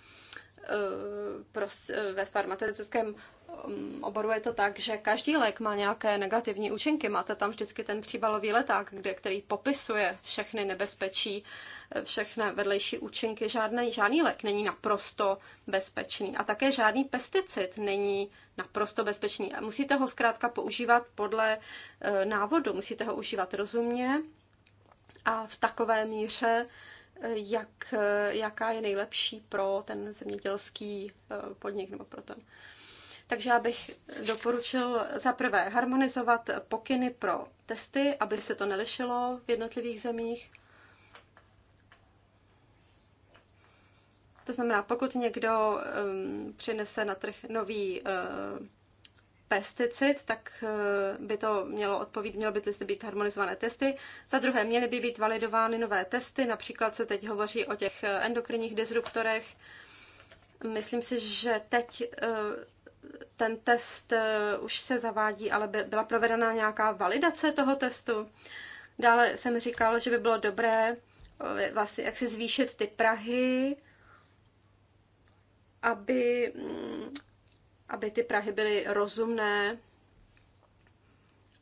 eh, eh, ve farmaceutickém Mm, oboru je to tak, že každý lék má nějaké negativní účinky. Máte tam vždycky ten příbalový leták, kde, který popisuje všechny nebezpečí, eh, všechny vedlejší účinky. Žádný, žádný lék není naprosto bezpečný. A také žádný pesticid není naprosto bezpečný. A musíte ho zkrátka používat podle eh, návodu. Musíte ho užívat rozumně a v takové míře, eh, jak, jaká je nejlepší pro ten zemědělský podnik nebo pro ten takže já bych doporučil za prvé harmonizovat pokyny pro testy, aby se to nelišilo v jednotlivých zemích. To znamená, pokud někdo um, přinese na trh nový uh, pesticid, tak uh, by to mělo odpovídat, mělo by to být harmonizované testy. Za druhé, měly by být validovány nové testy, například se teď hovoří o těch uh, endokrinních disruptorech. Myslím si, že teď uh, ten test eh, už se zavádí, ale by byla provedena nějaká validace toho testu. Dále jsem říkal, že by bylo dobré eh, vlastně jak si zvýšit ty Prahy, aby, mm, aby ty Prahy byly rozumné,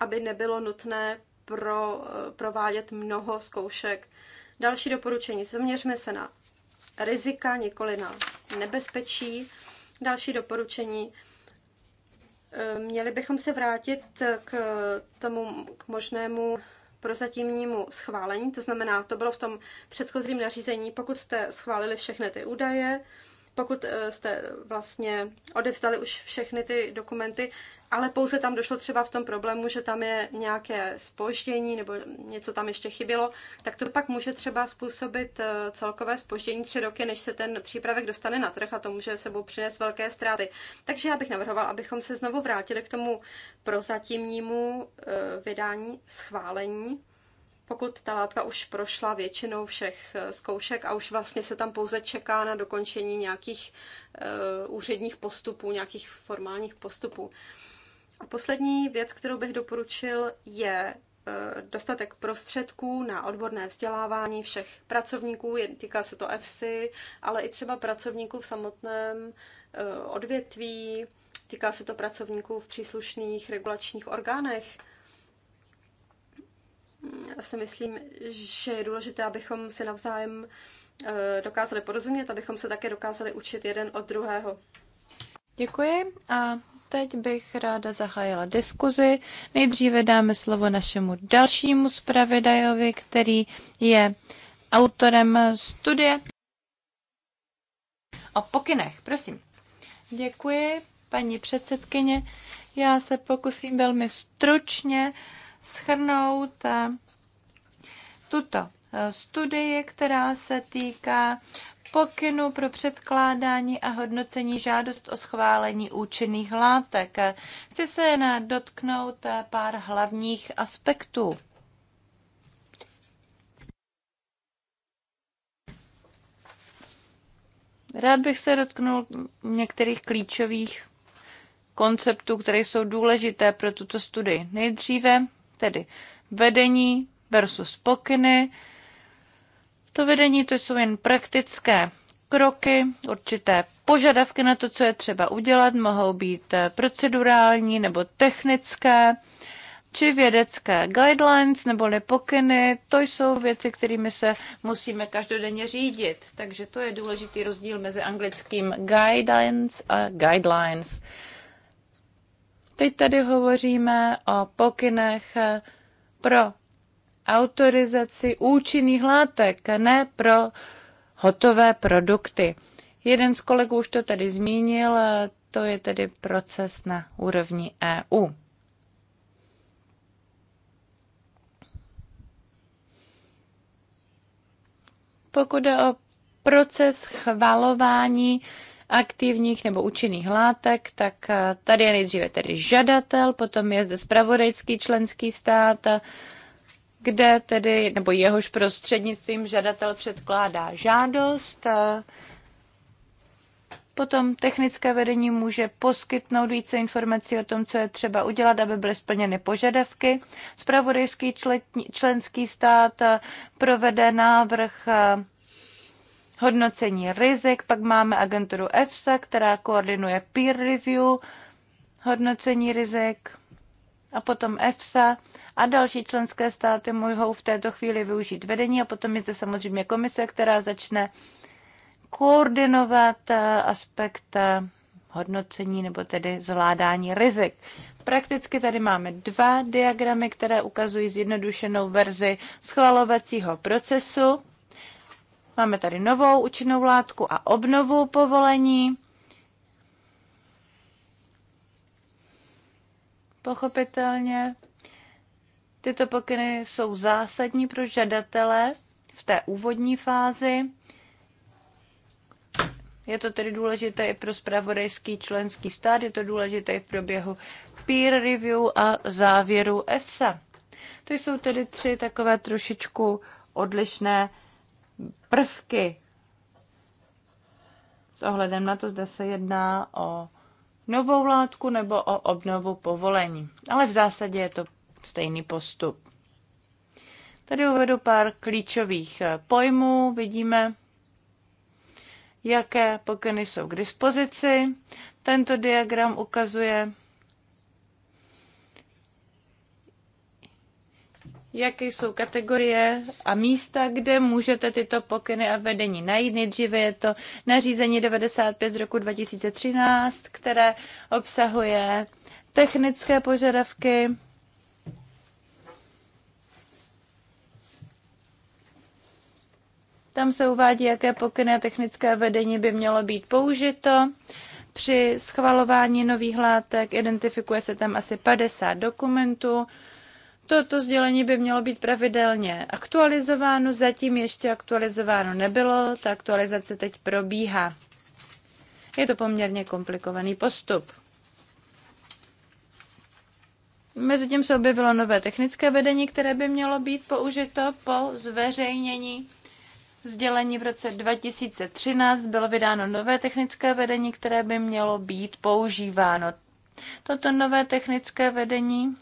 aby nebylo nutné pro, eh, provádět mnoho zkoušek. Další doporučení, zaměřme se na rizika, nikoli na nebezpečí. Další doporučení, Měli bychom se vrátit k tomu k možnému prozatímnímu schválení, to znamená, to bylo v tom předchozím nařízení, pokud jste schválili všechny ty údaje, pokud eh, jste vlastně odevzdali už všechny ty dokumenty, ale pouze tam došlo třeba v tom problému, že tam je nějaké spoždění nebo něco tam ještě chybělo, tak to pak může třeba způsobit eh, celkové spoždění tři roky, než se ten přípravek dostane na trh a to může sebou přinést velké ztráty. Takže já bych navrhoval, abychom se znovu vrátili k tomu prozatímnímu eh, vydání schválení pokud ta látka už prošla většinou všech eh, zkoušek a už vlastně se tam pouze čeká na dokončení nějakých eh, úředních postupů, nějakých formálních postupů. A poslední věc, kterou bych doporučil, je eh, dostatek prostředků na odborné vzdělávání všech pracovníků, týká se to EFSI, ale i třeba pracovníků v samotném odvětví, týká se to pracovníků v příslušných regulačních orgánech já si myslím, že je důležité, abychom se navzájem eh, dokázali porozumět, abychom se také dokázali učit jeden od druhého. Děkuji a teď bych ráda zahájila diskuzi. Nejdříve dáme slovo našemu dalšímu zpravedajovi, který je autorem studie o pokynech. Prosím. Děkuji, paní předsedkyně. Já se pokusím velmi stručně uh, schrnout eh, tuto eh, studii, která se týká pokynu pro předkládání a hodnocení žádost o schválení účinných látek. Chci se jen dotknout eh, pár hlavních aspektů. Rád bych se dotknul některých klíčových konceptů, které jsou důležité pro tuto studii. Nejdříve tedy vedení versus pokyny. To vedení to jsou jen praktické kroky, určité požadavky na to, co je třeba udělat, mohou být procedurální nebo technické, či vědecké guidelines nebo pokyny, to jsou věci, kterými se musíme každodenně řídit. Takže to je důležitý rozdíl mezi anglickým guidelines a guidelines. Teď tady hovoříme o pokynech pro autorizaci účinných látek, ne pro hotové produkty. Jeden z kolegů už to tady zmínil, to je tedy proces na úrovni EU. Pokud je o proces chvalování aktivních nebo účinných látek, tak eh, tady je nejdříve tedy žadatel, potom je zde spravodajský členský stát, kde tedy, nebo jehož prostřednictvím žadatel předkládá žádost. Eh, potom technické vedení může poskytnout více informací o tom, co je třeba udělat, aby byly splněny požadavky. Spravodajský členský stát eh, provede návrh hodnocení rizik, pak máme agenturu EFSA, která koordinuje peer review, hodnocení rizik a potom EFSA a další členské státy mohou v této chvíli využít vedení a potom je zde samozřejmě komise, která začne koordinovat eh, aspekt eh, hodnocení nebo tedy zvládání rizik. Prakticky tady máme dva diagramy, které ukazují zjednodušenou verzi schvalovacího procesu Máme tady novou účinnou látku a obnovu povolení. Pochopitelně tyto pokyny jsou zásadní pro žadatele v té úvodní fázi. Je to tedy důležité i pro spravodajský členský stát, je to důležité i v proběhu peer review a závěru EFSA. To jsou tedy tři takové trošičku odlišné prvky s ohledem na to, zda se jedná o novou látku nebo o obnovu povolení. Ale v zásadě je to stejný postup. Tady uvedu pár klíčových pojmů. Vidíme, jaké pokyny jsou k dispozici. Tento diagram ukazuje jaké jsou kategorie a místa, kde můžete tyto pokyny a vedení najít. Nejdříve je to nařízení 95 z roku 2013, které obsahuje technické požadavky, Tam se uvádí, jaké pokyny a technické vedení by mělo být použito. Při schvalování nových látek identifikuje se tam asi 50 dokumentů. Toto sdělení by mělo být pravidelně aktualizováno, zatím ještě aktualizováno nebylo, ta aktualizace teď probíhá. Je to poměrně komplikovaný postup. Mezitím se objevilo nové technické vedení, které by mělo být použito po zveřejnění sdělení v roce 2013. Bylo vydáno nové technické vedení, které by mělo být používáno. Toto nové technické vedení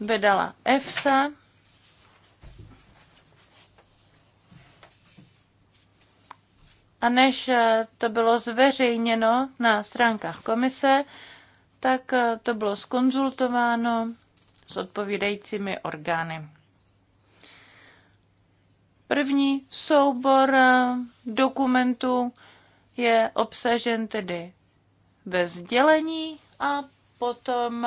vydala EFSA. A než eh, to bylo zveřejněno na stránkách komise, tak eh, to bylo skonzultováno s odpovídajícími orgány. První soubor eh, dokumentů je obsažen tedy ve sdělení a potom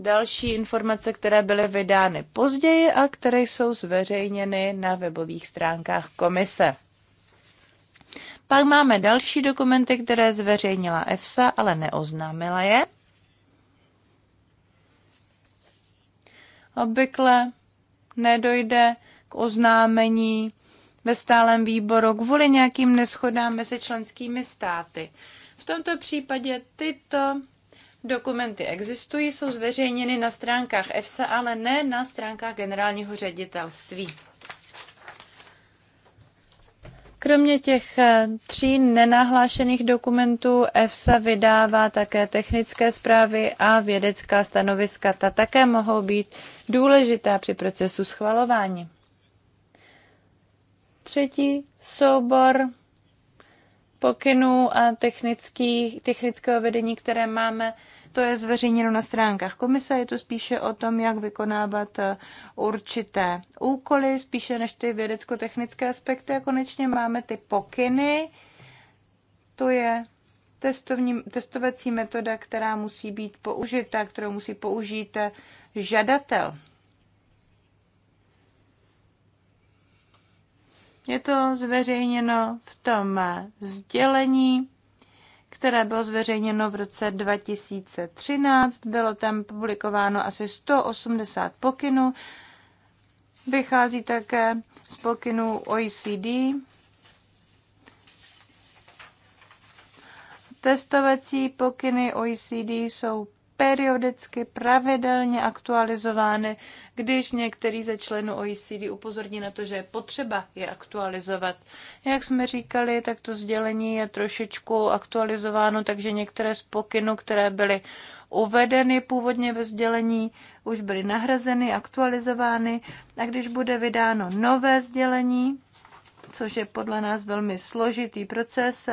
další informace, které byly vydány později a které jsou zveřejněny na webových stránkách komise. Pak máme další dokumenty, které zveřejnila EFSA, ale neoznámila je. Obvykle nedojde k oznámení ve stálem výboru kvůli nějakým neschodám mezi členskými státy. V tomto případě tyto Dokumenty existují, jsou zveřejněny na stránkách EFSA, ale ne na stránkách generálního ředitelství. Kromě těch eh, tří nenahlášených dokumentů EFSA vydává také technické zprávy a vědecká stanoviska. Ta také mohou být důležitá při procesu schvalování. Třetí soubor pokynů a technických, technického vedení, které máme, to je zveřejněno na stránkách komise. Je to spíše o tom, jak vykonávat eh, určité úkoly, spíše než ty vědecko-technické aspekty. A konečně máme ty pokyny. To je testovní, testovací metoda, která musí být použita, kterou musí použít eh, žadatel. Je to zveřejněno v tom sdělení, které bylo zveřejněno v roce 2013. Bylo tam publikováno asi 180 pokynů. Vychází také z pokynů OECD. Testovací pokyny OECD jsou periodicky, pravidelně aktualizovány, když některý ze členů OECD upozorní na to, že je potřeba je aktualizovat. Jak jsme říkali, tak to sdělení je trošičku aktualizováno, takže některé z pokynů, které byly uvedeny původně ve sdělení, už byly nahrazeny, aktualizovány a když bude vydáno nové sdělení, což je podle nás velmi složitý proces,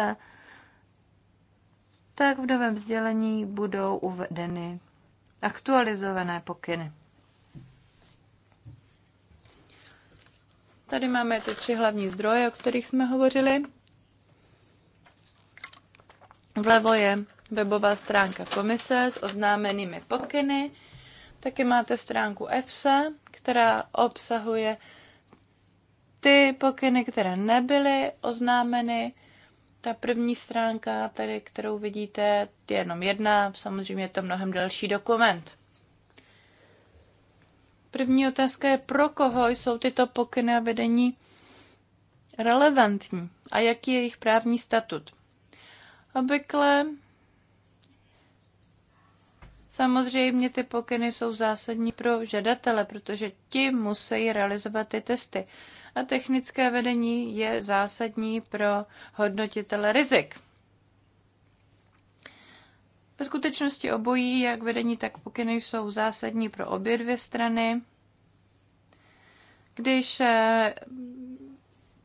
tak v novém vzdělení budou uvedeny aktualizované pokyny. Tady máme ty tři hlavní zdroje, o kterých jsme hovořili. Vlevo je webová stránka komise s oznámenými pokyny. Taky máte stránku EFSA, která obsahuje ty pokyny, které nebyly oznámeny ta první stránka, tady, kterou vidíte, je jenom jedna, samozřejmě je to mnohem delší dokument. První otázka je, pro koho jsou tyto pokyny a vedení relevantní a jaký je jejich právní statut. Obvykle Samozřejmě ty pokyny jsou zásadní pro žadatele, protože ti musí realizovat ty testy. A technické vedení je zásadní pro hodnotitele rizik. Ve skutečnosti obojí, jak vedení, tak pokyny jsou zásadní pro obě dvě strany. Když eh,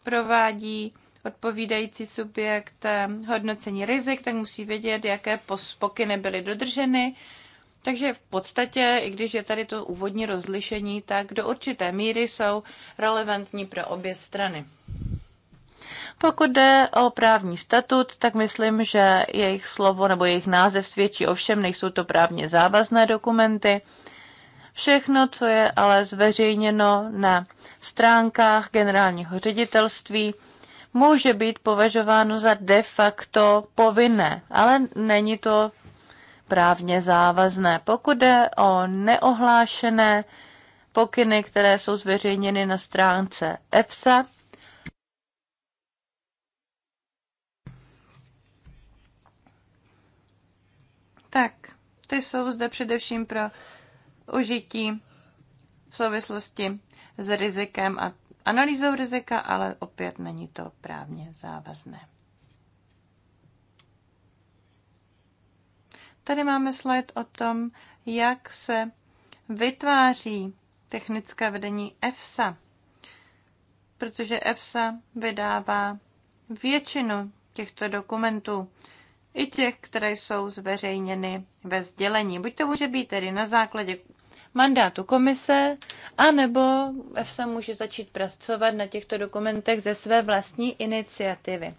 provádí odpovídající subjekt eh, hodnocení rizik, tak musí vědět, jaké pokyny byly dodrženy takže v podstatě, i když je tady to úvodní rozlišení, tak do určité míry jsou relevantní pro obě strany. Pokud jde o právní statut, tak myslím, že jejich slovo nebo jejich název svědčí o všem, nejsou to právně závazné dokumenty. Všechno, co je ale zveřejněno na stránkách generálního ředitelství, může být považováno za de facto povinné, ale není to právně závazné. Pokud jde o neohlášené pokyny, které jsou zveřejněny na stránce EFSA, tak ty jsou zde především pro užití v souvislosti s rizikem a analýzou rizika, ale opět není to právně závazné. Tady máme slide o tom, jak se vytváří technické vedení EFSA, protože EFSA vydává většinu těchto dokumentů, i těch, které jsou zveřejněny ve sdělení. Buď to může být tedy na základě mandátu komise, anebo EFSA může začít pracovat na těchto dokumentech ze své vlastní iniciativy.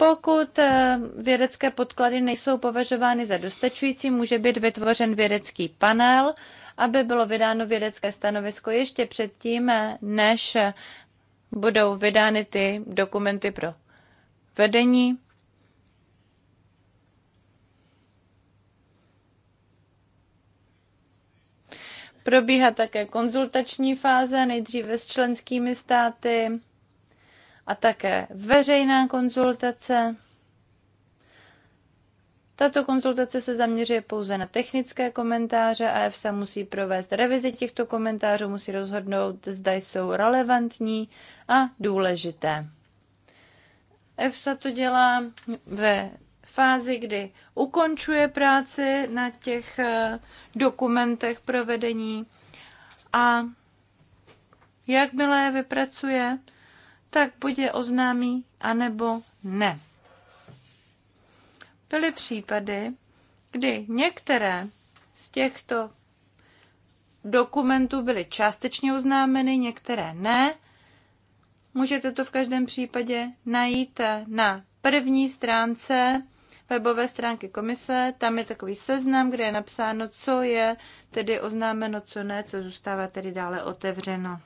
Pokud eh, vědecké podklady nejsou považovány za dostačující, může být vytvořen vědecký panel, aby bylo vydáno vědecké stanovisko ještě předtím, eh, než eh, budou vydány ty dokumenty pro vedení. Probíhá také konzultační fáze, nejdříve s členskými státy, a také veřejná konzultace. Tato konzultace se zaměřuje pouze na technické komentáře a EFSA musí provést revizi těchto komentářů, musí rozhodnout, zda jsou relevantní a důležité. EFSA to dělá ve fázi, kdy ukončuje práci na těch eh, dokumentech provedení a jakmile je vypracuje, tak buď je oznámí, anebo ne. Byly případy, kdy některé z těchto dokumentů byly částečně oznámeny, některé ne. Můžete to v každém případě najít na první stránce webové stránky komise. Tam je takový seznam, kde je napsáno, co je tedy oznámeno, co ne, co zůstává tedy dále otevřeno.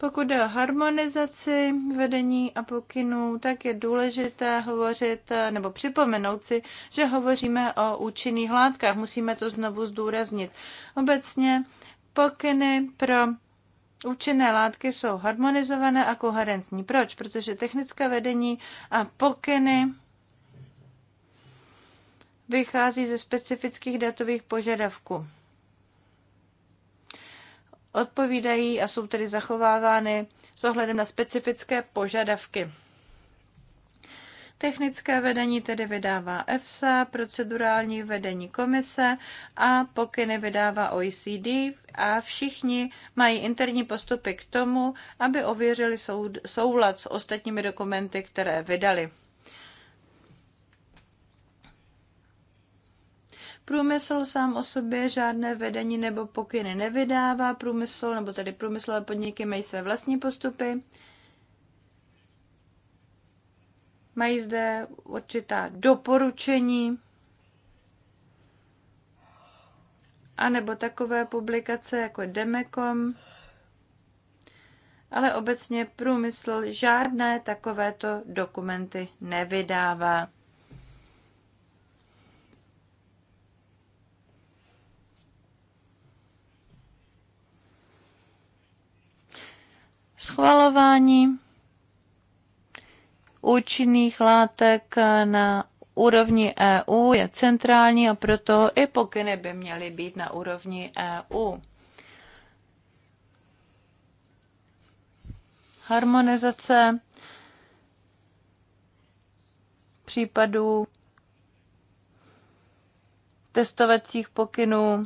Pokud jde o harmonizaci vedení a pokynů, tak je důležité hovořit eh, nebo připomenout si, že hovoříme o účinných látkách. Musíme to znovu zdůraznit. Obecně pokyny pro Účinné látky jsou harmonizované a koherentní. Proč? Protože technické vedení a pokyny vychází ze specifických datových požadavků odpovídají a jsou tedy zachovávány s ohledem na specifické požadavky. Technické vedení tedy vydává EFSA, procedurální vedení komise a pokyny vydává OECD a všichni mají interní postupy k tomu, aby ověřili soulad s ostatními dokumenty, které vydali. Průmysl sám o sobě žádné vedení nebo pokyny nevydává, průmysl nebo tedy průmyslové podniky mají své vlastní postupy, mají zde určitá doporučení, a nebo takové publikace jako Demekom, ale obecně průmysl žádné takovéto dokumenty nevydává. schvalování účinných látek na úrovni EU je centrální a proto i pokyny by měly být na úrovni EU. Harmonizace případů testovacích pokynů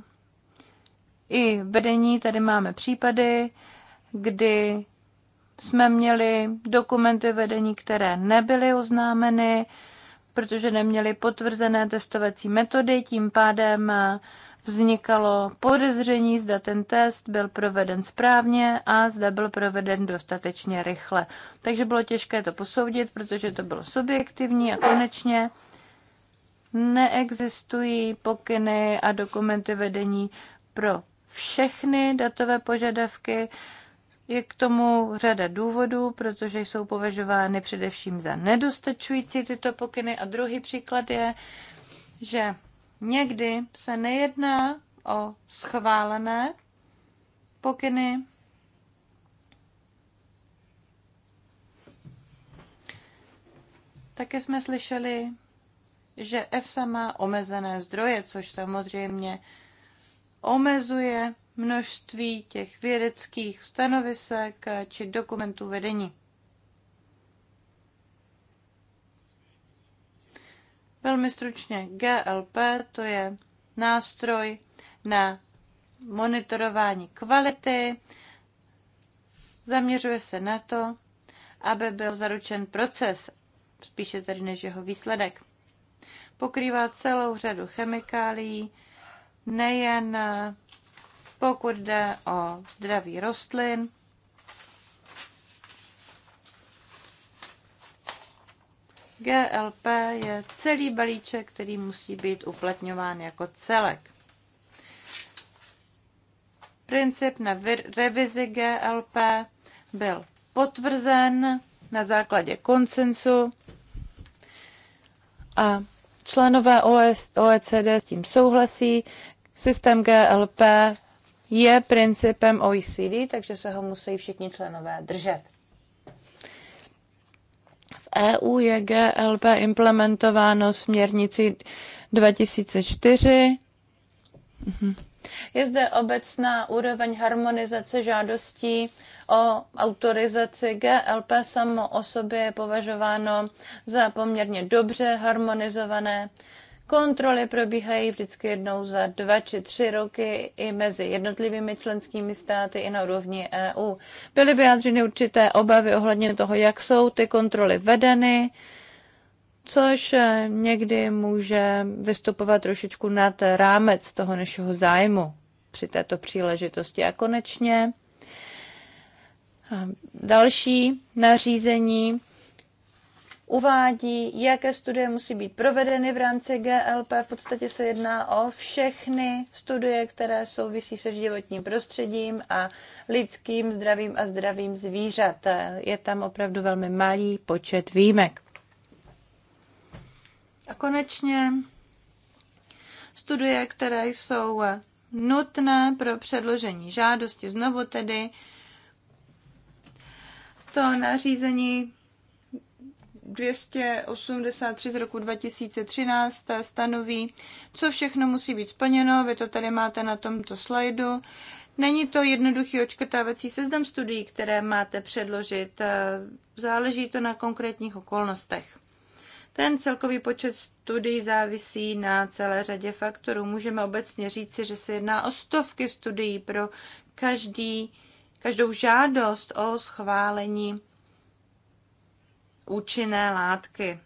i vedení. Tady máme případy, kdy jsme měli dokumenty vedení, které nebyly oznámeny, protože neměly potvrzené testovací metody, tím pádem vznikalo podezření, zda ten test byl proveden správně a zda byl proveden dostatečně rychle. Takže bylo těžké to posoudit, protože to bylo subjektivní a konečně neexistují pokyny a dokumenty vedení pro všechny datové požadavky. Je k tomu řada důvodů, protože jsou považovány především za nedostačující tyto pokyny. A druhý příklad je, že někdy se nejedná o schválené pokyny, Také jsme slyšeli, že EFSA má omezené zdroje, což samozřejmě omezuje množství těch vědeckých stanovisek či dokumentů vedení. Velmi stručně, GLP to je nástroj na monitorování kvality, zaměřuje se na to, aby byl zaručen proces, spíše tedy než jeho výsledek. Pokrývá celou řadu chemikálií, nejen pokud jde o zdraví rostlin, GLP je celý balíček, který musí být uplatňován jako celek. Princip na revizi GLP byl potvrzen na základě konsensu a členové OECD s tím souhlasí. Systém GLP je principem OECD, takže se ho musí všichni členové držet. V EU je GLP implementováno směrnici 2004. Mhm. Je zde obecná úroveň harmonizace žádostí o autorizaci GLP samo o sobě je považováno za poměrně dobře harmonizované Kontroly probíhají vždycky jednou za dva či tři roky i mezi jednotlivými členskými státy i na úrovni EU. Byly vyjádřeny určité obavy ohledně toho, jak jsou ty kontroly vedeny, což eh, někdy může vystupovat trošičku nad rámec toho našeho zájmu při této příležitosti. A konečně eh, další nařízení uvádí, jaké studie musí být provedeny v rámci GLP. V podstatě se jedná o všechny studie, které souvisí se životním prostředím a lidským zdravím a zdravím zvířat. Je tam opravdu velmi malý počet výjimek. A konečně studie, které jsou nutné pro předložení žádosti. Znovu tedy to nařízení 283 z roku 2013 stanoví, co všechno musí být splněno. Vy to tady máte na tomto slajdu. Není to jednoduchý očkrtávací seznam studií, které máte předložit. Záleží to na konkrétních okolnostech. Ten celkový počet studií závisí na celé řadě faktorů. Můžeme obecně říci, že se jedná o stovky studií pro každý, každou žádost o schválení účinné látky.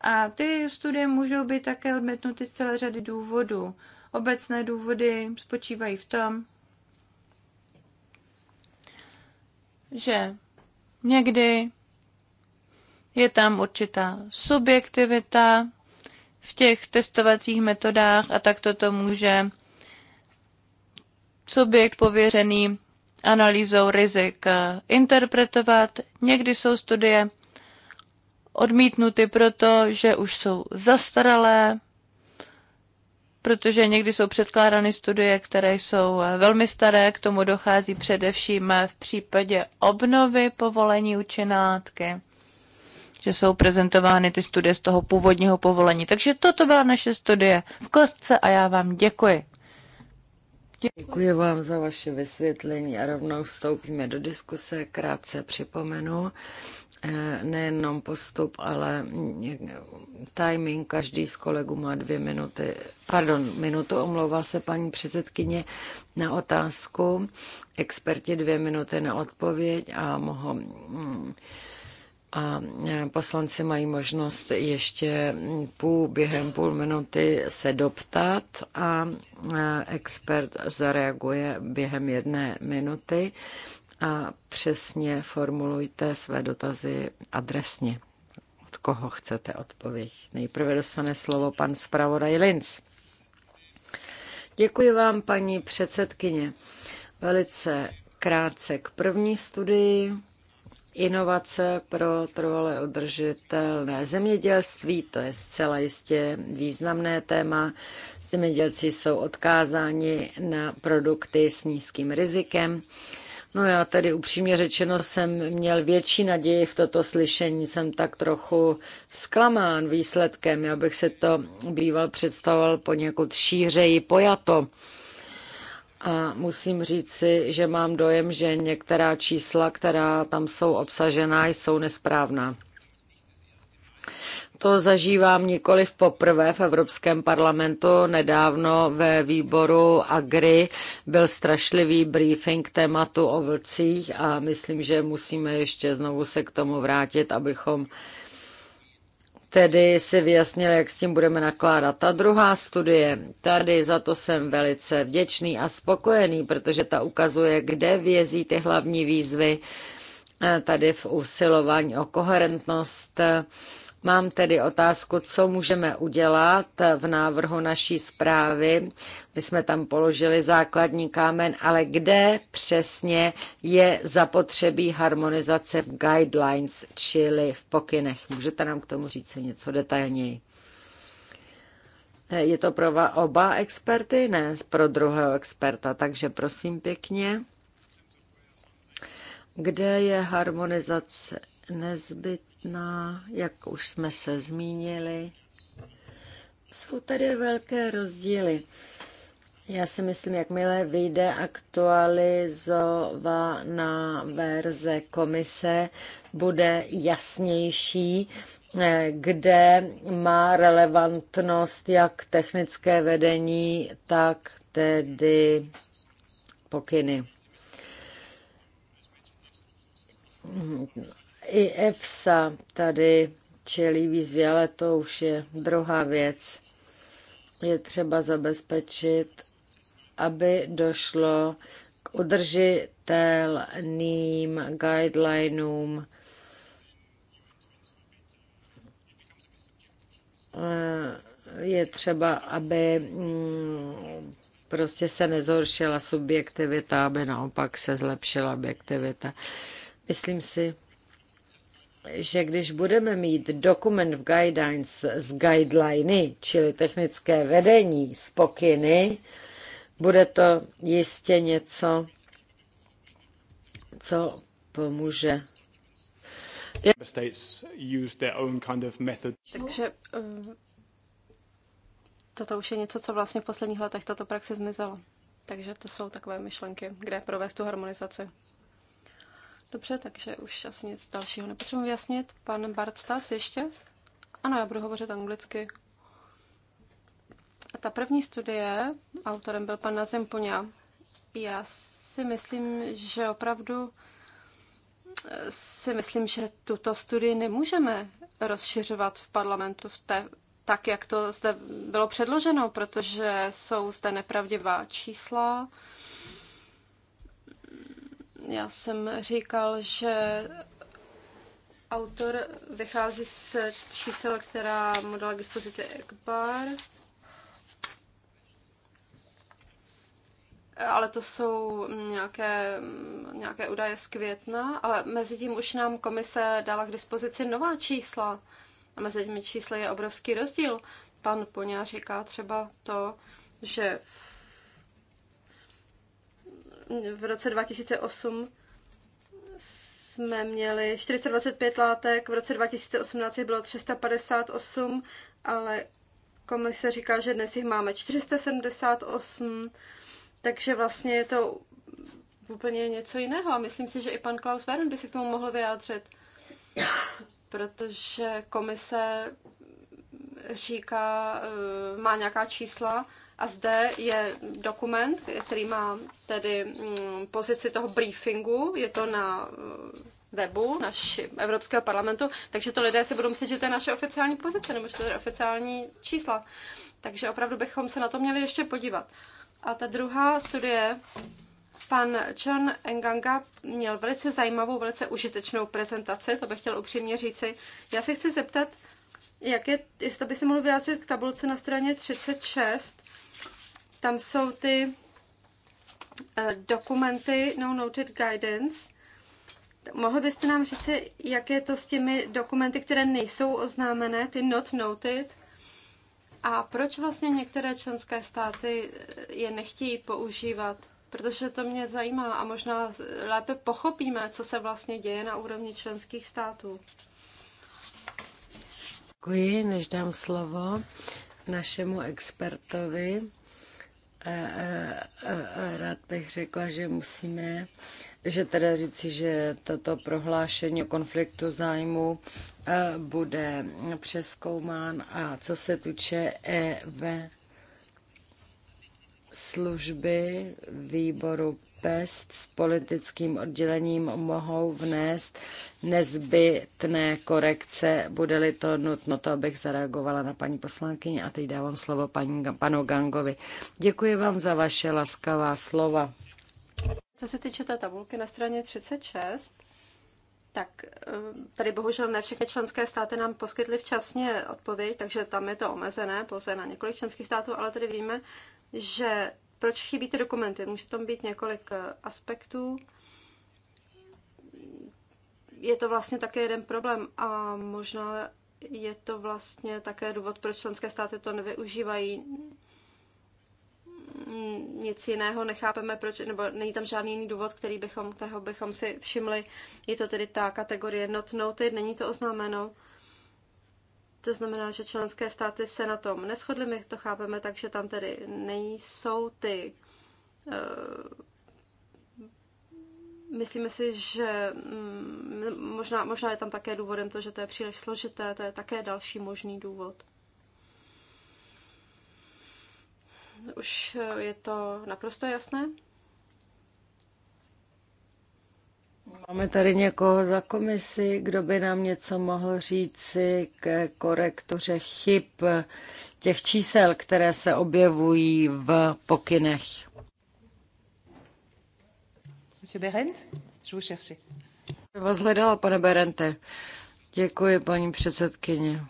A ty studie můžou být také odmítnuty z celé řady důvodů. Obecné důvody spočívají v tom, že někdy je tam určitá subjektivita v těch testovacích metodách a tak toto může subjekt pověřený analýzou rizik interpretovat. Někdy jsou studie odmítnuty proto, že už jsou zastaralé, protože někdy jsou předkládány studie, které jsou eh, velmi staré, k tomu dochází především eh, v případě obnovy povolení učenátky, že jsou prezentovány ty studie z toho původního povolení. Takže toto byla naše studie v kostce a já vám děkuji. Děkuji, děkuji vám za vaše vysvětlení a rovnou vstoupíme do diskuse. Krátce připomenu, Eh, nejenom postup, ale timing. Každý z kolegů má dvě minuty, pardon, minutu, omlouvá se paní předsedkyně na otázku, experti dvě minuty na odpověď a mohou mm, a eh, poslanci mají možnost ještě půl, během půl minuty se doptat a eh, expert zareaguje během jedné minuty a přesně formulujte své dotazy adresně. Od koho chcete odpověď? Nejprve dostane slovo pan zpravodaj Linz. Děkuji vám, paní předsedkyně. Velice krátce k první studii. Inovace pro trvale udržitelné zemědělství, to je zcela jistě významné téma. Zemědělci jsou odkázáni na produkty s nízkým rizikem No já tedy upřímně řečeno jsem měl větší naději v toto slyšení, jsem tak trochu zklamán výsledkem, já bych se to býval představoval poněkud šířeji pojato. A musím říci, že mám dojem, že některá čísla, která tam jsou obsažená, jsou nesprávná. To zažívám nikoli v poprvé v Evropském parlamentu. Nedávno ve výboru Agri byl strašlivý briefing tématu o vlcích a myslím, že musíme ještě znovu se k tomu vrátit, abychom tedy si vyjasnili, jak s tím budeme nakládat. Ta druhá studie, tady za to jsem velice vděčný a spokojený, protože ta ukazuje, kde vězí ty hlavní výzvy eh, tady v usilování o koherentnost Mám tedy otázku, co můžeme udělat v návrhu naší zprávy. My jsme tam položili základní kámen, ale kde přesně je zapotřebí harmonizace v guidelines, čili v pokynech? Můžete nám k tomu říct něco detailněji? Je to pro oba experty, ne pro druhého experta, takže prosím pěkně. Kde je harmonizace nezbytná? Na jak už jsme se zmínili. Jsou tady velké rozdíly. Já si myslím, jakmile vyjde aktualizovaná verze komise, bude jasnější, eh, kde má relevantnost jak technické vedení, tak tedy pokyny i EFSA tady čelí výzvě, ale to už je druhá věc. Je třeba zabezpečit, aby došlo k udržitelným guidelinům je třeba, aby mm, prostě se nezhoršila subjektivita, aby naopak se zlepšila objektivita. Myslím si, že když budeme mít dokument v guidelines z guideliny, čili technické vedení z pokyny, bude to jistě něco, co pomůže. Takže eh, toto už je něco, co vlastně v posledních letech tato praxe zmizelo. Takže to jsou takové myšlenky, kde provést tu harmonizaci. Dobře, takže už asi nic dalšího nepotřebuji vyjasnit. Pan Bartstas ještě? Ano, já budu hovořit anglicky. A ta první studie, autorem byl pan Nazem Puňa. Já si myslím, že opravdu si myslím, že tuto studii nemůžeme rozšiřovat v parlamentu v té, tak, jak to zde bylo předloženo, protože jsou zde nepravdivá čísla, já jsem říkal, že autor vychází z čísel, která mu dala k dispozici Ekbar. ale to jsou nějaké, nějaké údaje z května, ale mezi tím už nám komise dala k dispozici nová čísla. A mezi těmi čísly je obrovský rozdíl. Pan Poňa říká třeba to, že v v roce 2008 jsme měli 425 látek, v roce 2018 bylo 358, ale komise říká, že dnes jich máme 478, takže vlastně je to úplně něco jiného a myslím si, že i pan Klaus Wern by se k tomu mohl vyjádřit, protože komise říká, eh, má nějaká čísla, a zde je dokument, který má tedy mm, pozici toho briefingu, je to na mm, webu naši, Evropského parlamentu, takže to lidé si budou myslet, že to je naše oficiální pozice, nebo že to je oficiální čísla. Takže opravdu bychom se na to měli ještě podívat. A ta druhá studie, pan John Enganga měl velice zajímavou, velice užitečnou prezentaci, to bych chtěl upřímně říci. Já se chci zeptat, jak je, jestli by se mohl vyjádřit k tabulce na straně 36, tam jsou ty eh, dokumenty No Noted Guidance. Mohl byste nám říct, jak je to s těmi dokumenty, které nejsou oznámené, ty not noted? A proč vlastně některé členské státy eh, je nechtějí používat? Protože to mě zajímá a možná lépe pochopíme, co se vlastně děje na úrovni členských států. Děkuji, než dám slovo našemu expertovi. Rád bych řekla, že musíme, že teda říci, že toto prohlášení o konfliktu zájmu bude přeskoumán a co se tuče EV služby výboru PEST s politickým oddělením mohou vnést nezbytné korekce, bude-li to nutno, to abych zareagovala na paní poslankyni a teď dávám slovo paní, panu Gangovi. Děkuji vám za vaše laskavá slova. Co se týče té tabulky na straně 36, tak eh, tady bohužel ne všechny členské státy nám poskytly včasně odpověď, takže tam je to omezené pouze na několik členských států, ale tady víme, že proč chybí ty dokumenty. Může tam být několik eh, aspektů. Je to vlastně také jeden problém a možná je to vlastně také důvod, proč členské státy to nevyužívají. Nic jiného nechápeme, proč, nebo není tam žádný jiný důvod, který bychom, kterého bychom si všimli. Je to tedy ta kategorie not noted, není to oznámeno. To znamená, že členské státy se na tom neschodly, my to chápeme, takže tam tedy nejsou ty. Eh, myslíme si, že mm, možná, možná je tam také důvodem to, že to je příliš složité, to je také další možný důvod. Už eh, je to naprosto jasné? Máme tady někoho za komisi, kdo by nám něco mohl říci k korektoře chyb těch čísel, které se objevují v pokynech. Monsieur Berend, je vous cherchez. Vás hledala, pane Berente. Děkuji, paní předsedkyně.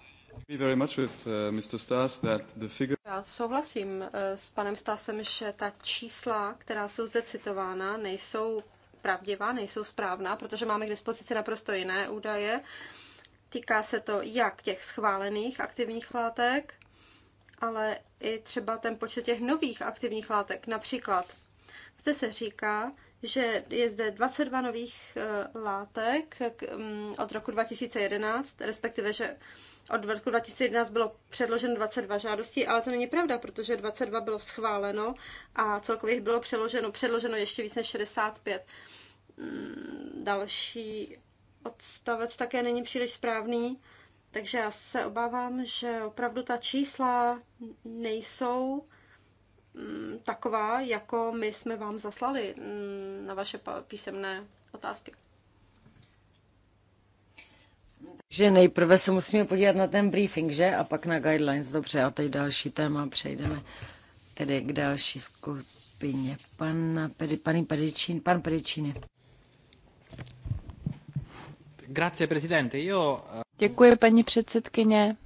Já souhlasím uh, s panem Stasem, že ta čísla, která jsou zde citována, nejsou pravdivá, nejsou správná, protože máme k dispozici naprosto jiné údaje. Týká se to jak těch schválených aktivních látek, ale i třeba ten počet těch nových aktivních látek. Například zde se říká, že je zde 22 nových eh, látek mm, od roku 2011, respektive, že od roku 2011 bylo předloženo 22 žádostí, ale to není pravda, protože 22 bylo schváleno a celkově jich bylo předloženo, předloženo ještě víc než 65. Mm, další odstavec také není příliš správný, takže já se obávám, že opravdu ta čísla nejsou Mm, taková, jako my jsme vám zaslali mm, na vaše písemné otázky. Takže nejprve se musíme podívat na ten briefing, že? A pak na guidelines. Dobře, a teď další téma přejdeme tedy k další skupině. Pan, pedi, paní Pedicín, pan Pedicín. Grazie, prezidente. Jo... Eh, Děkuji, paní předsedkyně.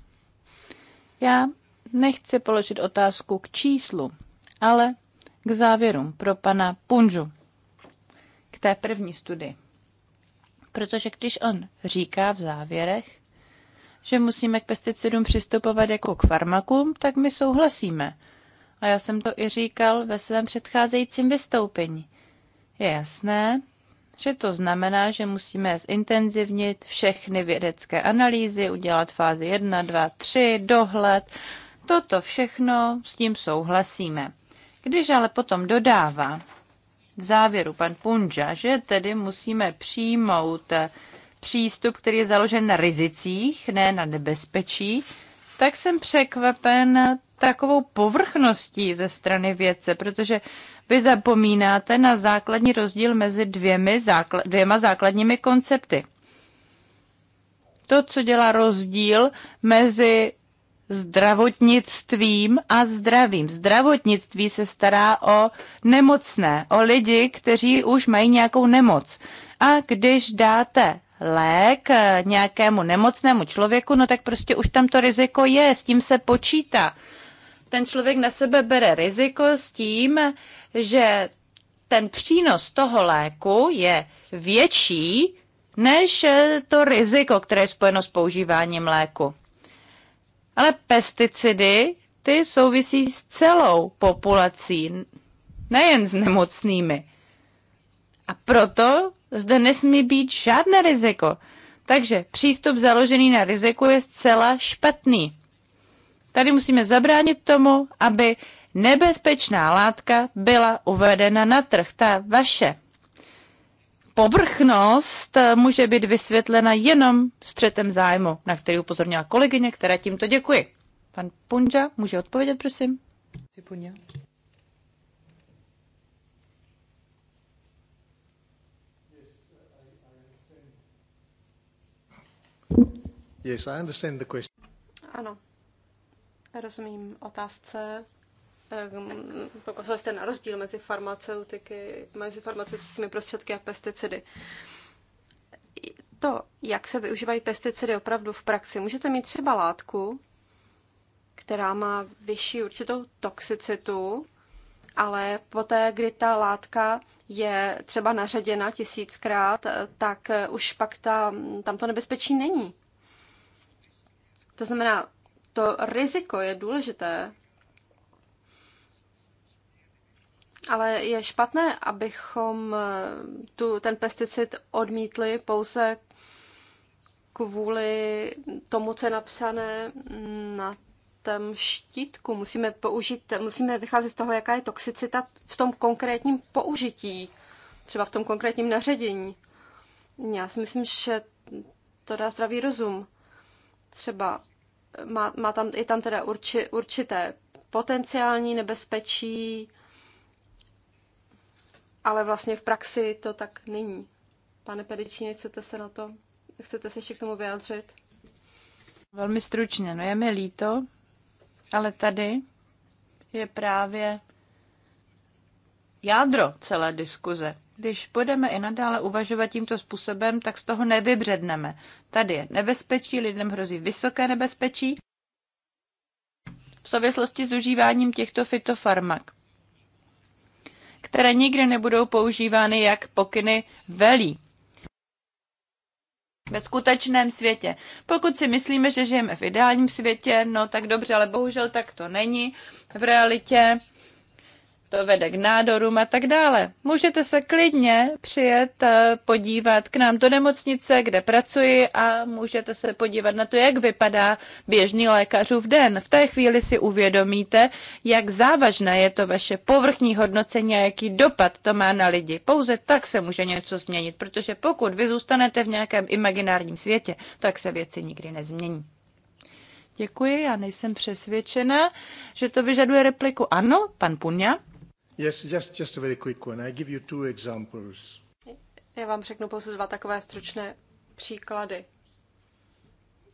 Já nechci položit otázku k číslu, ale k závěrům pro pana Punžu, k té první studii. Protože když on říká v závěrech, že musíme k pesticidům přistupovat jako k farmakům, tak my souhlasíme. A já jsem to i říkal ve svém předcházejícím vystoupení. Je jasné, že to znamená, že musíme zintenzivnit všechny vědecké analýzy, udělat fázi 1, 2, 3, dohled. Toto všechno s tím souhlasíme. Když ale potom dodává v závěru pan Punja, že tedy musíme přijmout eh, přístup, který je založen na rizicích, ne na nebezpečí, tak jsem překvapen takovou povrchností ze strany vědce, protože vy zapomínáte na základní rozdíl mezi dvěmi zákl- dvěma základními koncepty. To, co dělá rozdíl mezi zdravotnictvím a zdravím. Zdravotnictví se stará o nemocné, o lidi, kteří už mají nějakou nemoc. A když dáte lék eh, nějakému nemocnému člověku, no tak prostě už tam to riziko je, s tím se počítá. Ten člověk na sebe bere riziko s tím, že ten přínos toho léku je větší než to riziko, které je spojeno s používáním léku. Ale pesticidy, ty souvisí s celou populací, nejen s nemocnými. A proto zde nesmí být žádné riziko. Takže přístup založený na riziku je zcela špatný. Tady musíme zabránit tomu, aby nebezpečná látka byla uvedena na trh, ta vaše povrchnost eh, může být vysvětlena jenom střetem zájmu, na který upozornila kolegyně, které tímto děkuji. Pan Punja může odpovědět, prosím. Punja. Yes, I understand the question. Ano, rozumím otázce. Ehm, Pokusil jste na rozdíl mezi farmaceutiky, mezi farmaceutickými prostředky a pesticidy. To, jak se využívají pesticidy opravdu v praxi, můžete mít třeba látku, která má vyšší určitou toxicitu, ale poté, kdy ta látka je třeba naředěna tisíckrát, tak už pak ta, tam to nebezpečí není. To znamená, to riziko je důležité ale je špatné, abychom eh, tu, ten pesticid odmítli pouze kvůli tomu, co je napsané na tom štítku. Musíme, použít, musíme vycházet z toho, jaká je toxicita v tom konkrétním použití, třeba v tom konkrétním naředění. Já si myslím, že to dá zdravý rozum. Třeba eh, má, má tam, je tam teda urči, určité potenciální nebezpečí, ale vlastně v praxi to tak není. Pane Pedičíně, chcete se na to, chcete se ještě k tomu vyjádřit? Velmi stručně, no je mi líto, ale tady je právě jádro celé diskuze. Když budeme i nadále uvažovat tímto způsobem, tak z toho nevybředneme. Tady je nebezpečí, lidem hrozí vysoké nebezpečí v souvislosti s užíváním těchto fitofarmak které nikdy nebudou používány, jak pokyny velí. Ve skutečném světě. Pokud si myslíme, že žijeme v ideálním světě, no tak dobře, ale bohužel tak to není. V realitě to vede k nádorům a tak dále. Můžete se klidně přijet eh, podívat k nám do nemocnice, kde pracuji a můžete se podívat na to, jak vypadá běžný lékařův den. V té chvíli si uvědomíte, jak závažné je to vaše povrchní hodnocení a jaký dopad to má na lidi. Pouze tak se může něco změnit, protože pokud vy zůstanete v nějakém imaginárním světě, tak se věci nikdy nezmění. Děkuji, já nejsem přesvědčena, že to vyžaduje repliku. Ano, pan Punja. Yes, just, just a very quick one. I give you two examples. Já vám řeknu pouze dva takové stručné příklady.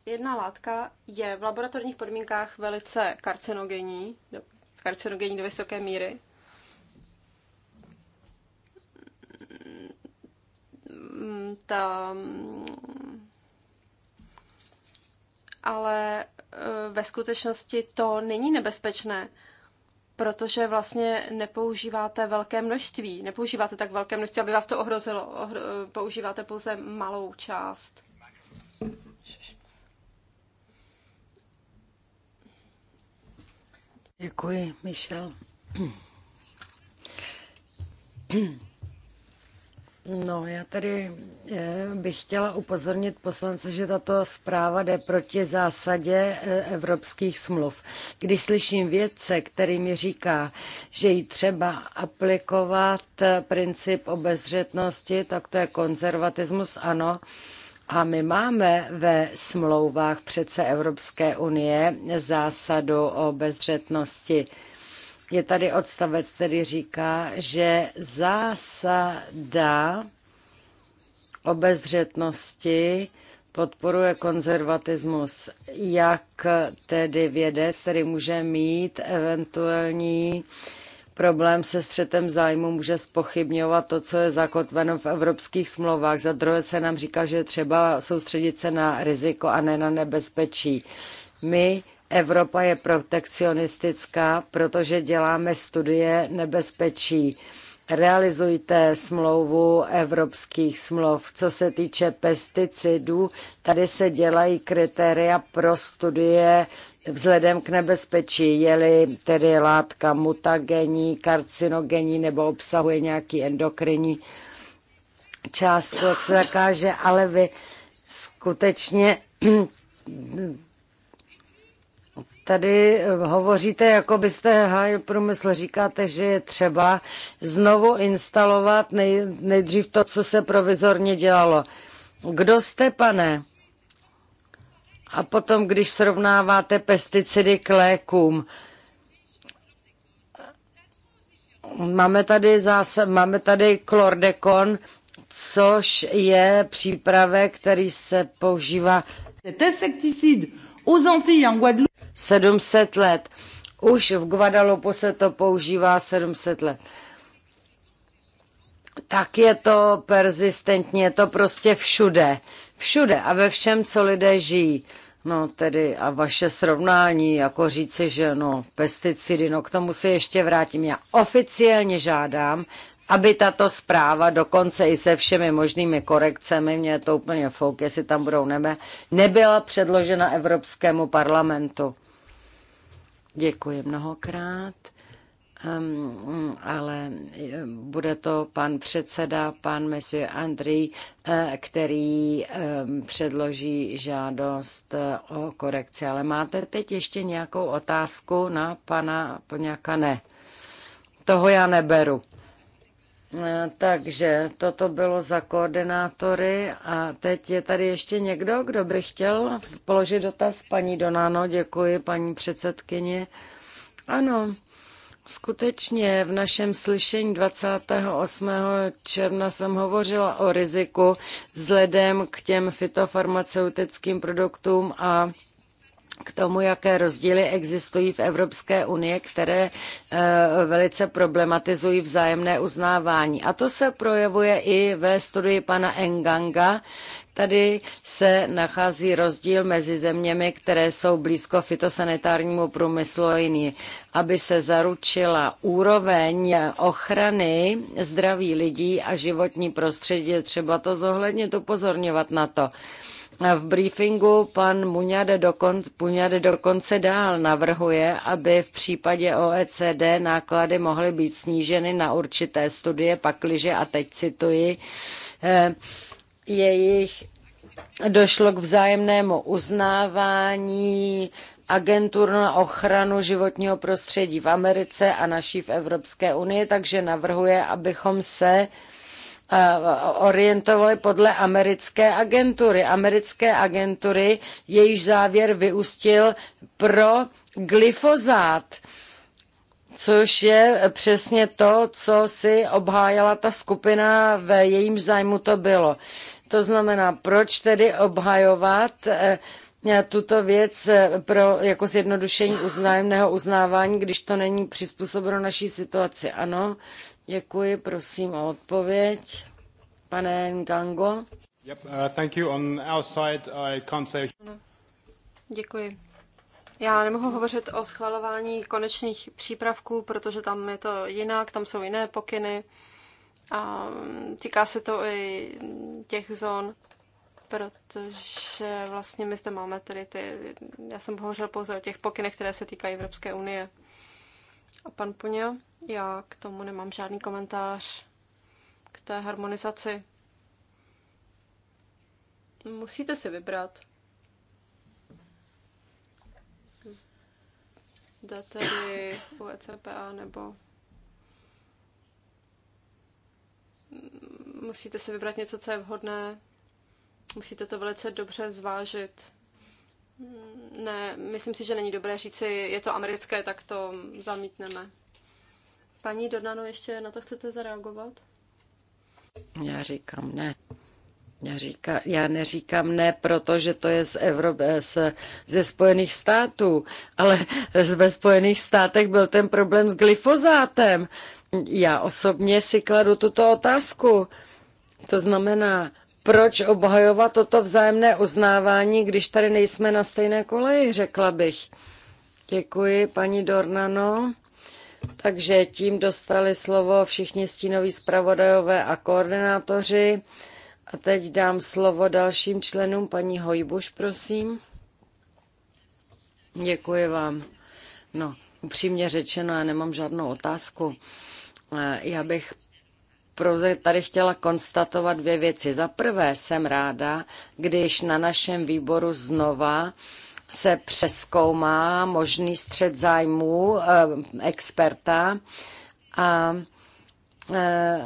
Jedna látka je v laboratorních podmínkách velice karcinogenní, karcinogenní do vysoké míry. Mm, ta, mm, ale e, ve skutečnosti to není nebezpečné protože vlastně nepoužíváte velké množství, nepoužíváte tak velké množství, aby vás to ohrozilo. Ohro, používáte pouze malou část. Děkuji, Michel. No, já tady eh, bych chtěla upozornit poslance, že tato zpráva jde proti zásadě eh, evropských smluv. Když slyším vědce, který mi říká, že jí třeba aplikovat eh, princip obezřetnosti, tak to je konzervatismus, ano. A my máme ve smlouvách přece Evropské unie zásadu o bezřetnosti je tady odstavec, který říká, že zásada obezřetnosti podporuje konzervatismus. Jak tedy vědec, který může mít eventuální problém se střetem zájmu, může spochybňovat to, co je zakotveno v evropských smlouvách. Za druhé se nám říká, že třeba soustředit se na riziko a ne na nebezpečí. My Evropa je protekcionistická, protože děláme studie nebezpečí. Realizujte smlouvu evropských smluv. Co se týče pesticidů, tady se dělají kritéria pro studie vzhledem k nebezpečí, je-li tedy látka mutagení, karcinogení nebo obsahuje nějaký endokrinní částku, jak se zakáže, ale vy skutečně Tady eh, hovoříte, jako byste hájil průmysl, říkáte, že je třeba znovu instalovat nej, nejdřív to, co se provizorně dělalo. Kdo jste, pane? A potom, když srovnáváte pesticidy k lékům, máme tady, zase, máme tady klordekon, což je přípravek, který se používá. Cet insecticide aux Antilles en Guadeloupe 700 let. Už v Guadalupe se to používá 700 let. Tak je to persistentní, je to prostě všude. Všude a ve všem, co lidé žijí. No tedy a vaše srovnání, jako říci, že no pesticidy, no k tomu se ještě vrátím. Já oficiálně žádám, aby tato zpráva dokonce i se všemi možnými korekcemi, mě je to úplně fouk, jestli tam budou nebe, nebyla předložena Evropskému parlamentu. Děkuji mnohokrát. Um, ale ehm, bude to pan předseda, pan Monsieur Andrý, eh, který um, předloží žádost eh, o korekci. Ale máte teď ještě nějakou otázku na pana Poňaka? Ne. Toho já neberu. Eh, takže toto bylo za koordinátory a teď je tady ještě někdo, kdo by chtěl položit dotaz. Paní Donáno, děkuji, paní předsedkyně. Ano, skutečně v našem slyšení 28. června jsem hovořila o riziku vzhledem k těm fitofarmaceutickým produktům a k tomu, jaké rozdíly existují v Evropské unii, které eh, velice problematizují vzájemné uznávání. A to se projevuje i ve studii pana Enganga. Tady se nachází rozdíl mezi zeměmi, které jsou blízko fitosanitárnímu průmyslu a jiný. Aby se zaručila úroveň ochrany zdraví lidí a životní prostředí, třeba to zohlednit, upozorňovat na to. V briefingu pan Muňade dokonce, dokonce dál navrhuje, aby v případě OECD náklady mohly být sníženy na určité studie, pakliže, a teď cituji, eh, jejich došlo k vzájemnému uznávání agentur na ochranu životního prostředí v Americe a naší v Evropské unii, takže navrhuje, abychom se Eh, orientovali podle americké agentury. Americké agentury, jejíž závěr vyústil pro glyfozát, což je přesně to, co si obhájela ta skupina, ve jejím zájmu to bylo. To znamená, proč tedy obhajovat eh, tuto věc eh, pro jako zjednodušení uznájemného uznávání, když to není přizpůsobeno naší situaci. Ano, Děkuji, prosím o odpověď. Pane Ngango. Yep, uh, thank you. On our side, I can't say... Děkuji. Já nemohu hovořit o schvalování konečných přípravků, protože tam je to jinak, tam jsou jiné pokyny a mm, týká se to i těch zón, protože vlastně my zde máme tedy ty, já jsem hovořil pouze o těch pokynech, které se týkají Evropské unie a pan puně, Já k tomu nemám žádný komentář k té harmonizaci. Musíte si vybrat. Zda tedy u ECPA nebo musíte si vybrat něco, co je vhodné. Musíte to velice dobře zvážit. Ne, myslím si, že není dobré říci, je to americké, tak to zamítneme. Paní Dodano, ještě na to chcete zareagovat? Já říkám ne. Já, říká, já neříkám ne, protože to je z Evropy, z, ze Spojených států, ale ve Spojených státech byl ten problém s glyfozátem. Já osobně si kladu tuto otázku. To znamená, proč obhajovat toto vzájemné uznávání, když tady nejsme na stejné koleji, řekla bych. Děkuji, paní Dornano. Takže tím dostali slovo všichni stínoví zpravodajové a koordinátoři. A teď dám slovo dalším členům. Paní Hojbuš, prosím. Děkuji vám. No, upřímně řečeno, já nemám žádnou otázku. Eh, já bych pouze tady chtěla konstatovat dvě věci. Za prvé jsem ráda, když na našem výboru znova se přeskoumá možný střed zájmů eh, experta a eh,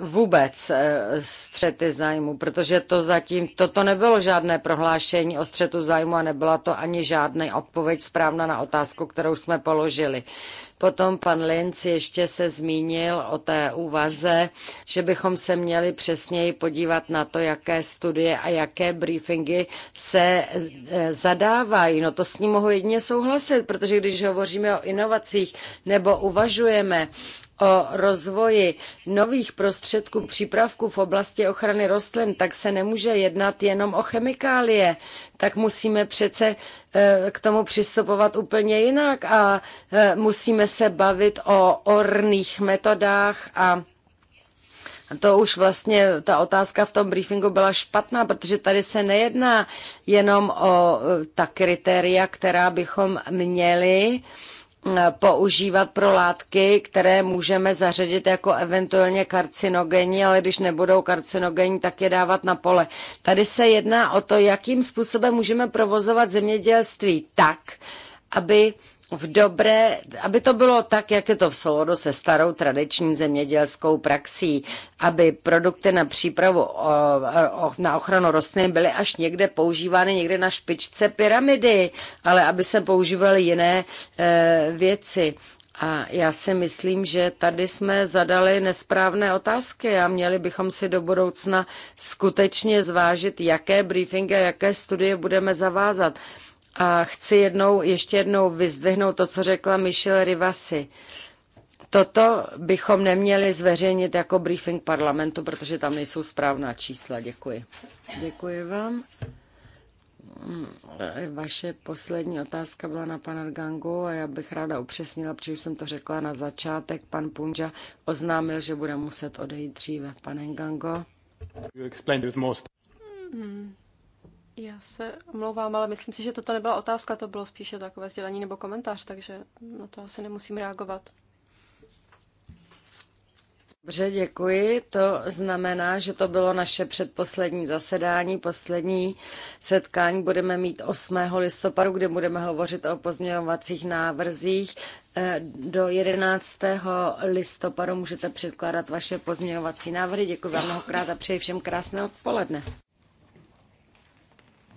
vůbec eh, střety zájmu, protože to zatím, toto nebylo žádné prohlášení o střetu zájmu a nebyla to ani žádná odpověď správná na otázku, kterou jsme položili. Potom pan Linz ještě se zmínil o té úvaze, že bychom se měli přesněji podívat na to, jaké studie a jaké briefingy se e, zadávají. No to s ním mohu jedině souhlasit, protože když hovoříme o inovacích nebo uvažujeme o rozvoji nových prostředků přípravků v oblasti ochrany rostlin, tak se nemůže jednat jenom o chemikálie. Tak musíme přece eh, k tomu přistupovat úplně jinak a eh, musíme se bavit o orných metodách a to už vlastně ta otázka v tom briefingu byla špatná, protože tady se nejedná jenom o eh, ta kritéria, která bychom měli uh, používat pro látky, které můžeme zařadit jako eventuálně karcinogenní, ale když nebudou karcinogenní, tak je dávat na pole. Tady se jedná o to, jakým způsobem můžeme provozovat zemědělství tak, aby v dobré, aby to bylo tak, jak je to v souladu se starou tradiční zemědělskou praxí, aby produkty na přípravu na ochranu rostlin byly až někde používány, někde na špičce pyramidy, ale aby se používaly jiné e, věci. A já si myslím, že tady jsme zadali nesprávné otázky a měli bychom si do budoucna skutečně zvážit, jaké briefingy a jaké studie budeme zavázat. A chci jednou, ještě jednou vyzdvihnout to, co řekla Michelle Rivasi. Toto bychom neměli zveřejnit jako briefing parlamentu, protože tam nejsou správná čísla. Děkuji. Děkuji vám. Mm, vaše poslední otázka byla na pana Gangu a já bych ráda upřesnila, protože už jsem to řekla na začátek. Pan Punja oznámil, že bude muset odejít dříve. Pane Gango? You explained it most. Hmm. Já se omlouvám, ale myslím si, že toto nebyla otázka, to bylo spíše takové sdělení nebo komentář, takže na to asi nemusím reagovat. Dobře, děkuji. To znamená, že to bylo naše předposlední zasedání. Poslední setkání budeme mít 8. listopadu, kde budeme hovořit o pozměňovacích návrzích. Eh, do 11. listopadu můžete předkládat vaše pozměňovací návrhy. Děkuji vám mnohokrát a přeji všem krásné odpoledne.